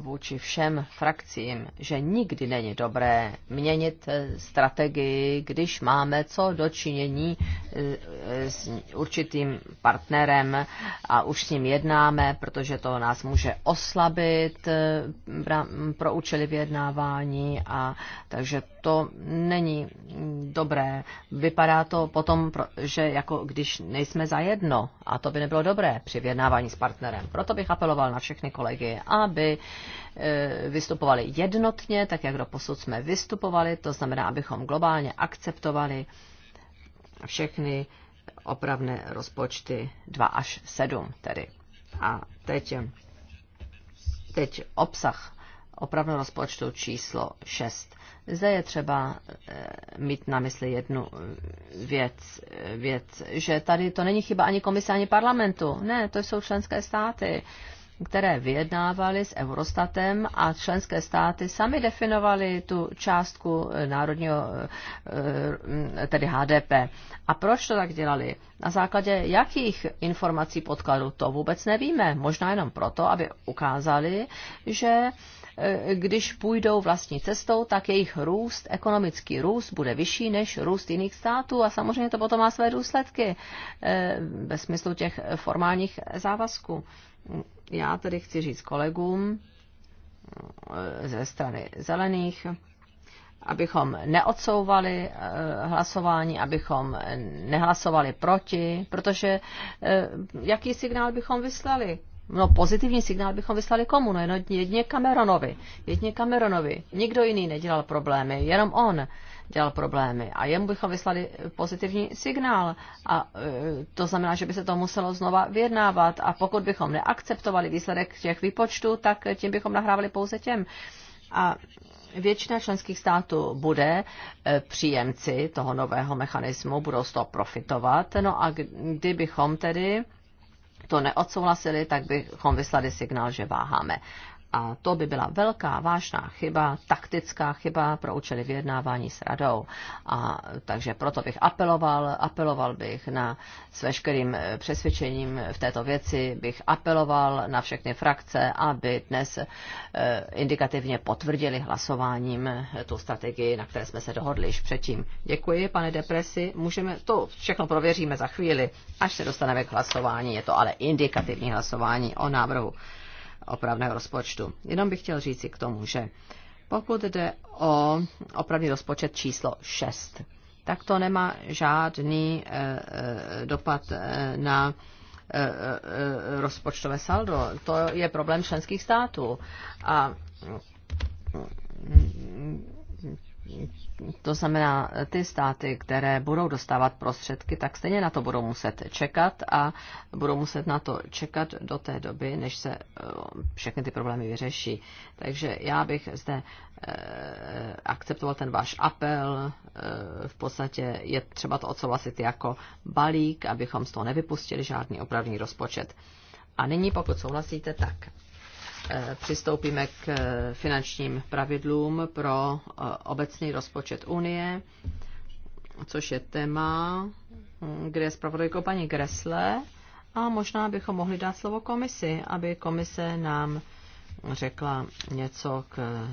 vůči všem frakcím, že nikdy není dobré měnit eh, strategii, když máme co dočinění eh, eh, s určitým partnerem a už s ním jednáme, protože to nás může oslabit pro účely vyjednávání a takže to není dobré. Vypadá to potom, že jako když nejsme zajedno a to by nebylo dobré při vyjednávání s partnerem. Proto bych apeloval na všechny kolegy, aby e, vystupovali jednotně, tak jak do posud jsme vystupovali, to znamená, abychom globálně akceptovali všechny opravné rozpočty 2 až 7 tedy. A teď, teď obsah opravného rozpočtu číslo 6. Zde je třeba e, mít na mysli jednu věc, věc, že tady to není chyba ani komise, ani parlamentu. Ne, to jsou členské státy. E, které vyjednávaly s Eurostatem a členské státy sami definovaly tu částku eh, národního, eh, tedy HDP. A proč to tak dělali? Na základě jakých informací podkladů to vůbec nevíme. Možná jenom proto, aby ukázali, že eh, když půjdou vlastní cestou, tak jejich růst, ekonomický růst, bude vyšší než růst jiných států a samozřejmě to potom má své důsledky ve smyslu těch formálních závazků já tedy chci říct kolegům eh, ze strany zelených, abychom neodsouvali eh, hlasování, abychom nehlasovali proti, protože eh, jaký signál bychom vyslali? No pozitivní signál bychom vyslali komu? No jedně Cameronovi. Jedně Cameronovi. Nikdo jiný nedělal problémy, jenom on dělal problémy. A jemu bychom vyslali pozitivní signál. A e, to znamená, že by se to muselo znova vyjednávat. A pokud bychom neakceptovali výsledek těch výpočtů, tak tím bychom nahrávali pouze těm. A většina členských států bude e, příjemci toho nového mechanismu, budou z toho profitovat. No a kdybychom tedy to neodsouhlasili, tak bychom vyslali signál, že váháme. A to by byla velká, vážná chyba, taktická chyba pro účely vyjednávání s radou. A, takže proto bych apeloval, apeloval bych na s veškerým eh, přesvědčením v této věci, bych apeloval na všechny frakce, aby dnes eh, indikativně potvrdili hlasováním eh, tu strategii, na které jsme se dohodli již předtím. Děkuji, pane Depresi. Můžeme, to všechno prověříme za chvíli, až se dostaneme k hlasování. Je to ale indikativní hlasování o návrhu opravného rozpočtu. Jenom bych chtěl si k tomu, že pokud jde o opravný rozpočet číslo 6, tak to nemá žádný eh, eh, dopad eh, na rozpočtové saldo. To je problém členských států. A mm, to znamená, ty státy, které budou dostávat prostředky, tak stejně na to budou muset čekat a budou muset na to čekat do té doby, než se eh, všechny ty problémy vyřeší. Takže já bych zde eh, akceptoval ten váš apel. Eh, v podstatě je třeba to odsouhlasit jako balík, abychom z toho nevypustili žádný opravný rozpočet. A nyní, pokud souhlasíte, tak Eh, přistoupíme k eh, finančním pravidlům pro eh, obecný rozpočet Unie, což je téma, hm, kde je zpravodajkou paní Gresle. A možná bychom mohli dát slovo komisi, aby komise nám řekla něco k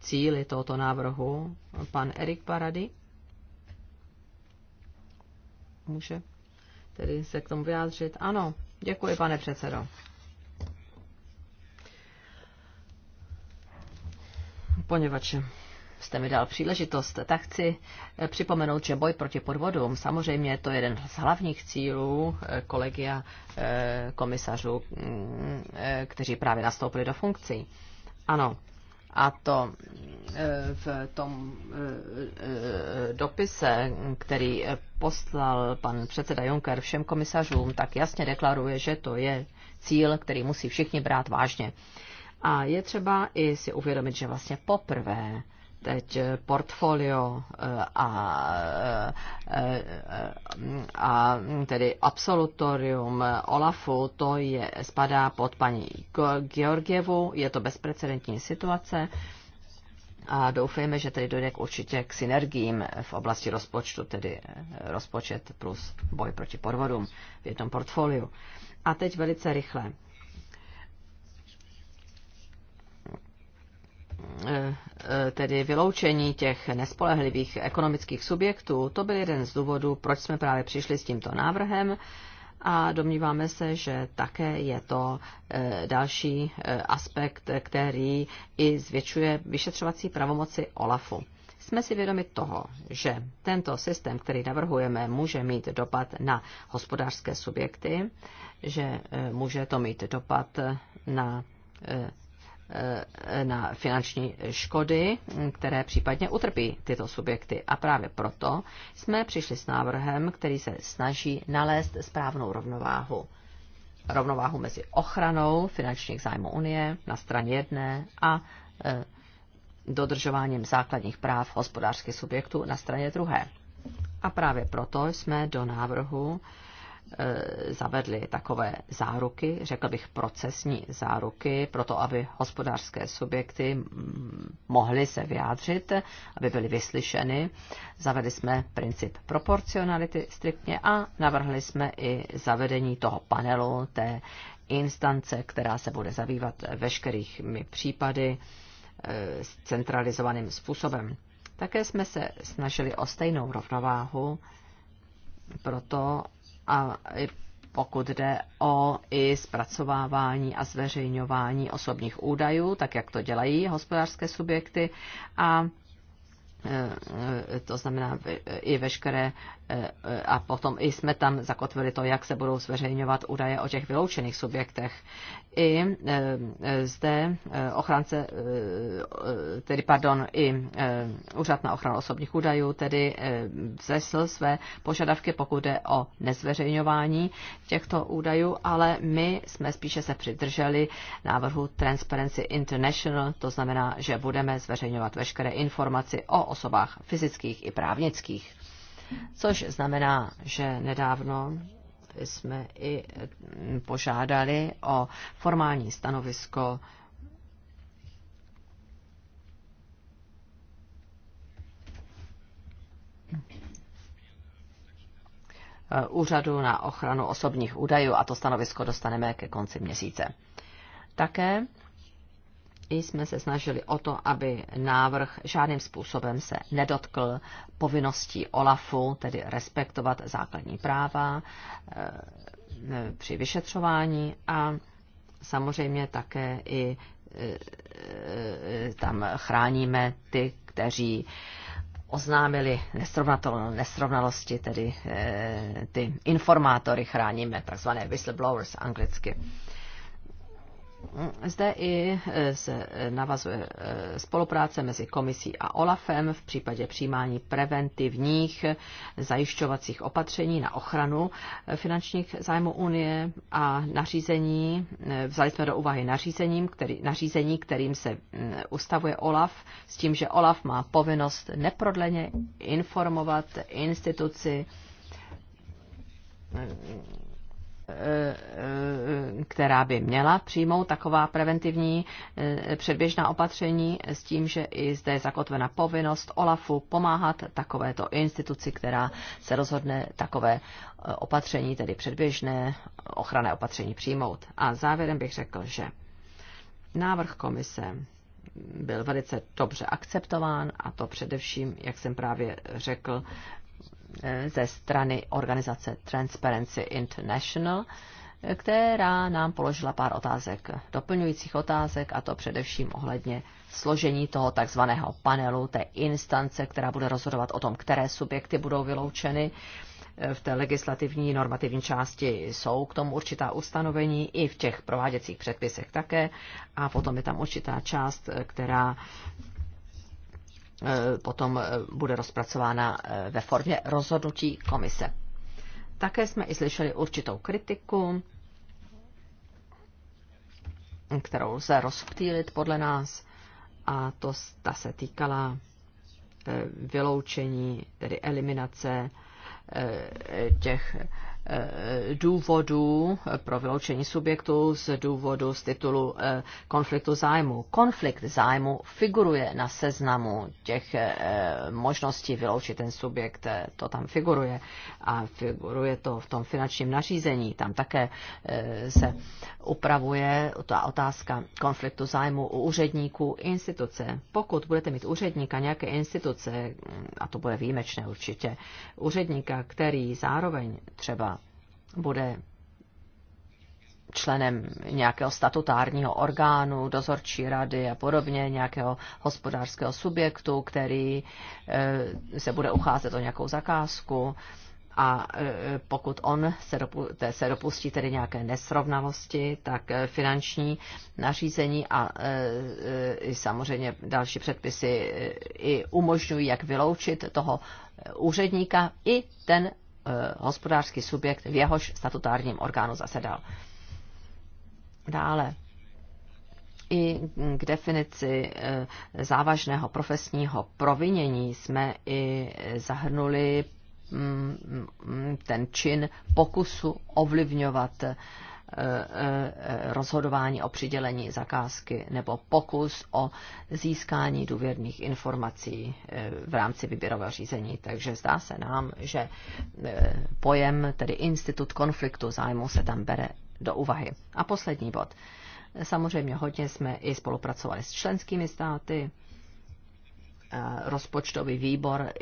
cíli tohoto návrhu. Pan Erik Parady může tedy se k tomu vyjádřit. Ano, děkuji, pane předsedo. poněvadž jste mi dal příležitost, tak chci eh, připomenout, že boj proti podvodům, samozřejmě to je jeden z hlavních cílů eh, kolegia eh, komisařů, mm, kteří právě nastoupili do funkcí. Ano, a to v tom dopise, který poslal pan předseda Juncker všem komisařům, tak jasně deklaruje, že to je cíl, který musí všichni brát vážně. A je třeba i si uvědomit, že vlastně poprvé teď portfolio eh, a, eh, eh, a, a mm, tedy absolutorium Olafu, to je, spadá pod paní Georgievu, je to bezprecedentní situace a doufejme, že tedy dojde k určitě k synergiím v oblasti rozpočtu, tedy rozpočet plus boj proti podvodům v jednom portfoliu. A teď velice rychle Eh, eh, tedy vyloučení těch nespolehlivých ekonomických subjektů, to byl jeden z důvodů, proč jsme právě přišli s tímto návrhem a domníváme se, že také je to eh, další aspekt, který i zvětšuje vyšetřovací pravomoci OLAFu. Jsme si vědomi toho, že tento systém, který navrhujeme, může mít dopad na hospodářské subjekty, že může to mít dopad na Eh, na finanční škody, které případně utrpí tyto subjekty. A právě proto jsme přišli s návrhem, který se snaží nalézt správnou rovnováhu. Rovnováhu mezi ochranou finančních zájmů Unie na straně jedné a eh, dodržováním základních práv hospodářských subjektů na straně druhé. A právě proto jsme do návrhu E, zavedli takové záruky, řekl bych procesní záruky, proto aby hospodářské subjekty mohly se vyjádřit, aby byly vyslyšeny. Zavedli jsme princip proporcionality striktně a navrhli jsme i zavedení toho panelu, té instance, která se bude zabývat veškerými případy e, s centralizovaným způsobem. Také jsme se snažili o stejnou rovnováhu, proto a pokud jde o i zpracovávání a zveřejňování osobních údajů, tak jak to dělají hospodářské subjekty a e, e, to znamená i veškeré a potom i jsme tam zakotvili to, jak se budou zveřejňovat údaje o těch vyloučených subjektech. I e, zde e, ochránce, e, tedy pardon, i Úřad na ochranu osobních údajů, tedy vzesl své požadavky, pokud jde o nezveřejňování těchto údajů, ale my jsme spíše se přidrželi návrhu Transparency International, to znamená, že budeme zveřejňovat veškeré informace o osobách fyzických i právnických což znamená, že nedávno jsme i mm, požádali o formální stanovisko eh, Úřadu na ochranu osobních údajů a to stanovisko dostaneme ke konci měsíce. Také jsme se snažili o to, aby návrh žádným způsobem se nedotkl povinností OLAFu, tedy respektovat základní práva eh, při vyšetřování a samozřejmě také i eh, tam chráníme ty, kteří oznámili nesrovnalosti, tedy eh, ty informátory chráníme, takzvané whistleblowers anglicky. Zde i e, se navazuje e, spolupráce mezi komisí a OLAFem v případě přijímání preventivních zajišťovacích opatření na ochranu e, finančních zájmů Unie a nařízení. Vzali jsme do úvahy nařízením, který, nařízení, kterým se ustavuje OLAF, s tím, že OLAF má povinnost neprodleně informovat instituci která by měla přijmout taková preventivní eh, předběžná opatření s tím, že i zde je zakotvena povinnost OLAFu pomáhat takovéto instituci, která se rozhodne takové eh, opatření, tedy předběžné ochranné opatření přijmout. A závěrem bych řekl, že návrh komise byl velice dobře akceptován a to především, jak jsem právě řekl, Eh, ze strany organizace Transparency International, která nám položila pár otázek, doplňujících otázek, a to především ohledně složení toho takzvaného panelu, té instance, která bude rozhodovat o tom, které subjekty budou vyloučeny. Eh, v té legislativní normativní části jsou k tomu určitá ustanovení, i v těch prováděcích předpisech také. A potom je tam určitá část, eh, která Eh, potom eh, bude rozpracována eh, ve formě rozhodnutí komise. Také jsme i slyšeli určitou kritiku, kterou lze rozptýlit podle nás, a to ta se týkala vyloučení, tedy eliminace těch Eh, důvodů pro vyloučení subjektu z důvodu z titulu eh, konfliktu zájmu. Konflikt zájmu figuruje na seznamu těch eh, možností vyloučit ten subjekt, to tam figuruje a figuruje to v tom finančním nařízení. Tam také se upravuje ta otázka konfliktu zájmu u úředníků instituce. Pokud budete mít úředníka nějaké instituce, mm, a to bude výjimečné určitě, úředníka, který zároveň třeba bude členem nějakého statutárního orgánu, dozorčí rady a podobně, nějakého hospodářského subjektu, který eh, se bude ucházet o nějakou zakázku a eh, pokud on se, dopu, se dopustí tedy nějaké nesrovnalosti, tak eh, finanční nařízení a samozřejmě další předpisy i umožňují, jak vyloučit toho úředníka i ten Eh, hospodářský subjekt v jehož statutárním orgánu zasedal. Dále i k definici eh, závažného profesního provinění jsme i zahrnuli mm, mm, ten čin pokusu ovlivňovat rozhodování o přidělení zakázky nebo pokus o získání důvěrných informací eh, v rámci vyběrového řízení. Takže zdá se nám, že eh, pojem, tedy institut konfliktu zájmu se tam bere do úvahy. A poslední bod. Samozřejmě hodně jsme i spolupracovali s členskými státy, rozpočtový výbor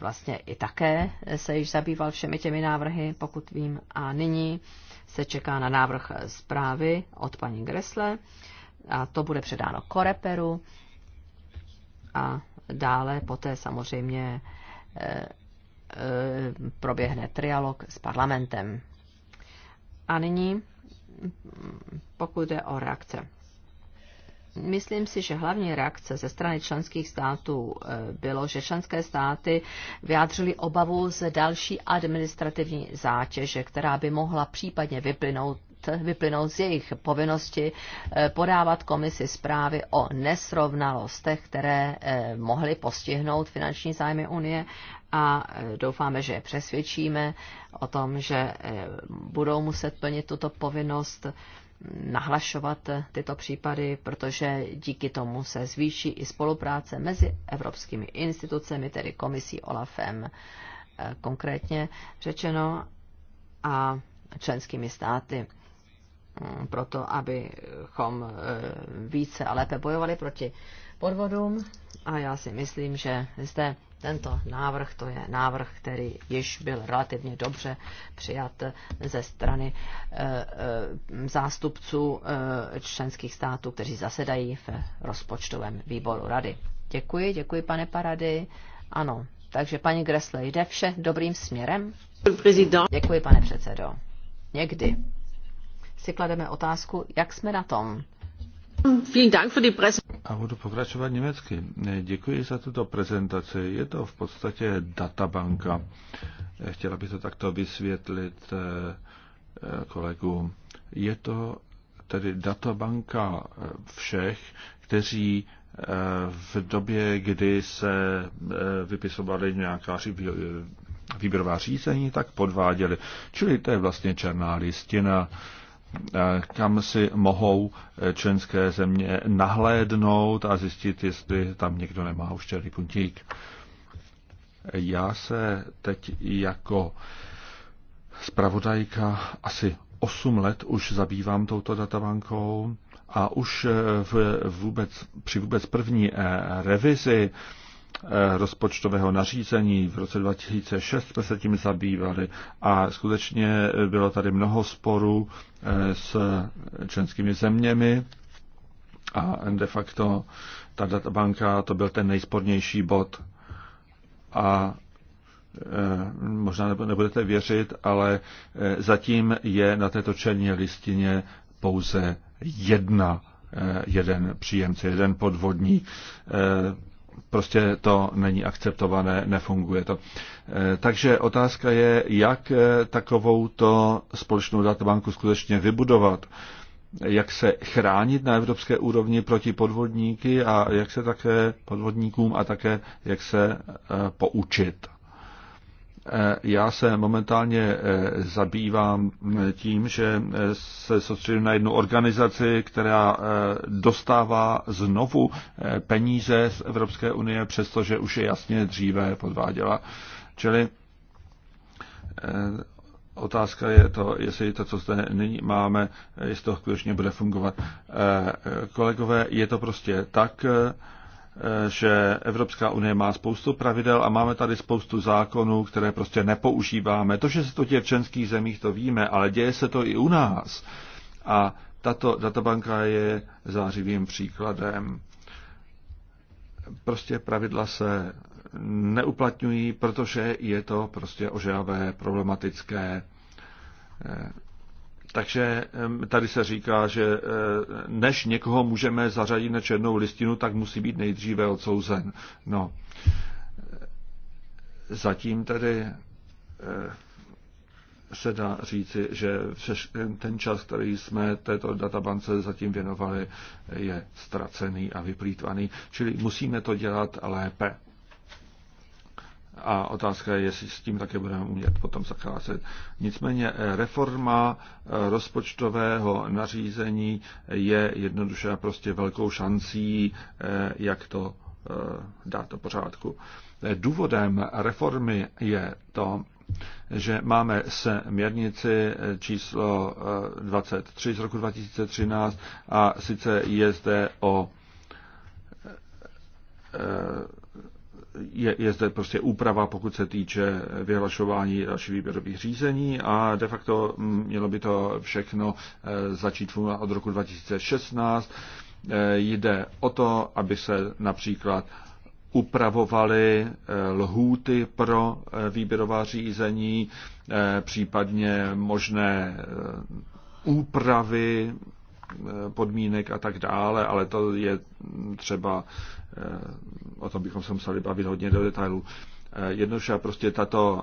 vlastně i také se již zabýval všemi těmi návrhy, pokud vím. A nyní se čeká na návrh zprávy od paní Gresle a to bude předáno Koreperu a dále poté samozřejmě eh, eh, proběhne trialog s parlamentem. A nyní, mm, pokud jde o reakce Myslím si, že hlavní reakce ze strany členských států eh, bylo, že členské státy vyjádřily obavu z další administrativní zátěže, která by mohla případně vyplynout vyplynout z jejich povinnosti eh, podávat komisi zprávy o nesrovnalostech, které eh, mohly postihnout finanční zájmy Unie a doufáme, že je přesvědčíme o tom, že budou muset plnit tuto povinnost nahlašovat tyto případy, protože díky tomu se zvýší i spolupráce mezi evropskými institucemi, tedy komisí OLAFem eh, konkrétně řečeno, a členskými státy mm, proto, abychom eh, více a lépe bojovali proti podvodům. A já si myslím, že zde tento návrh to je návrh, který již byl relativně dobře přijat ze strany eh, eh, zástupců eh, členských států, kteří zasedají v rozpočtovém výboru rady. Děkuji, děkuji pane Parady. Ano, takže paní Gressle, jde vše dobrým směrem? Děkuji, pane předsedo. Někdy si klademe otázku, jak jsme na tom a budu pokračovat německy. Děkuji za tuto prezentaci. Je to v podstatě databanka. Chtěla bych to takto vysvětlit eh, eh, kolegům. Je to tedy databanka eh, všech, kteří v době, kdy se vypisovaly nějaká výběrová řízení, tak podváděli. Čili to je vlastně černá listina Eh, kam si mohou eh, členské země nahlédnout a zjistit, jestli tam někdo nemá už puntík. Já se teď jako spravodajka asi 8 let už zabývám touto databankou a už eh, v vůbec, při vůbec první revizi Eh, rozpočtového nařízení. V roce 2006 jsme se tím zabývali a skutečně bylo tady mnoho sporů eh, s členskými zeměmi a de facto ta databanka to byl ten nejspornější bod. A eh, možná nebudete věřit, ale zatím je na této černé listině pouze jedna jeden příjemce, jeden podvodní prostě to není akceptované, nefunguje to. Eh, takže otázka je, jak eh, takovou to společnou databanku skutečně vybudovat, jak se chránit na evropské úrovni proti podvodníky a jak se také podvodníkům a také jak se eh, poučit. Eh, já se momentálně eh, zabývám mm, tím, že eh, se soustředím na jednu organizaci, která dostává znovu peníze z Evropské unie, přestože už je jasně dříve podváděla. Čili Otázka je to, jestli to, co zde nyní máme, jestli to skutečně bude fungovat. Kolegové, je to prostě tak, že Evropská unie má spoustu pravidel a máme tady spoustu zákonů, které prostě nepoužíváme. To, že se to děje v členských zemích, to víme, ale děje se to i u nás. A tato databanka je zářivým příkladem. Prostě pravidla se neuplatňují, protože je to prostě ožávé, problematické. Takže tady se říká, že eh, než někoho můžeme zařadit na černou listinu, tak musí být nejdříve odsouzen. No. Zatím tedy eh, se dá říci, že eh, ten čas, který jsme této databance zatím věnovali, je ztracený a vyplýtvaný. Čili musíme to dělat lépe a otázka je, jestli s tím také budeme umět potom zacházet. Nicméně eh, reforma eh, rozpočtového nařízení je jednoduše a prostě velkou šancí, eh, jak to dát do pořádku. Důvodem reformy je to, že máme směrnici číslo 23 z roku 2013 a sice je zde o je, je zde prostě úprava, pokud se týče vyhlašování dalších výběrových řízení a de facto mm, mělo by to všechno eh, začít fungovat od roku 2016. Eh, jde o to, aby se například upravovaly eh, lhůty pro výběrová řízení, případně možné úpravy Eh, podmínek a tak dále, ale to je třeba, eh, o tom bychom se museli bavit hodně do detailů. Eh, jednoduše prostě tato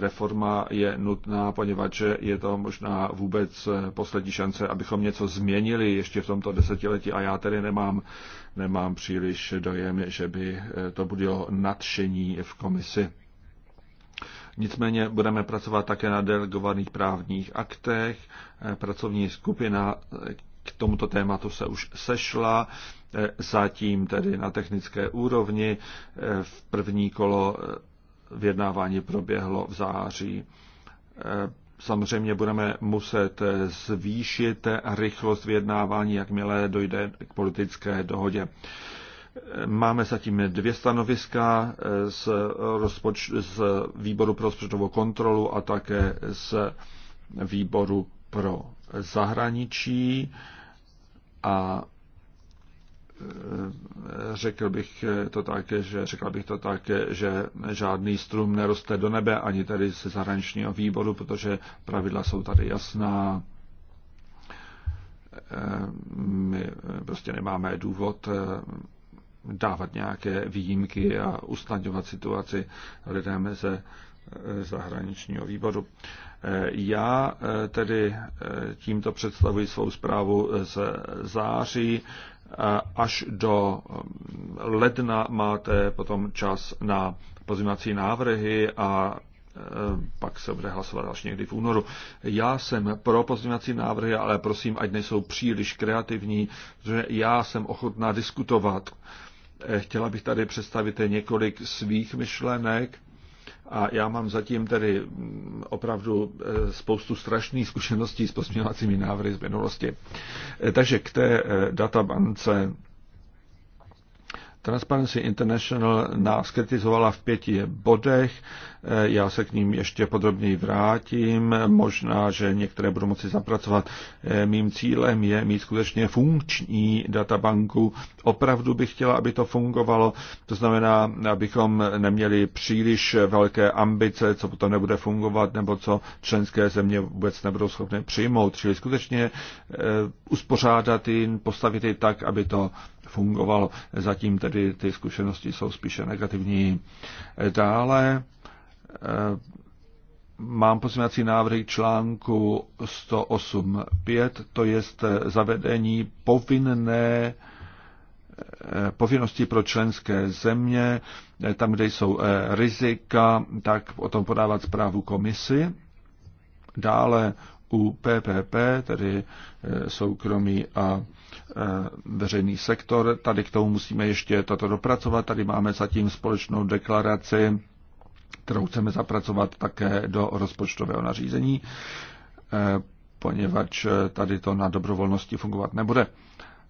reforma je nutná, poněvadž je to možná vůbec poslední šance, abychom něco změnili ještě v tomto desetiletí a já tedy nemám, nemám příliš dojem, že by to bylo nadšení v komisi. Nicméně budeme pracovat také na delegovaných právních aktech. Pracovní skupina k tomuto tématu se už sešla, eh, zatím tedy na technické úrovni. Eh, v první kolo eh, vyjednávání proběhlo v září. Samozřejmě budeme muset zvýšit rychlost vyjednávání, jakmile dojde k politické dohodě. Máme zatím dvě stanoviska z, rozpoč- z výboru pro rozpočtovou kontrolu a také z výboru pro zahraničí a e, řekl bych to tak, že, řekl bych to tak, že žádný strom neroste do nebe ani tady ze zahraničního výboru, protože pravidla jsou tady jasná. E, my prostě nemáme důvod e, dávat nějaké výjimky a usnadňovat situaci lidem ze zahraničního výboru. Já eh, tedy eh, tímto představuji svou zprávu eh, z září. Až do ledna máte potom čas na pozměňovací návrhy a pak se bude hlasovat až někdy v únoru. Já jsem pro pozměňovací návrhy, ale prosím, ať nejsou příliš kreativní, protože já jsem ochotná diskutovat. Chtěla bych tady představit několik svých myšlenek, a já mám zatím tedy mm, opravdu eh, spoustu strašných zkušeností s posměvacími návrhy z minulosti. Eh, takže k té eh, databance Transparency International nás kritizovala v pěti bodech. Eh, já se k ním ještě podrobněji vrátím. Možná, že některé budu moci zapracovat. Eh, mým cílem je mít skutečně funkční databanku. Opravdu bych chtěla, aby to fungovalo. To znamená, abychom neměli příliš velké ambice, co potom nebude fungovat, nebo co členské země vůbec nebudou schopné přijmout. Čili skutečně eh, uspořádat ji, postavit ji tak, aby to fungovalo. Zatím tedy ty zkušenosti jsou spíše negativní. Dále Eh, mám pozměňovací návrhy článku 108.5, to je eh, zavedení povinné eh, povinnosti pro členské země, tam, kde jsou rizika, tak o tom podávat zprávu komisi. Dále u PPP, tedy soukromý a veřejný sektor, tady k tomu musíme ještě toto dopracovat. Tady máme zatím společnou deklaraci kterou chceme zapracovat také do rozpočtového nařízení, eh, poněvadž eh, tady to na dobrovolnosti fungovat nebude.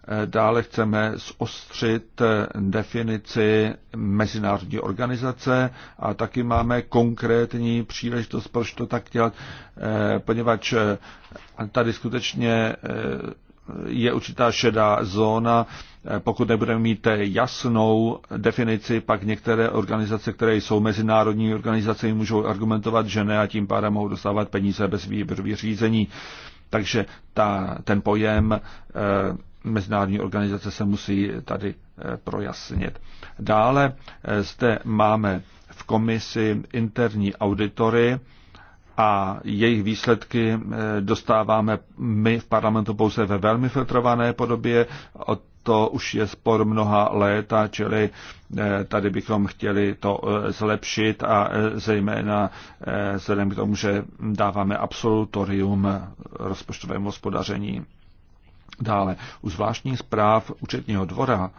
Eh, dále chceme zostřit definici mezinárodní organizace a taky máme konkrétní příležitost, proč to tak dělat, poněvadž tady skutečně je určitá šedá zóna, Eh, pokud nebudeme mít eh, jasnou definici, pak některé organizace, které jsou mezinárodní organizace, můžou argumentovat, že ne a tím pádem mohou dostávat peníze bez výběrových řízení. Takže ta, ten pojem eh, mezinárodní organizace se musí tady projasnit. Dále zde máme v komisi interní auditory a jejich výsledky dostáváme my v parlamentu pouze ve velmi filtrované podobě. Od to už je spor mnoha léta, čili eh, tady bychom chtěli to eh, zlepšit a eh, zejména vzhledem k tomu, že dáváme absolutorium rozpočtovému hospodaření. Dále u zvláštních zpráv účetního dvora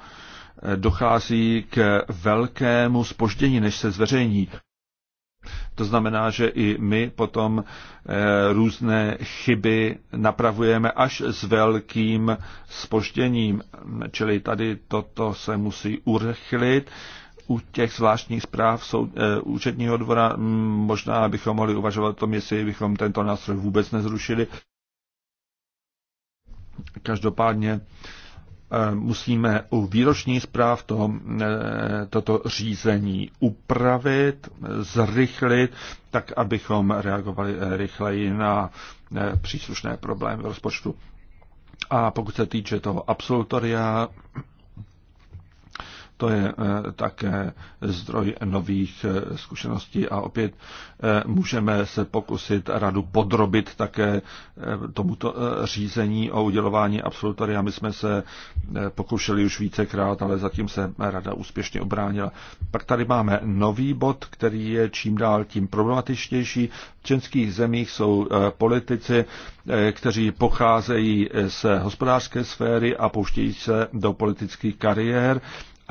dochází k velkému spoždění, než se zveřejní. To znamená, že i my potom eh, různé chyby napravujeme až s velkým spožděním. Čili tady toto se musí urychlit. U těch zvláštních zpráv sou, e, eh, účetního dvora mm, možná bychom mohli uvažovat o tom, jestli bychom tento nástroj vůbec nezrušili. Každopádně e, Eh, musíme u výroční zpráv to, eh, toto řízení upravit, zrychlit, tak abychom reagovali eh, rychleji na příslušné problémy v rozpočtu. A pokud se týče toho absolutoria, to je eh, také zdroj nových eh, zkušeností a opět eh, můžeme se pokusit radu podrobit také tomuto řízení o udělování absolutoria. My jsme se pokoušeli už vícekrát, ale zatím se rada úspěšně obránila. Pak tady máme nový bod, který je čím dál tím problematičtější. V českých zemích jsou politici, kteří pocházejí z hospodářské sféry a pouštějí se do politických kariér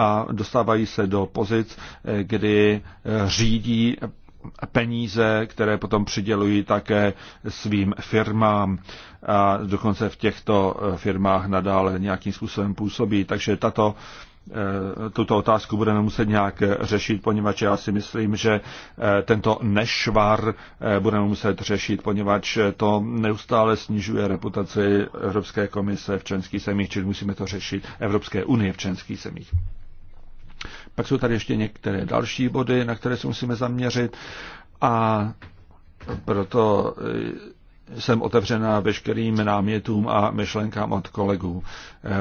a dostávají se do pozic, eh, kdy eh, řídí peníze, které potom přidělují také svým firmám a dokonce v těchto eh, firmách nadále nějakým způsobem působí. Takže tato tuto otázku budeme muset nějak řešit, poněvadž já si myslím, že tento nešvar budeme muset řešit, poněvadž to neustále snižuje reputaci Evropské komise v členských zemích, čili musíme to řešit Evropské unie v členských zemích. Pak jsou tady ještě některé další body, na které se musíme zaměřit a proto e, jsem otevřená veškerým námětům a myšlenkám od kolegů.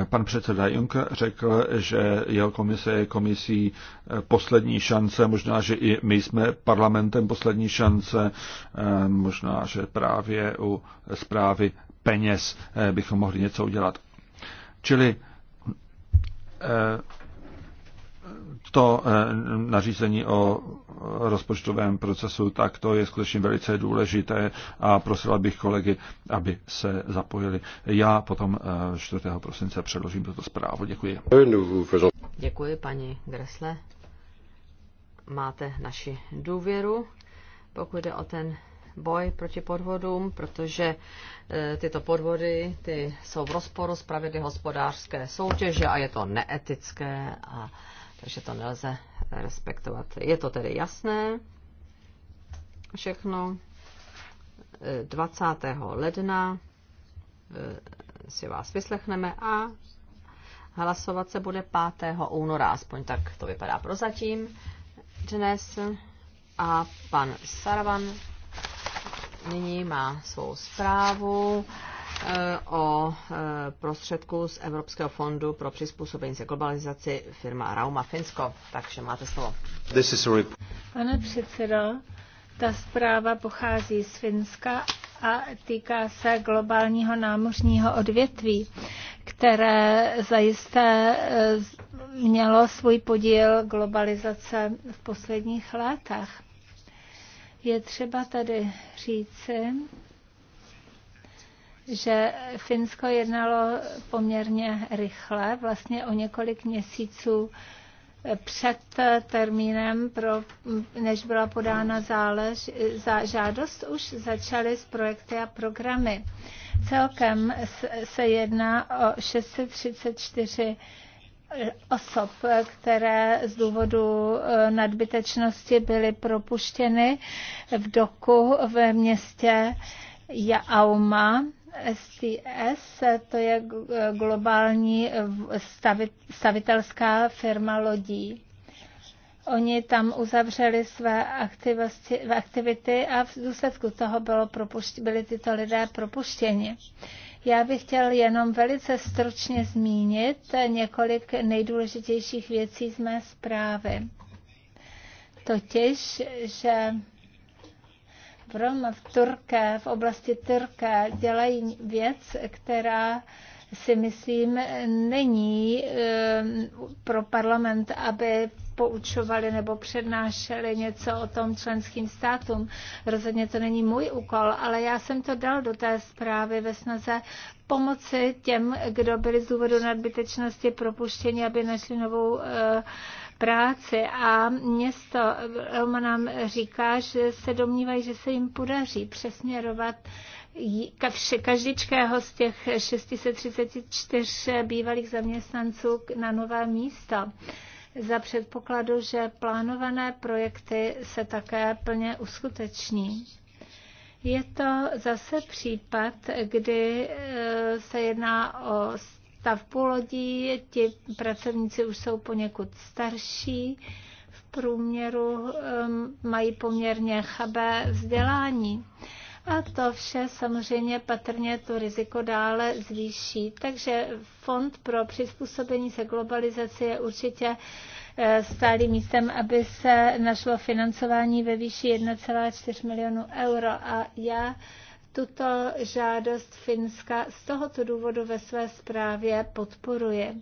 E, pan předseda Juncker řekl, že jeho komise je komisí e, poslední šance, možná, že i my jsme parlamentem poslední šance, možná, že právě u zprávy peněz bychom mohli něco udělat. Čili to eh, nařízení o rozpočtovém procesu, tak to je skutečně velice důležité a prosila bych kolegy, aby se zapojili. Já potom 4. Eh, prosince předložím tuto zprávu. Děkuji. Děkuji, paní Gresle. Máte naši důvěru, pokud jde o ten boj proti podvodům, protože eh, tyto podvody ty jsou v rozporu s pravidly hospodářské soutěže a je to neetické a takže to nelze respektovat. Je to tedy jasné všechno. 20. ledna eh, si vás vyslechneme a hlasovat se bude 5. února, aspoň tak to vypadá prozatím dnes. A pan Saravan nyní má svou zprávu. Eh, o eh, prostředku z Evropského fondu pro přizpůsobení se globalizaci firma Rauma Finsko. Takže máte slovo. This is a Pane předsedo, ta zpráva pochází z Finska a týká se globálního námořního odvětví, které zajisté eh, mělo svůj podíl globalizace v posledních letech. Je třeba tady říci, že Finsko jednalo poměrně rychle, vlastně o několik měsíců před termínem, pro, než byla podána zálež, za žádost, už začaly s projekty a programy. Celkem se jedná o 634 eh, osob, které z důvodu eh, nadbytečnosti byly propuštěny v doku ve městě Jauma STS, to je globální stavitelská firma lodí. Oni tam uzavřeli své aktivity a v důsledku toho bylo propušť, byli tyto lidé propuštěni. Já bych chtěl jenom velice stručně zmínit několik nejdůležitějších věcí z mé zprávy. Totiž, že Roma v Turké, v oblasti Turké dělají věc, která si myslím, není eh, pro parlament, aby poučovali nebo přednášeli něco o tom členským státům. Rozhodně to není můj úkol, ale já jsem to dal do té zprávy ve snaze pomoci těm, kdo byli z důvodu nadbytečnosti propuštěni, aby našli novou eh, práci a město Elma nám říká, že se domnívají, že se jim podaří přesměrovat každičkého z těch 634 bývalých zaměstnanců na nové místa za předpokladu, že plánované projekty se také plně uskuteční. Je to zase případ, kdy eh, se jedná o polodí, ti pracovníci už jsou poněkud starší, v průměru um, mají poměrně chabé vzdělání. A to vše samozřejmě patrně to riziko dále zvýší. Takže Fond pro přizpůsobení se globalizaci je určitě eh, stálým místem, aby se našlo financování ve výši 1,4 milionu euro. A já tuto žádost Finska z tohoto důvodu ve své zprávě podporuje.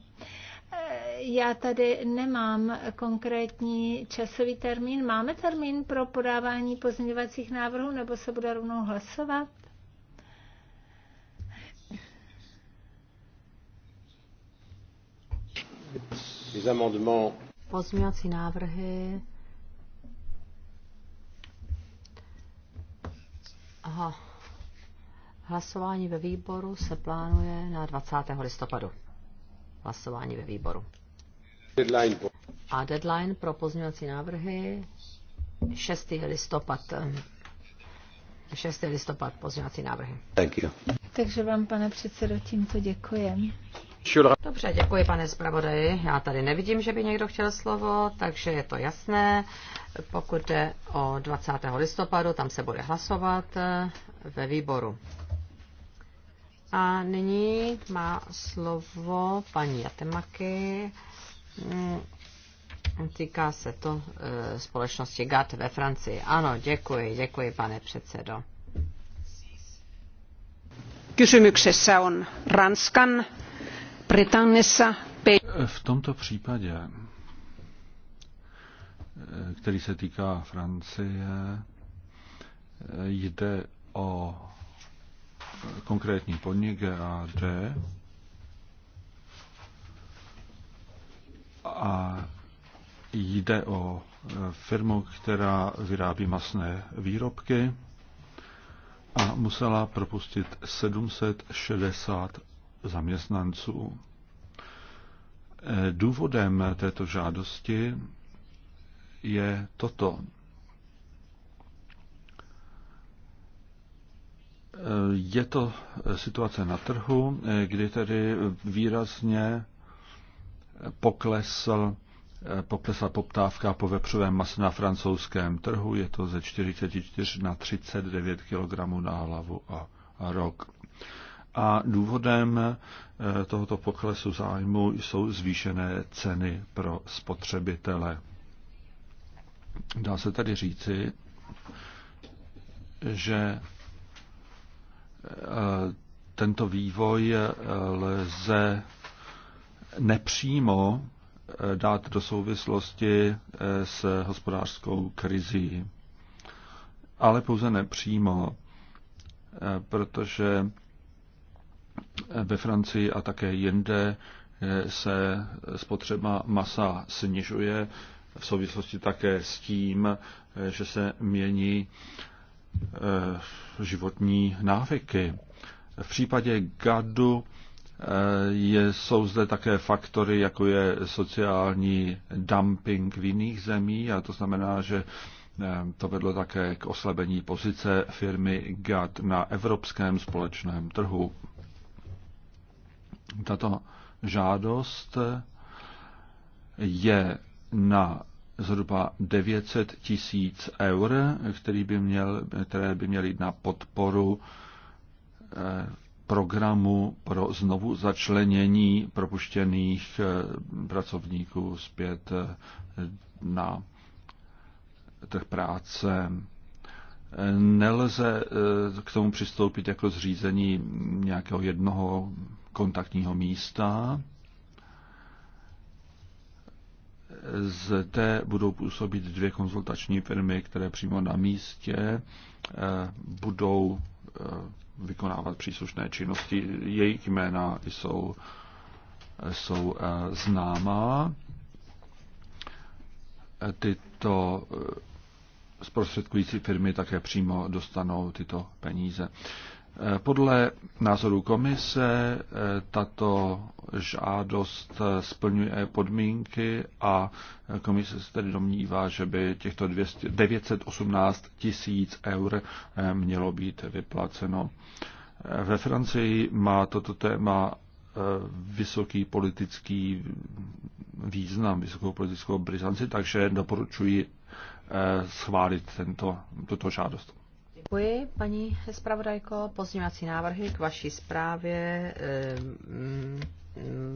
Já tady nemám konkrétní časový termín. Máme termín pro podávání pozměňovacích návrhů nebo se bude rovnou hlasovat? Pozměňovací návrhy. Aha. Hlasování ve výboru se plánuje na 20. listopadu. Hlasování ve výboru. A deadline pro pozměňovací návrhy 6. listopad. 6. listopad pozměňovací návrhy. Thank you. Takže vám, pane předsedo, tímto děkujem. Dobře, děkuji pane zpravodaji. Já tady nevidím, že by někdo chtěl slovo, takže je to jasné. Pokud jde o 20. listopadu, tam se bude hlasovat eh, ve výboru. A nyní má slovo paní Jatemaky. Mm, týká se to e, společnosti GAT ve Francii. Ano, děkuji, děkuji, pane předsedo. Kysymyksessä on Ranskan, Britannissa... V tomto případě, e, který se týká Francie, e, jde o konkrétní podnik GAD a jde o e, firmu, která vyrábí masné výrobky a musela propustit 760 zaměstnanců. E, důvodem této žádosti je toto. Je to situace na trhu, kdy tedy výrazně poklesl, poklesla poptávka po vepřovém masu na francouzském trhu. Je to ze 44 na 39 kg na hlavu a rok. A důvodem eh, tohoto poklesu zájmu jsou zvýšené ceny pro spotřebitele. Dá se tady říci, že E, tento vývoj e, lze nepřímo e, dát do souvislosti s hospodářskou krizí. Ale pouze nepřímo, protože ve Francii a také jinde se spotřeba masa snižuje v souvislosti také s tím, že se mění Eh, životní návyky. V případě gadu eh, je, jsou zde také faktory, jako je sociální dumping v jiných zemí, a to znamená, že eh, to vedlo také k oslabení pozice firmy gad na evropském společném trhu. Tato žádost je na zhruba 900 tisíc eur, který by měl, které by měly na podporu eh, programu pro znovu začlenění propuštěných eh, pracovníků zpět eh, na trh práce. Nelze k tomu přistoupit jako zřízení nějakého jednoho kontaktního místa, zde budou působit dvě konzultační firmy, které přímo na místě eh, budou eh, vykonávat příslušné činnosti. Jejich jména jsou, jsou eh, známá. Tyto zprostředkující firmy také přímo dostanou tyto peníze. Podle názoru komise eh, tato žádost splňuje podmínky a komise se tedy domnívá, že by těchto 200, 918 tisíc eur eh, mělo být vyplaceno. Eh, ve Francii má toto téma vysoký politický význam, vysokou politickou brizanci, takže doporučuji schválit tento, tuto žádost. Děkuji, paní zpravodajko. Pozměňovací návrhy k vaší zprávě eh,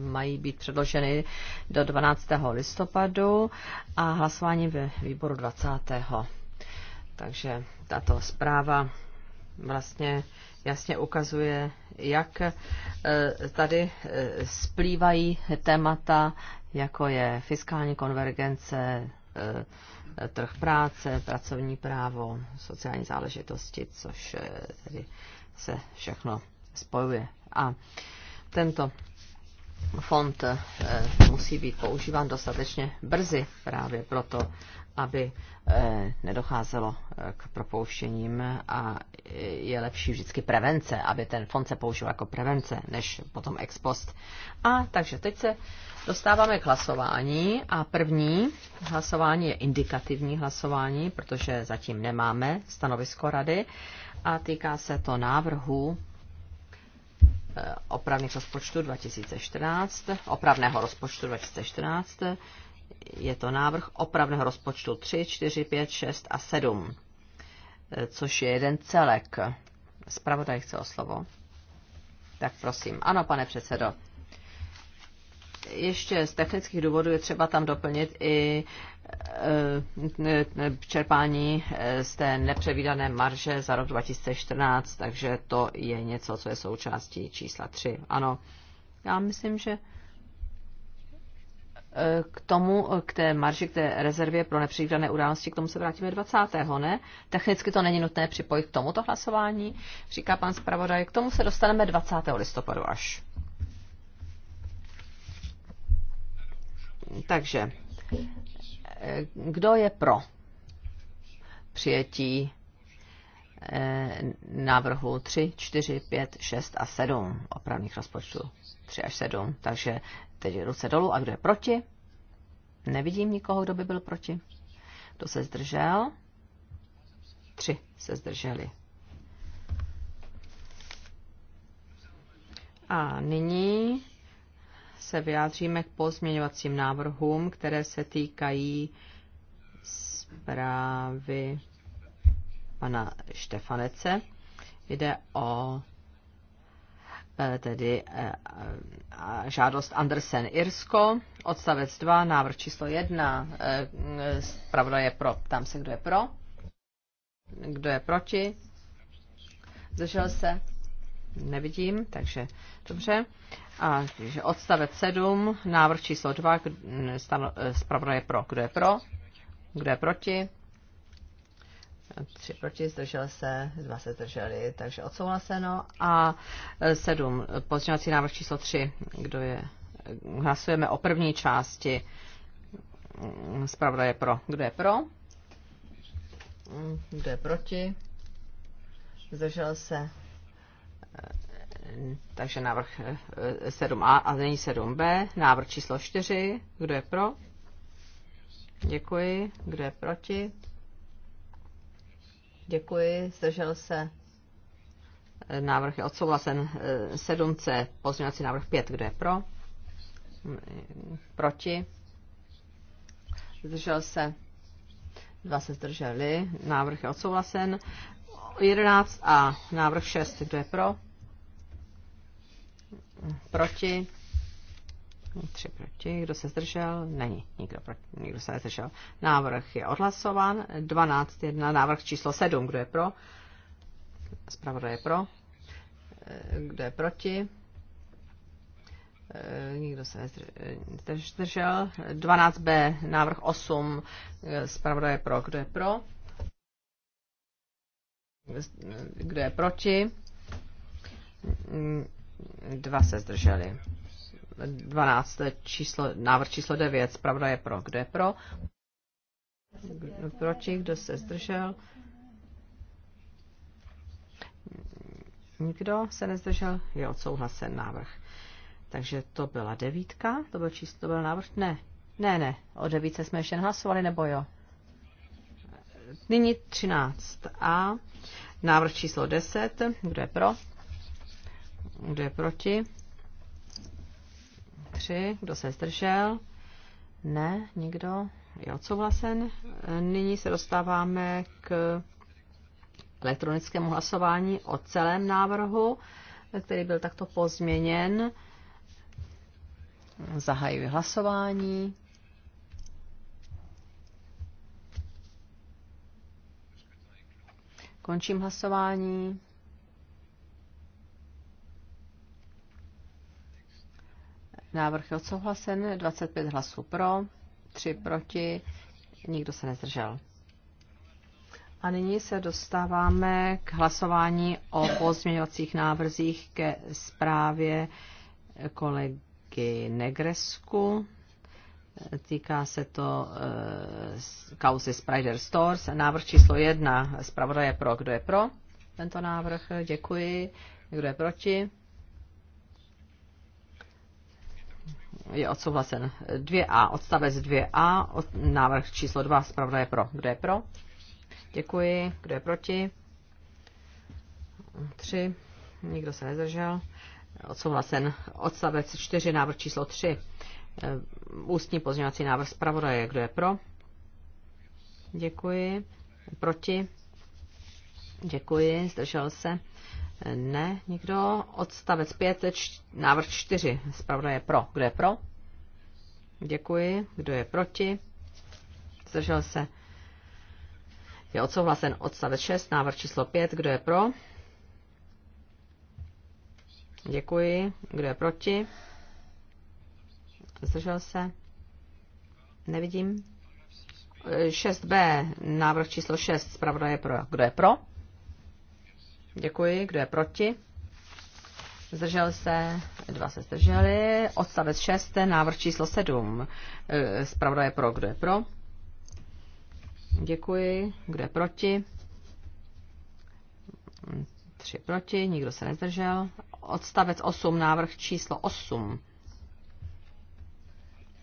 mají být předloženy do 12. listopadu a hlasování ve výboru 20. Takže tato zpráva vlastně jasně ukazuje, jak eh, tady eh, splývají témata, jako je fiskální konvergence, trh práce, pracovní právo, sociální záležitosti, což eh, tedy se všechno spojuje. A tento fond eh, musí být používán dostatečně brzy právě proto, aby eh, nedocházelo eh, k propouštěním a eh, je lepší vždycky prevence, aby ten fond se použil jako prevence, než potom ex post. A takže teď se dostáváme k hlasování a první hlasování je indikativní hlasování, protože zatím nemáme stanovisko rady a týká se to návrhu opravných rozpočtu 2014, opravného rozpočtu 2014, je to návrh opravného rozpočtu 3, 4, 5, 6 a 7, eh, což je jeden celek. Spravodaj chce o slovo. Tak prosím. Ano, pane předsedo. Ještě z technických důvodů je třeba tam doplnit i eh, eh, čerpání z té nepřevídané marže za rok 2014, takže to je něco, co je součástí čísla 3. Ano, já myslím, že k tomu, k té marži, k té rezervě pro nepředvídané události, k tomu se vrátíme 20. ne? Technicky to není nutné připojit k tomuto hlasování, říká pan zpravodaj. K tomu se dostaneme 20. listopadu až. Takže, kdo je pro přijetí eh, návrhu 3, 4, 5, 6 a 7 opravných rozpočtů? 3 až 7. Takže Teď ruce dolů. A kdo je proti? Nevidím nikoho, kdo by byl proti. Kdo se zdržel? Tři se zdrželi. A nyní se vyjádříme k pozměňovacím návrhům, které se týkají zprávy pana Štefanece. Jde o Eh, tedy eh, žádost Andersen Irsko, odstavec 2, návrh číslo 1, eh, pravda je pro, tam se, kdo je pro, kdo je proti, zdržel se, nevidím, takže dobře. A takže odstavec 7, návrh číslo 2, stano, zpravda je pro, kdo je pro, kdo je proti, tři proti, zdržel se, dva se zdrželi, takže odsouhlaseno. A e, sedm, pozměňovací návrh číslo tři, kdo je, hlasujeme o první části, mm, zpravda je pro. Kdo je pro? Mm, kdo je proti? Zdržel se. E, takže návrh 7a e, a není 7b. Návrh číslo 4. Kdo je pro? Děkuji. Kdo je proti? Děkuji, zdržel se. Návrh je odsouhlasen 7C, pozměňovací návrh 5, kdo je pro? Proti? Zdržel se. Dva se zdrželi, návrh je odsouhlasen. 11 a návrh 6, kdo je pro? Proti? Tři proti. Kdo se zdržel? Není. Nikdo, proti, nikdo se nezdržel. Návrh je odhlasován. 12 jedna. Návrh číslo 7. Kdo je pro? Zpravodaj je pro. Eh, kdo je proti? Eh, nikdo se nezdržel. Eh, 12b. Návrh 8. Zpravodaj je pro. Kdo je pro? Kdo je proti? Dva se zdrželi. 12, číslo, návrh číslo 9, zpravda je pro. Kdo je pro? Proč? proti? Kdo se zdržel? Nikdo se nezdržel? Je odsouhlasen návrh. Takže to byla devítka, to byl číslo, to byl návrh? Ne, ne, ne, o devítce jsme ještě hlasovali, nebo jo? Nyní 13 a návrh číslo 10, kdo je pro? Kdo je proti? 3. Kdo se zdržel? Ne, nikdo je odsouhlasen. Nyní se dostáváme k elektronickému hlasování o celém návrhu, který byl takto pozměněn. Zahajuji hlasování. Končím hlasování. Návrh je odsouhlasen, 25 hlasů pro, 3 proti, nikdo se nezdržel. A nyní se dostáváme k hlasování o pozměňovacích návrzích ke zprávě kolegy Negresku. Týká se to e, kauzy Spider Stores. Návrh číslo jedna. je pro. Kdo je pro tento návrh? Děkuji. Kdo je proti? je odsouhlasen 2a, odstavec 2a, od, návrh číslo 2, zpravda je pro. Kdo je pro? Děkuji. Kdo je proti? 3. Nikdo se nezdržel. Odsouhlasen odstavec 4, návrh číslo 3. Eh, ústní pozměňovací návrh zpravodaje. Kdo je pro? Děkuji. Proti? Děkuji. Zdržel se. Ne, nikdo. Odstavec 5, návrh 4. Zpravda je pro. Kdo je pro? Děkuji. Kdo je proti? Zdržel se. Je odsouhlasen odstavec 6, návrh číslo 5. Kdo je pro? Děkuji. Kdo je proti? Zdržel se? Nevidím. 6b, návrh číslo 6, zpravda je pro. Kdo je pro? Děkuji. Kdo je proti? Zdržel se, dva se zdrželi. Odstavec 6, návrh číslo 7. E, Zpravda je pro, kdo je pro? Děkuji. Kdo je proti? Tři proti, nikdo se nezdržel. Odstavec 8, návrh číslo 8.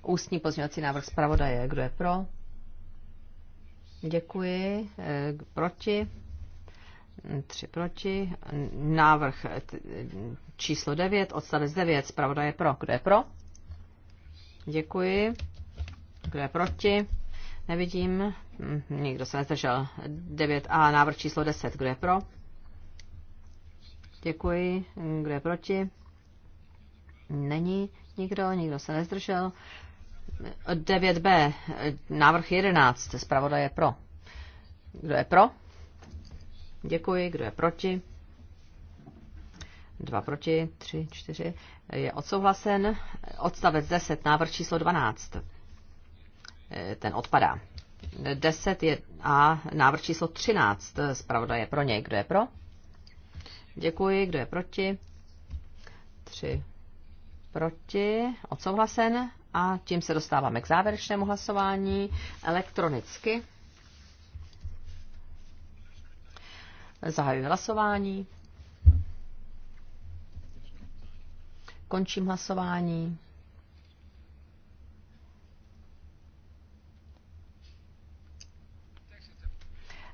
Ústní pozměňovací návrh zpravodaje. Kdo je pro? Děkuji. E, proti? 3 proti. Návrh číslo 9, odstavec 9, zpravodaj je pro. Kdo je pro? Děkuji. Kdo je proti? Nevidím. Hm, nikdo se nezdržel. 9a, návrh číslo 10. Kdo je pro? Děkuji. Kdo je proti? Není nikdo, nikdo se nezdržel. 9b, návrh 11, zpravodaj je pro. Kdo je pro? Děkuji. Kdo je proti? Dva proti, tři, čtyři. Je odsouhlasen. Odstavec 10, návrh číslo 12. E, ten odpadá. 10 je a návrh číslo 13. Zpravda je pro něj. Kdo je pro? Děkuji. Kdo je proti? Tři proti. Odsouhlasen. A tím se dostáváme k závěrečnému hlasování elektronicky. Zahajuji hlasování. Končím hlasování.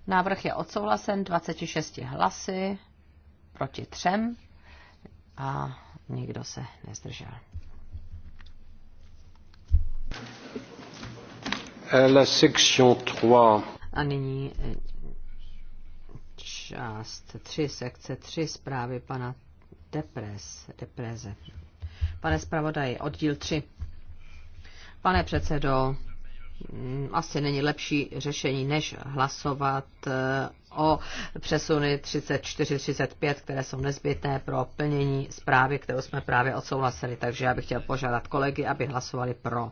Návrh je odsouhlasen 26 hlasy proti třem a nikdo se nezdržel. La section 3. A nyní část 3, sekce 3 zprávy pana Depres, Depreze. Pane zpravodaji, oddíl 3. Pane předsedo, mm, asi není lepší řešení, než hlasovat eh, o přesuny 34-35, které jsou nezbytné pro plnění zprávy, kterou jsme právě odsouhlasili. Takže já bych chtěl požádat kolegy, aby hlasovali pro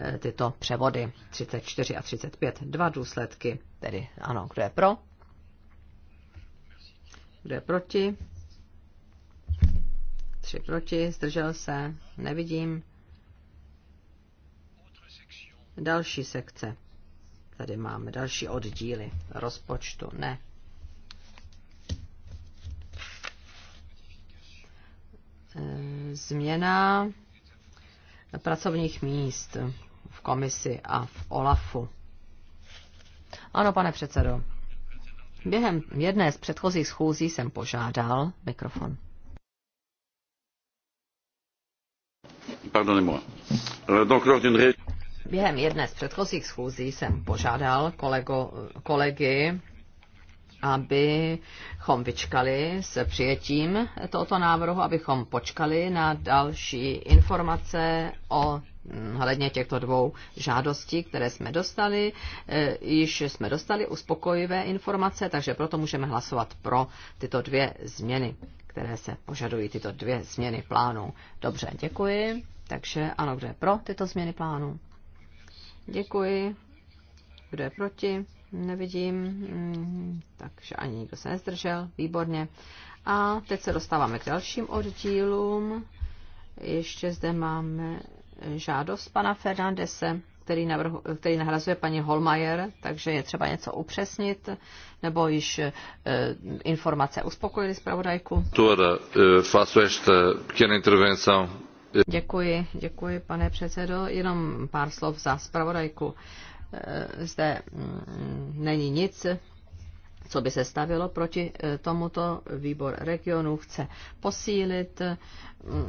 eh, tyto převody 34 a 35. Dva důsledky, tedy ano, kdo je pro, kdo je proti? Tři proti, zdržel se, nevidím. Další sekce. Tady máme další oddíly rozpočtu. Ne. Eh, změna pracovních míst v komisi a v OLAFu. Ano, pane předsedo. Během jedné z předchozích schůzí jsem požádal mikrofon. pardonnez euh, Během jedné z předchozích schůzí jsem požádal kolego, kolegy, abychom vyčkali s přijetím tohoto návrhu, abychom počkali na další informace o Mm, hledně těchto dvou žádostí, které jsme dostali, e, již jsme dostali uspokojivé informace, takže proto můžeme hlasovat pro tyto dvě změny, které se požadují, tyto dvě změny plánu. Dobře, děkuji. Takže ano, kdo je pro tyto změny plánu? Děkuji. Kdo je proti? Nevidím, mm, takže ani nikdo se nezdržel. Výborně. A teď se dostáváme k dalším oddílům. Ještě zde máme žádost pana Fernandese, který, navrhu, který nahrazuje paní Holmajer, takže je třeba něco upřesnit, nebo již e, informace uspokojili zpravodajku. Eh, děkuji, děkuji, pane předsedo. Jenom pár slov za zpravodajku. Eh, zde mm, není nic, co by se stavilo proti tomuto. Výbor regionu chce posílit mm,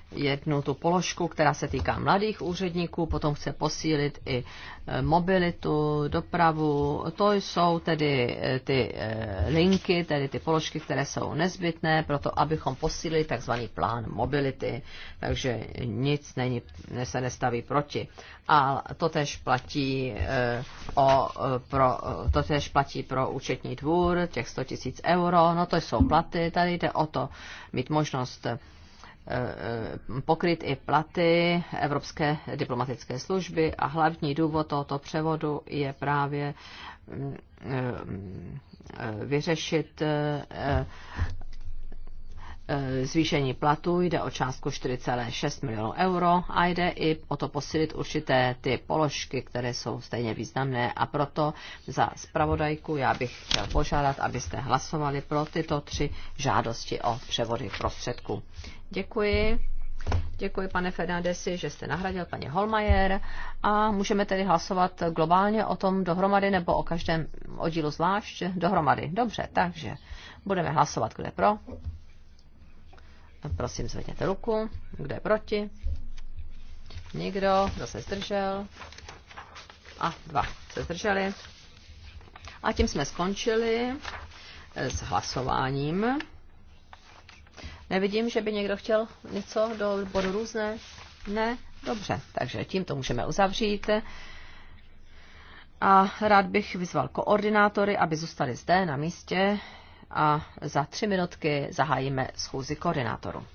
jednu tu položku, která se týká mladých úředníků, potom chce posílit i e, mobilitu, dopravu. To jsou tedy e, ty e, linky, tedy ty položky, které jsou nezbytné pro to, abychom posílili takzvaný plán mobility. Takže nic není, se nestaví proti. A to tež platí, o, pro, to tež platí pro účetní dvůr, těch 100 tisíc euro. No to jsou platy, tady jde o to mít možnost pokryt i platy Evropské diplomatické služby a hlavní důvod tohoto převodu je právě mm, eh, vyřešit eh, eh, zvýšení platů, jde o částku 4,6 milionů euro a jde i o to posílit určité ty položky, které jsou stejně významné a proto za zpravodajku já bych chtěl požádat, abyste hlasovali pro tyto tři žádosti o převody prostředků. Děkuji. Děkuji, pane Fernandesi, že jste nahradil paní Holmajer a můžeme tedy hlasovat globálně o tom dohromady nebo o každém oddílu zvlášť dohromady. Dobře, takže budeme hlasovat, kdo je pro. Prosím, zvedněte ruku. Kdo je proti? Nikdo. Kdo se zdržel? A dva se zdrželi. A tím jsme skončili s hlasováním. Nevidím, že by někdo chtěl něco do bodu různé. Ne? Dobře, takže tím to můžeme uzavřít. A rád bych vyzval koordinátory, aby zůstali zde na místě a za tři minutky zahájíme schůzi koordinátorů.